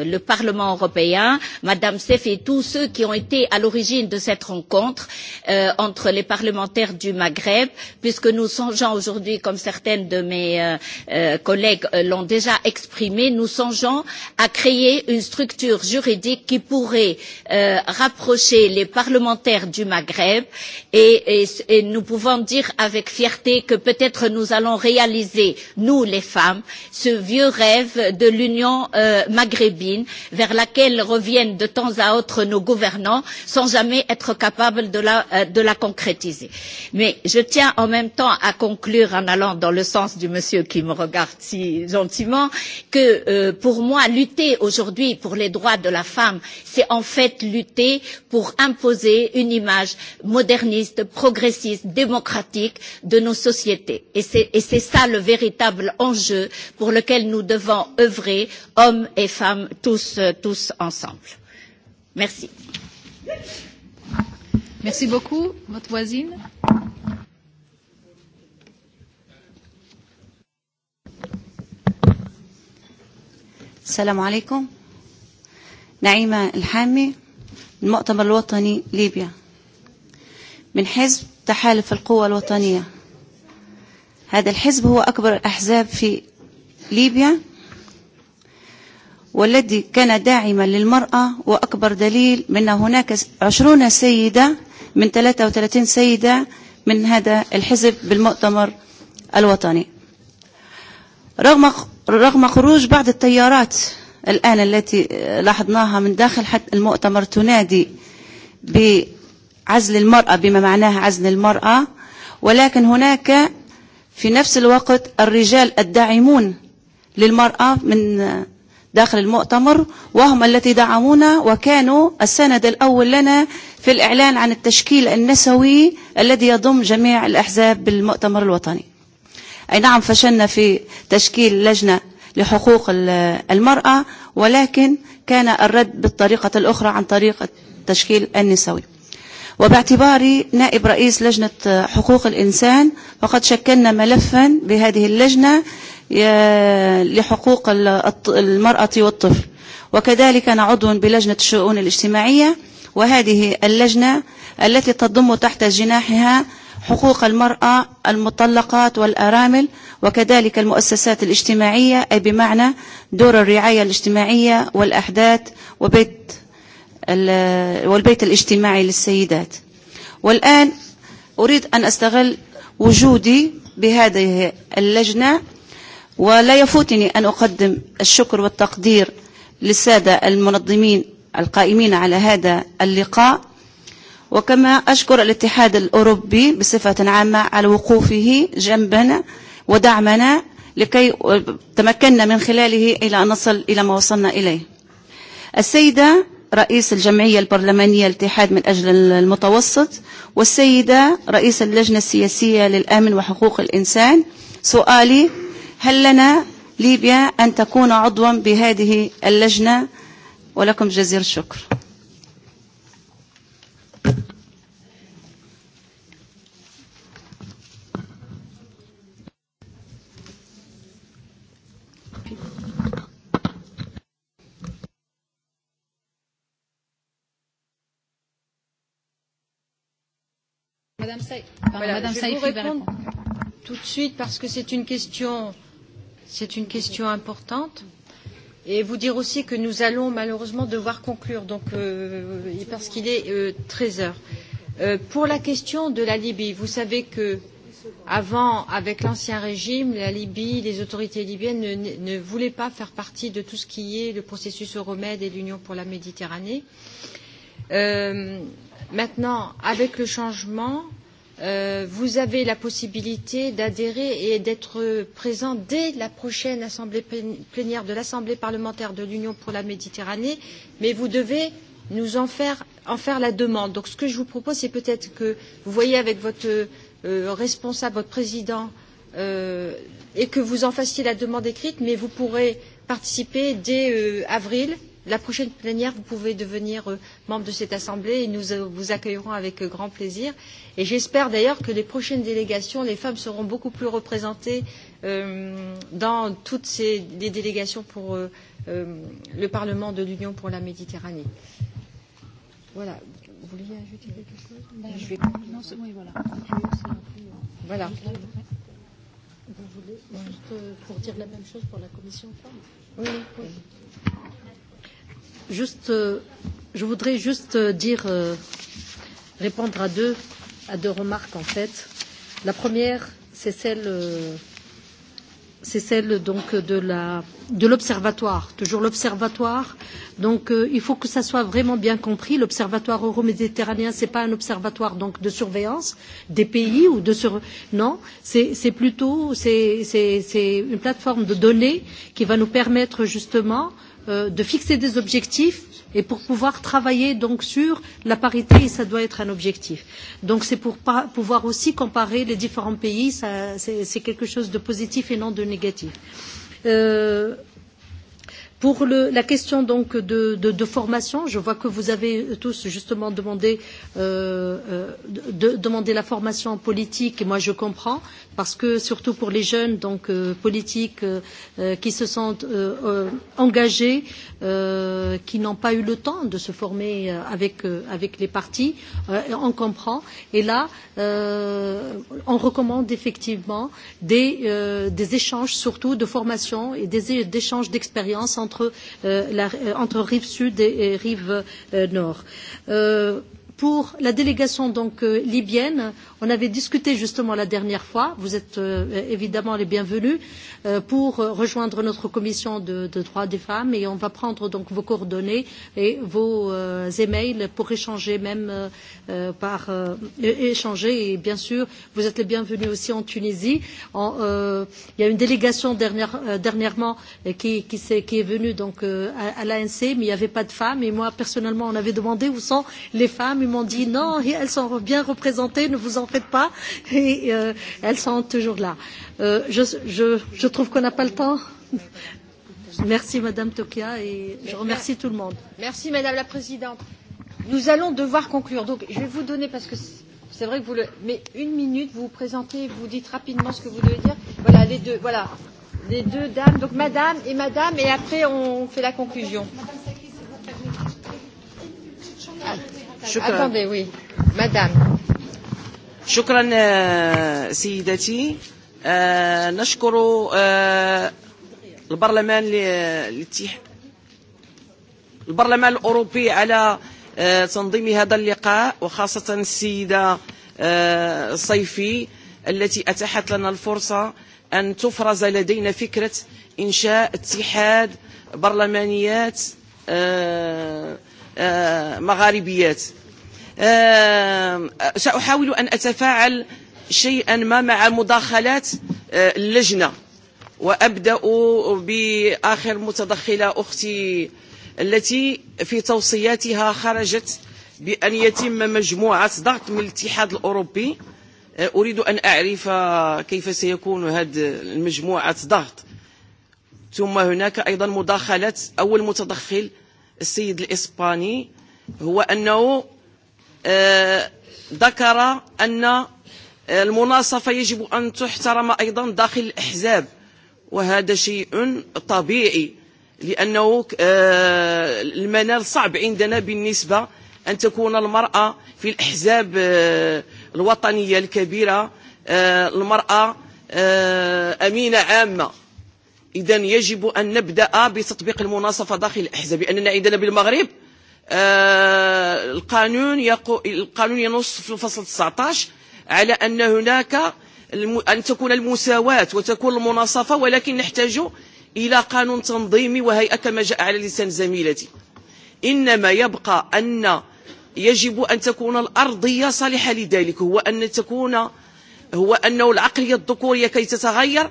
le, le Parlement européen, Madame Seff et tous ceux qui ont été à l'origine de cette rencontre euh, entre les parlementaires du Maghreb, puisque nous songeons aujourd'hui, comme certaines de mes euh, euh, collègues euh, l'ont déjà exprimé, nous songeons à créer créer une structure juridique qui pourrait euh, rapprocher les parlementaires du Maghreb et, et, et nous pouvons dire avec fierté que peut-être nous allons réaliser, nous les femmes, ce vieux rêve de l'Union euh, maghrébine vers laquelle reviennent de temps à autre nos gouvernants sans jamais être capables de la, euh, de la concrétiser. Mais je tiens en même temps à conclure en allant dans le sens du monsieur qui me regarde si gentiment que euh, pour moi lutter lutter aujourd'hui pour les droits de la femme, c'est en fait lutter pour imposer une image moderniste, progressiste, démocratique de nos sociétés. Et c'est ça le véritable enjeu pour lequel nous devons œuvrer, hommes et femmes, tous, euh, tous ensemble. Merci. Merci beaucoup. Votre voisine. السلام عليكم نعيمة الحامي المؤتمر الوطني ليبيا من حزب تحالف القوى الوطنية هذا الحزب هو أكبر الأحزاب في ليبيا والذي كان داعما للمرأة وأكبر دليل من هناك عشرون سيدة من 33 سيدة من هذا الحزب بالمؤتمر الوطني رغم رغم خروج بعض التيارات الآن التي لاحظناها من داخل حتى المؤتمر تنادي بعزل المرأة بما معناه عزل المرأة ولكن هناك في نفس الوقت الرجال الداعمون للمرأة من داخل المؤتمر وهم التي دعمونا وكانوا السند الأول لنا في الإعلان عن التشكيل النسوي الذي يضم جميع الأحزاب بالمؤتمر الوطني أي نعم فشلنا في تشكيل لجنة لحقوق المرأة ولكن كان الرد بالطريقة الأخرى عن طريق التشكيل النسوي وباعتباري نائب رئيس لجنة حقوق الإنسان فقد شكلنا ملفا بهذه اللجنة لحقوق المرأة والطفل وكذلك أنا عضو بلجنة الشؤون الاجتماعية وهذه اللجنة التي تضم تحت جناحها حقوق المرأة المطلقات والأرامل وكذلك المؤسسات الاجتماعية أي بمعنى دور الرعاية الاجتماعية والأحداث وبيت والبيت الاجتماعي للسيدات والآن أريد أن أستغل وجودي بهذه اللجنة ولا يفوتني أن أقدم الشكر والتقدير للسادة المنظمين القائمين على هذا اللقاء وكما أشكر الاتحاد الأوروبي بصفة عامة على وقوفه جنبنا ودعمنا لكي تمكنا من خلاله إلى أن نصل إلى ما وصلنا إليه السيدة رئيس الجمعية البرلمانية الاتحاد من أجل المتوسط والسيدة رئيس اللجنة السياسية للأمن وحقوق الإنسان سؤالي هل لنا ليبيا أن تكون عضوا بهذه اللجنة ولكم جزيل الشكر Madame, Sa... Pardon, voilà, Madame je Saïfi vous répondre va répondre tout de suite parce que c'est une question, c'est une question importante. Et vous dire aussi que nous allons malheureusement devoir conclure, donc, euh, parce qu'il est euh, 13 heures. Euh, pour la question de la Libye, vous savez que avant, avec l'ancien régime, la Libye, les autorités libyennes ne, ne, ne voulaient pas faire partie de tout ce qui est le processus Euromède et l'Union pour la Méditerranée. Euh, maintenant, avec le changement, euh, Euh, vous avez la possibilité d'adhérer et d'être présent dès la prochaine assemblée plénière de l'Assemblée parlementaire de l'Union pour la Méditerranée, mais vous devez nous en faire, en faire la demande. Donc ce que je vous propose, c'est peut-être que vous voyez avec votre euh, responsable, votre président, euh, et que vous en fassiez la demande écrite, mais vous pourrez participer dès euh, avril la prochaine plénière, vous pouvez devenir euh, membre de cette assemblée et nous euh, vous accueillerons avec euh, grand plaisir. Et j'espère d'ailleurs que les prochaines délégations, les femmes seront beaucoup plus représentées euh, dans toutes ces, les délégations pour euh, euh, le Parlement de l'Union pour la Méditerranée. Voilà. Vous vouliez ajouter quelque chose ben, Je vais. Non, oui, voilà. Je vais aussi rappeler, euh, voilà. Vous voulez juste euh, pour dire la même chose pour la commission femmes Oui. oui. oui juste, euh, je voudrais juste euh, dire, euh, répondre à deux, à deux remarques en fait. La première, c'est celle, c'est celle donc de la, de l'observatoire, toujours l'observatoire. Donc euh, il faut que ça soit vraiment bien compris. L'observatoire euro-méditerranéen, ce n'est pas un observatoire donc, de surveillance des pays ou de sur... Non, c'est plutôt c'est, c'est, c'est une plateforme de données qui va nous permettre justement euh, de fixer des objectifs et pour pouvoir travailler donc sur la parité, et ça doit être un objectif. Donc c'est pour pas, pouvoir aussi comparer les différents pays, c'est quelque chose de positif et non de négatif. Euh, Pour le, la question donc de, de, de formation, je vois que vous avez tous justement demandé, euh, euh de, demandé la formation politique, et moi je comprends, parce que surtout pour les jeunes donc euh, politiques euh, euh qui se sont euh, euh, engagés, euh, qui n'ont pas eu le temps de se former euh, avec euh, avec les partis, euh, on comprend. Et là, euh, on recommande effectivement des euh, des échanges surtout de formation et des échanges d'expérience entre euh, la, euh, entre rive sud et, et rive euh, nord. Euh, Pour la délégation donc euh, libyenne, on avait discuté justement la dernière fois, vous êtes euh, évidemment les bienvenus, euh, pour euh, rejoindre notre commission de, de droits des femmes et on va prendre donc vos coordonnées et vos euh, emails pour échanger même euh, euh par euh, échanger et bien sûr vous êtes les bienvenus aussi en Tunisie. En, euh, il y a une délégation dernière, euh, dernièrement euh, qui, qui, est, qui est venue donc euh, à, à l'ANC mais il n'y avait pas de femmes et moi personnellement on avait demandé où sont les femmes lui m'ont dit non, elles sont bien représentées, ne vous en faites pas, et euh, elles sont toujours là. Euh, je, je, je trouve qu'on n'a pas le temps. Merci Madame Tokia et je remercie tout le monde. Merci Madame la Présidente. Nous allons devoir conclure. Donc je vais vous donner parce que c'est vrai que vous le mais une minute, vous vous présentez, vous dites rapidement ce que vous devez dire. Voilà les deux voilà les deux dames, donc madame et madame, et après on fait la conclusion. Madame, madame Saki, si vous permettez, une petite chose à dire. شكرا Attendez, oui. Madame. شكرا سيدتي نشكر البرلمان البرلمان الأوروبي على تنظيم هذا اللقاء وخاصة السيدة صيفي التي أتاحت لنا الفرصة أن تفرز لدينا فكرة إنشاء اتحاد برلمانيات مغاربيات سأحاول أن أتفاعل شيئا ما مع مداخلات اللجنة وأبدأ بآخر متدخلة أختي التي في توصياتها خرجت بأن يتم مجموعة ضغط من الاتحاد الأوروبي أريد أن أعرف كيف سيكون هذه المجموعة ضغط ثم هناك أيضا مداخلة أول متدخل السيد الإسباني هو أنه ذكر أن المناصفة يجب أن تحترم أيضا داخل الأحزاب وهذا شيء طبيعي لأنه المنال صعب عندنا بالنسبة أن تكون المرأة في الأحزاب الوطنية الكبيرة المرأة أمينة عامة إذا يجب أن نبدأ بتطبيق المناصفة داخل الأحزاب لأننا عندنا بالمغرب آه القانون يقو القانون ينص في الفصل 19 على أن هناك الم... أن تكون المساواة وتكون المناصفة ولكن نحتاج إلى قانون تنظيمي وهيئة كما جاء على لسان زميلتي إنما يبقى أن يجب أن تكون الأرضية صالحة لذلك هو أن تكون هو أنه العقلية الذكورية كي تتغير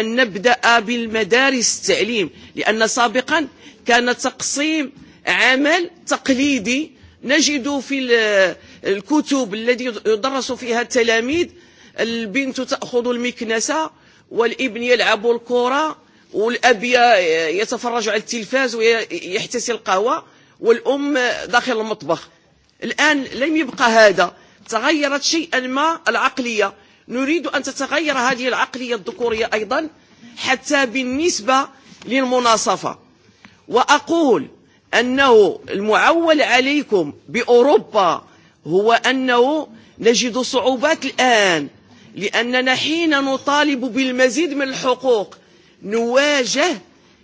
أن نبدأ بالمدارس التعليم لأن سابقا كان تقسيم عمل تقليدي نجد في الكتب الذي يدرس فيها التلاميذ البنت تأخذ المكنسة والابن يلعب الكرة والأب يتفرج على التلفاز ويحتسي القهوة والأم داخل المطبخ الآن لم يبقى هذا تغيرت شيئا ما العقلية نريد أن تتغير هذه العقلية الذكورية أيضا حتى بالنسبة للمناصفة وأقول أنه المعول عليكم بأوروبا هو أنه نجد صعوبات الآن لأننا حين نطالب بالمزيد من الحقوق نواجه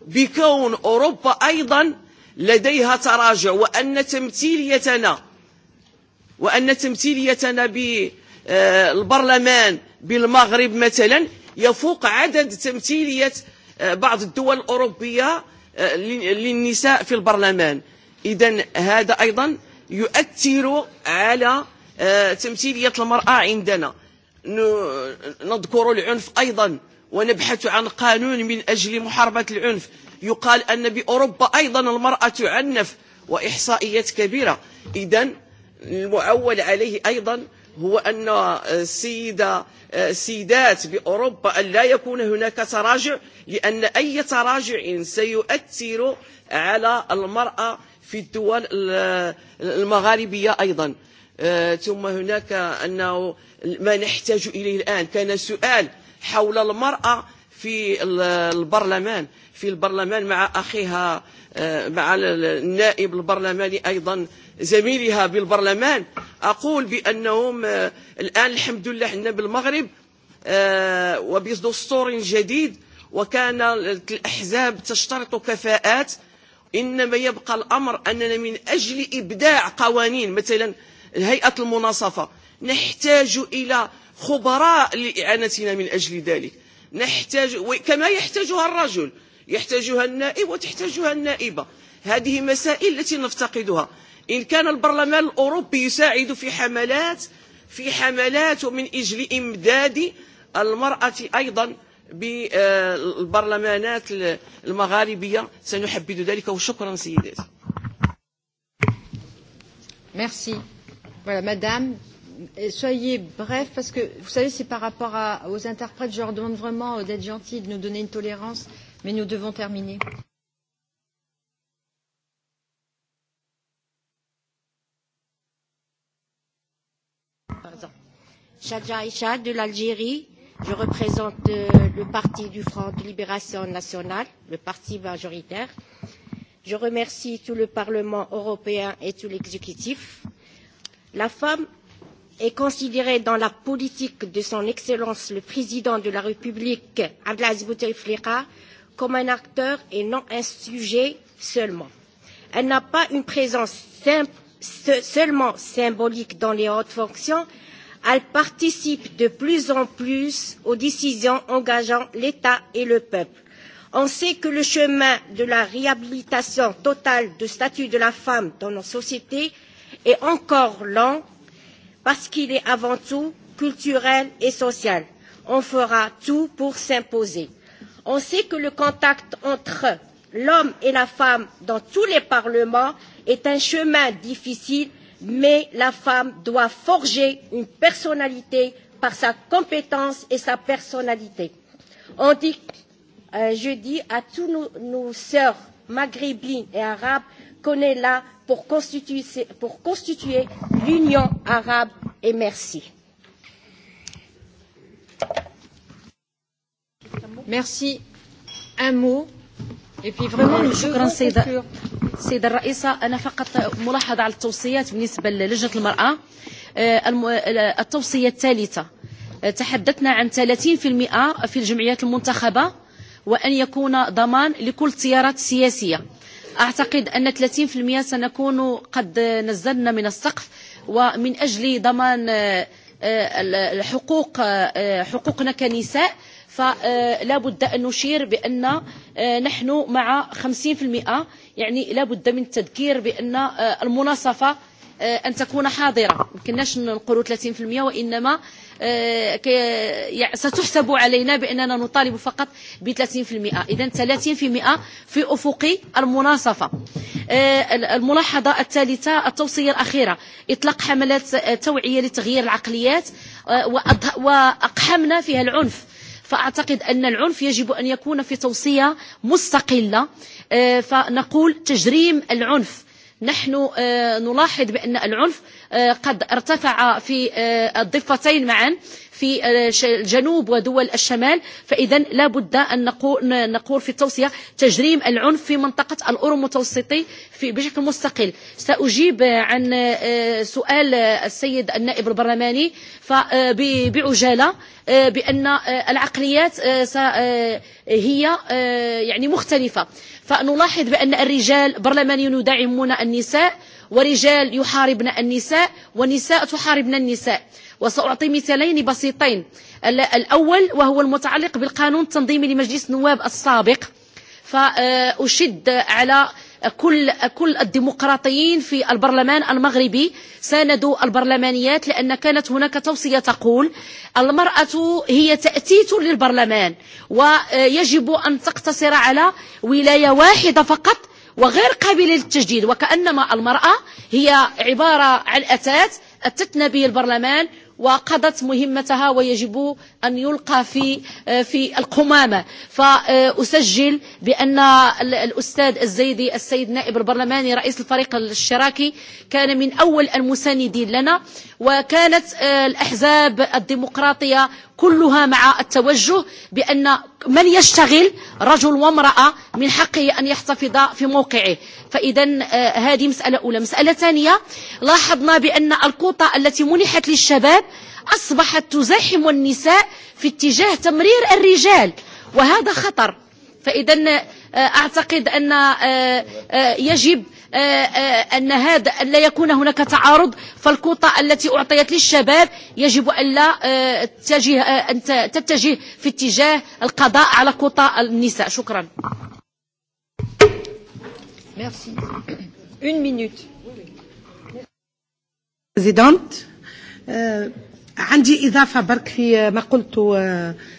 بكون أوروبا أيضا لديها تراجع وأن تمثيليتنا وأن تمثيليتنا ب البرلمان بالمغرب مثلا يفوق عدد تمثيلية بعض الدول الأوروبية للنساء في البرلمان إذا هذا أيضا يؤثر على تمثيلية المرأة عندنا نذكر العنف أيضا ونبحث عن قانون من أجل محاربة العنف يقال أن بأوروبا أيضا المرأة تعنف وإحصائيات كبيرة إذا المعول عليه أيضا هو أن السيدة سيدات بأوروبا أن لا يكون هناك تراجع لأن أي تراجع سيؤثر على المرأة في الدول المغاربية أيضا ثم هناك أنه ما نحتاج إليه الآن كان سؤال حول المرأة في البرلمان في البرلمان مع أخيها مع النائب البرلماني أيضا زميلها بالبرلمان أقول بأنهم الآن الحمد لله حنا بالمغرب وبدستور جديد وكان الأحزاب تشترط كفاءات إنما يبقى الأمر أننا من أجل إبداع قوانين مثلا هيئة المناصفة نحتاج إلى خبراء لإعانتنا من أجل ذلك نحتاج كما يحتاجها الرجل يحتاجها النائب وتحتاجها النائبة هذه مسائل التي نفتقدها إن كان البرلمان الأوروبي يساعد في حملات في حملات من أجل إمداد المرأة أيضا بالبرلمانات المغاربية سنحبذ ذلك وشكرا سيداتي Merci. Voilà, Madame, soyez bref parce que vous savez, c'est par rapport à, aux interprètes, je leur demande vraiment euh, d'être gentils, de nous donner une tolérance. Euh, mais nous devons terminer. Chadja Isha de l'Algérie. Je représente euh, le parti du Front de Libération Nationale, le parti majoritaire. Je remercie tout le Parlement européen et tout l'exécutif. La femme est considérée dans la politique de son Excellence le Président de la République, Abdelaziz Bouteflika, comme un acteur et non un sujet seulement. Elle n'a pas une présence simple, seulement symbolique dans les hautes fonctions, elle participe de plus en plus aux décisions engageant l'État et le peuple. On sait que le chemin de la réhabilitation totale du statut de la femme dans nos sociétés est encore long parce qu'il est avant tout culturel et social. On fera tout pour s'imposer on sait que le contact entre l'homme et la femme dans tous les parlements est un chemin difficile, mais la femme doit forger une personnalité par sa compétence et sa personnalité. On dit, euh, je dis à tous nos, nos sœurs maghrébines et arabes qu'on est là pour constituer, pour constituer l'Union arabe et merci. Thank you. Merci. Un mot. Et puis vraiment, nous شكرا سيدة سيدة الرئيسة أنا فقط ملاحظة على التوصيات بالنسبة للجنة المرأة التوصية الثالثة تحدثنا عن 30% في الجمعيات المنتخبة وأن يكون ضمان لكل التيارات السياسية أعتقد أن 30% سنكون قد نزلنا من السقف ومن أجل ضمان حقوق حقوقنا كنساء فلا بد أن نشير بأن نحن مع 50% يعني لا بد من التذكير بأن المناصفة أن تكون حاضرة يمكنناش نقولوا 30% وإنما ستحسب علينا بأننا نطالب فقط ب 30% إذا 30% في أفق المناصفة الملاحظة الثالثة التوصية الأخيرة إطلاق حملات توعية لتغيير العقليات وأقحمنا فيها العنف فأعتقد أن العنف يجب أن يكون في توصية مستقلة فنقول تجريم العنف نحن نلاحظ بأن العنف قد ارتفع في الضفتين معا في الجنوب ودول الشمال فإذا لا بد أن نقول في التوصية تجريم العنف في منطقة الأورو المتوسطي بشكل مستقل سأجيب عن سؤال السيد النائب البرلماني بعجالة بأن العقليات هي يعني مختلفة فنلاحظ بأن الرجال برلمانيون يدعمون النساء ورجال يحاربن النساء ونساء تحاربن النساء وسأعطي مثالين بسيطين الأول وهو المتعلق بالقانون التنظيمي لمجلس النواب السابق فأشد على كل كل الديمقراطيين في البرلمان المغربي ساندوا البرلمانيات لان كانت هناك توصيه تقول المراه هي تاتيت للبرلمان ويجب ان تقتصر على ولايه واحده فقط وغير قابله للتجديد وكانما المراه هي عباره عن اتات اتتنا به البرلمان وقضت مهمتها ويجب أن يلقى في في القمامة فأسجل بأن الأستاذ الزيدي السيد نائب البرلماني رئيس الفريق الاشتراكي كان من أول المساندين لنا وكانت الأحزاب الديمقراطية كلها مع التوجه بأن من يشتغل رجل وامرأة من حقه أن يحتفظ في موقعه فإذا هذه مسألة أولى مسألة ثانية لاحظنا بأن الكوطة التي منحت للشباب أصبحت تزاحم النساء في اتجاه تمرير الرجال وهذا خطر فإذا أعتقد أن يجب أن هذا أن لا يكون هناك تعارض فالكوطة التي أعطيت للشباب يجب أن لا تتجه, أن تتجه في اتجاه القضاء على كوطة النساء شكرا Merci. Une minute. Présidente, euh, عندي إضافة برك في ما قلته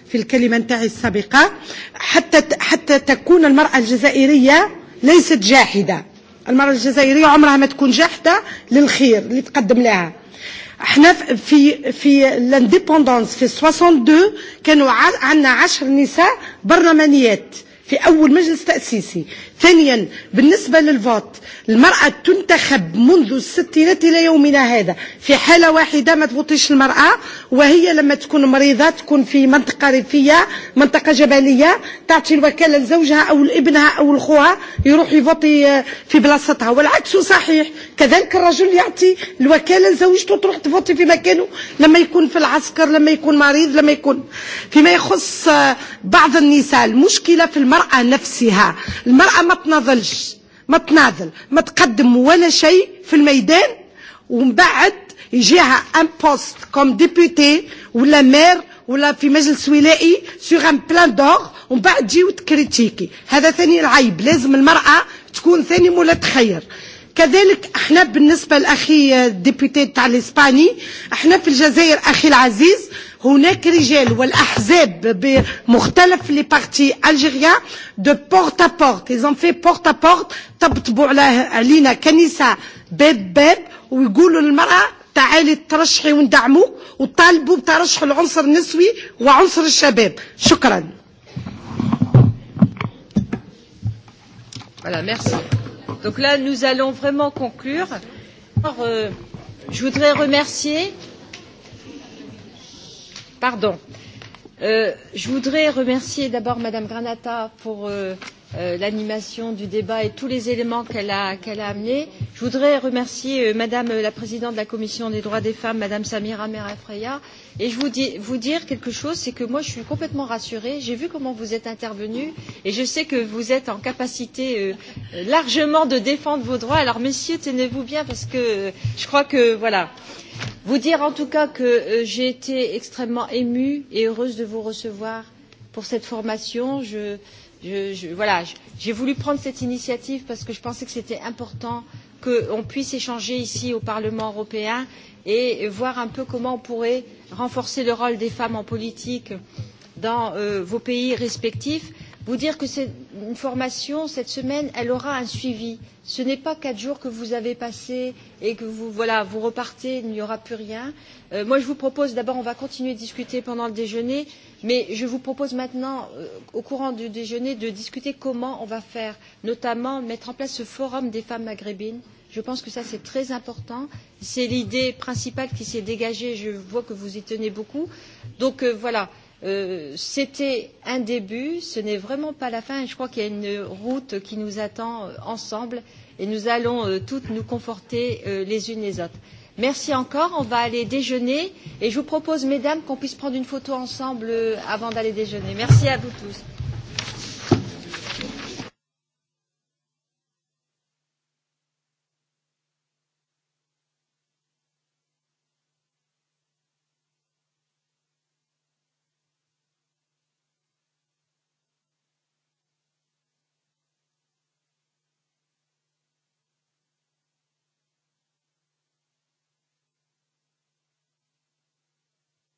في الكلمة نتاعي السابقة حتى حتى تكون المرأة الجزائرية ليست جاحدة المرأة الجزائرية عمرها ما تكون جاحدة للخير اللي تقدم لها احنا في في لانديبوندونس في 62 كانوا عندنا 10 نساء برلمانيات في اول مجلس تاسيسي ثانيا بالنسبة للفوت المرأة تنتخب منذ الستينات إلى يومنا هذا في حالة واحدة ما تفوتيش المرأة وهي لما تكون مريضة تكون في منطقة ريفية منطقة جبلية تعطي الوكالة لزوجها أو لابنها أو لخوها يروح يفوتي في بلاصتها والعكس صحيح كذلك الرجل يعطي الوكالة لزوجته تروح تفوتي في مكانه لما يكون في العسكر لما يكون مريض لما يكون فيما يخص بعض النساء المشكلة في المرأة نفسها المرأة ما تناضلش ما تناضل ما تقدم ولا شيء في الميدان ومن بعد يجيها ان بوست كوم ديبوتي ولا مير ولا في مجلس ولائي سوغ ان بلان دور ومن بعد تجي وتكريتيكي هذا ثاني العيب لازم المرأة تكون ثاني مولا تخير كذلك احنا بالنسبة لأخي الديبوتي تاع الإسباني احنا في الجزائر أخي العزيز هناك رجال والاحزاب بمختلف لي بارتي الجيريا دو بورت ا بورت ils ont fait porte à porte طبطبوا على علينا كنيسه باب باب ويقولوا للمراه تعالي ترشحي وندعموك وطالبوا بترشح العنصر النسوي وعنصر الشباب شكرا Voilà, merci. Donc là, nous allons vraiment conclure. Alors, euh, je voudrais remercier euh, pardon. Euh, je voudrais remercier d'abord Madame Granata pour euh, euh, l'animation du débat et tous les éléments qu'elle a, qu a amenés. Je voudrais remercier euh, Madame la Présidente de la Commission des droits des femmes, Madame Samira Merafreya, et je vous, di vous dire quelque chose, c'est que moi je suis complètement rassurée, j'ai vu comment vous êtes intervenue et je sais que vous êtes en capacité euh, euh, largement de défendre vos droits. Alors messieurs, tenez-vous bien parce que euh, je crois que voilà. Vous dire en tout cas que euh, j'ai été extrêmement émue et heureuse de vous recevoir pour cette formation. Je, je, je, voilà, j'ai voulu prendre cette initiative parce que je pensais que c'était important qu'on puisse échanger ici au Parlement européen et voir un peu comment on pourrait renforcer le rôle des femmes en politique dans euh, vos pays respectifs vous dire que c'est une formation, cette semaine, elle aura un suivi. Ce n'est pas quatre jours que vous avez passé et que vous, voilà, vous repartez, il n'y aura plus rien. Euh, moi, je vous propose, d'abord, on va continuer de discuter pendant le déjeuner, mais je vous propose maintenant, euh, au courant du déjeuner, de discuter comment on va faire, notamment mettre en place ce forum des femmes maghrébines. Je pense que ça, c'est très important. C'est l'idée principale qui s'est dégagée. Je vois que vous y tenez beaucoup. Donc, euh, voilà. Euh, Euh, C'était un début, ce n'est vraiment pas la fin. Je crois qu'il y a une route qui nous attend euh, ensemble et nous allons euh, toutes nous conforter euh, les unes les autres. Merci encore. On va aller déjeuner et je vous propose, mesdames, qu'on puisse prendre une photo ensemble euh, avant d'aller déjeuner. Merci à vous tous.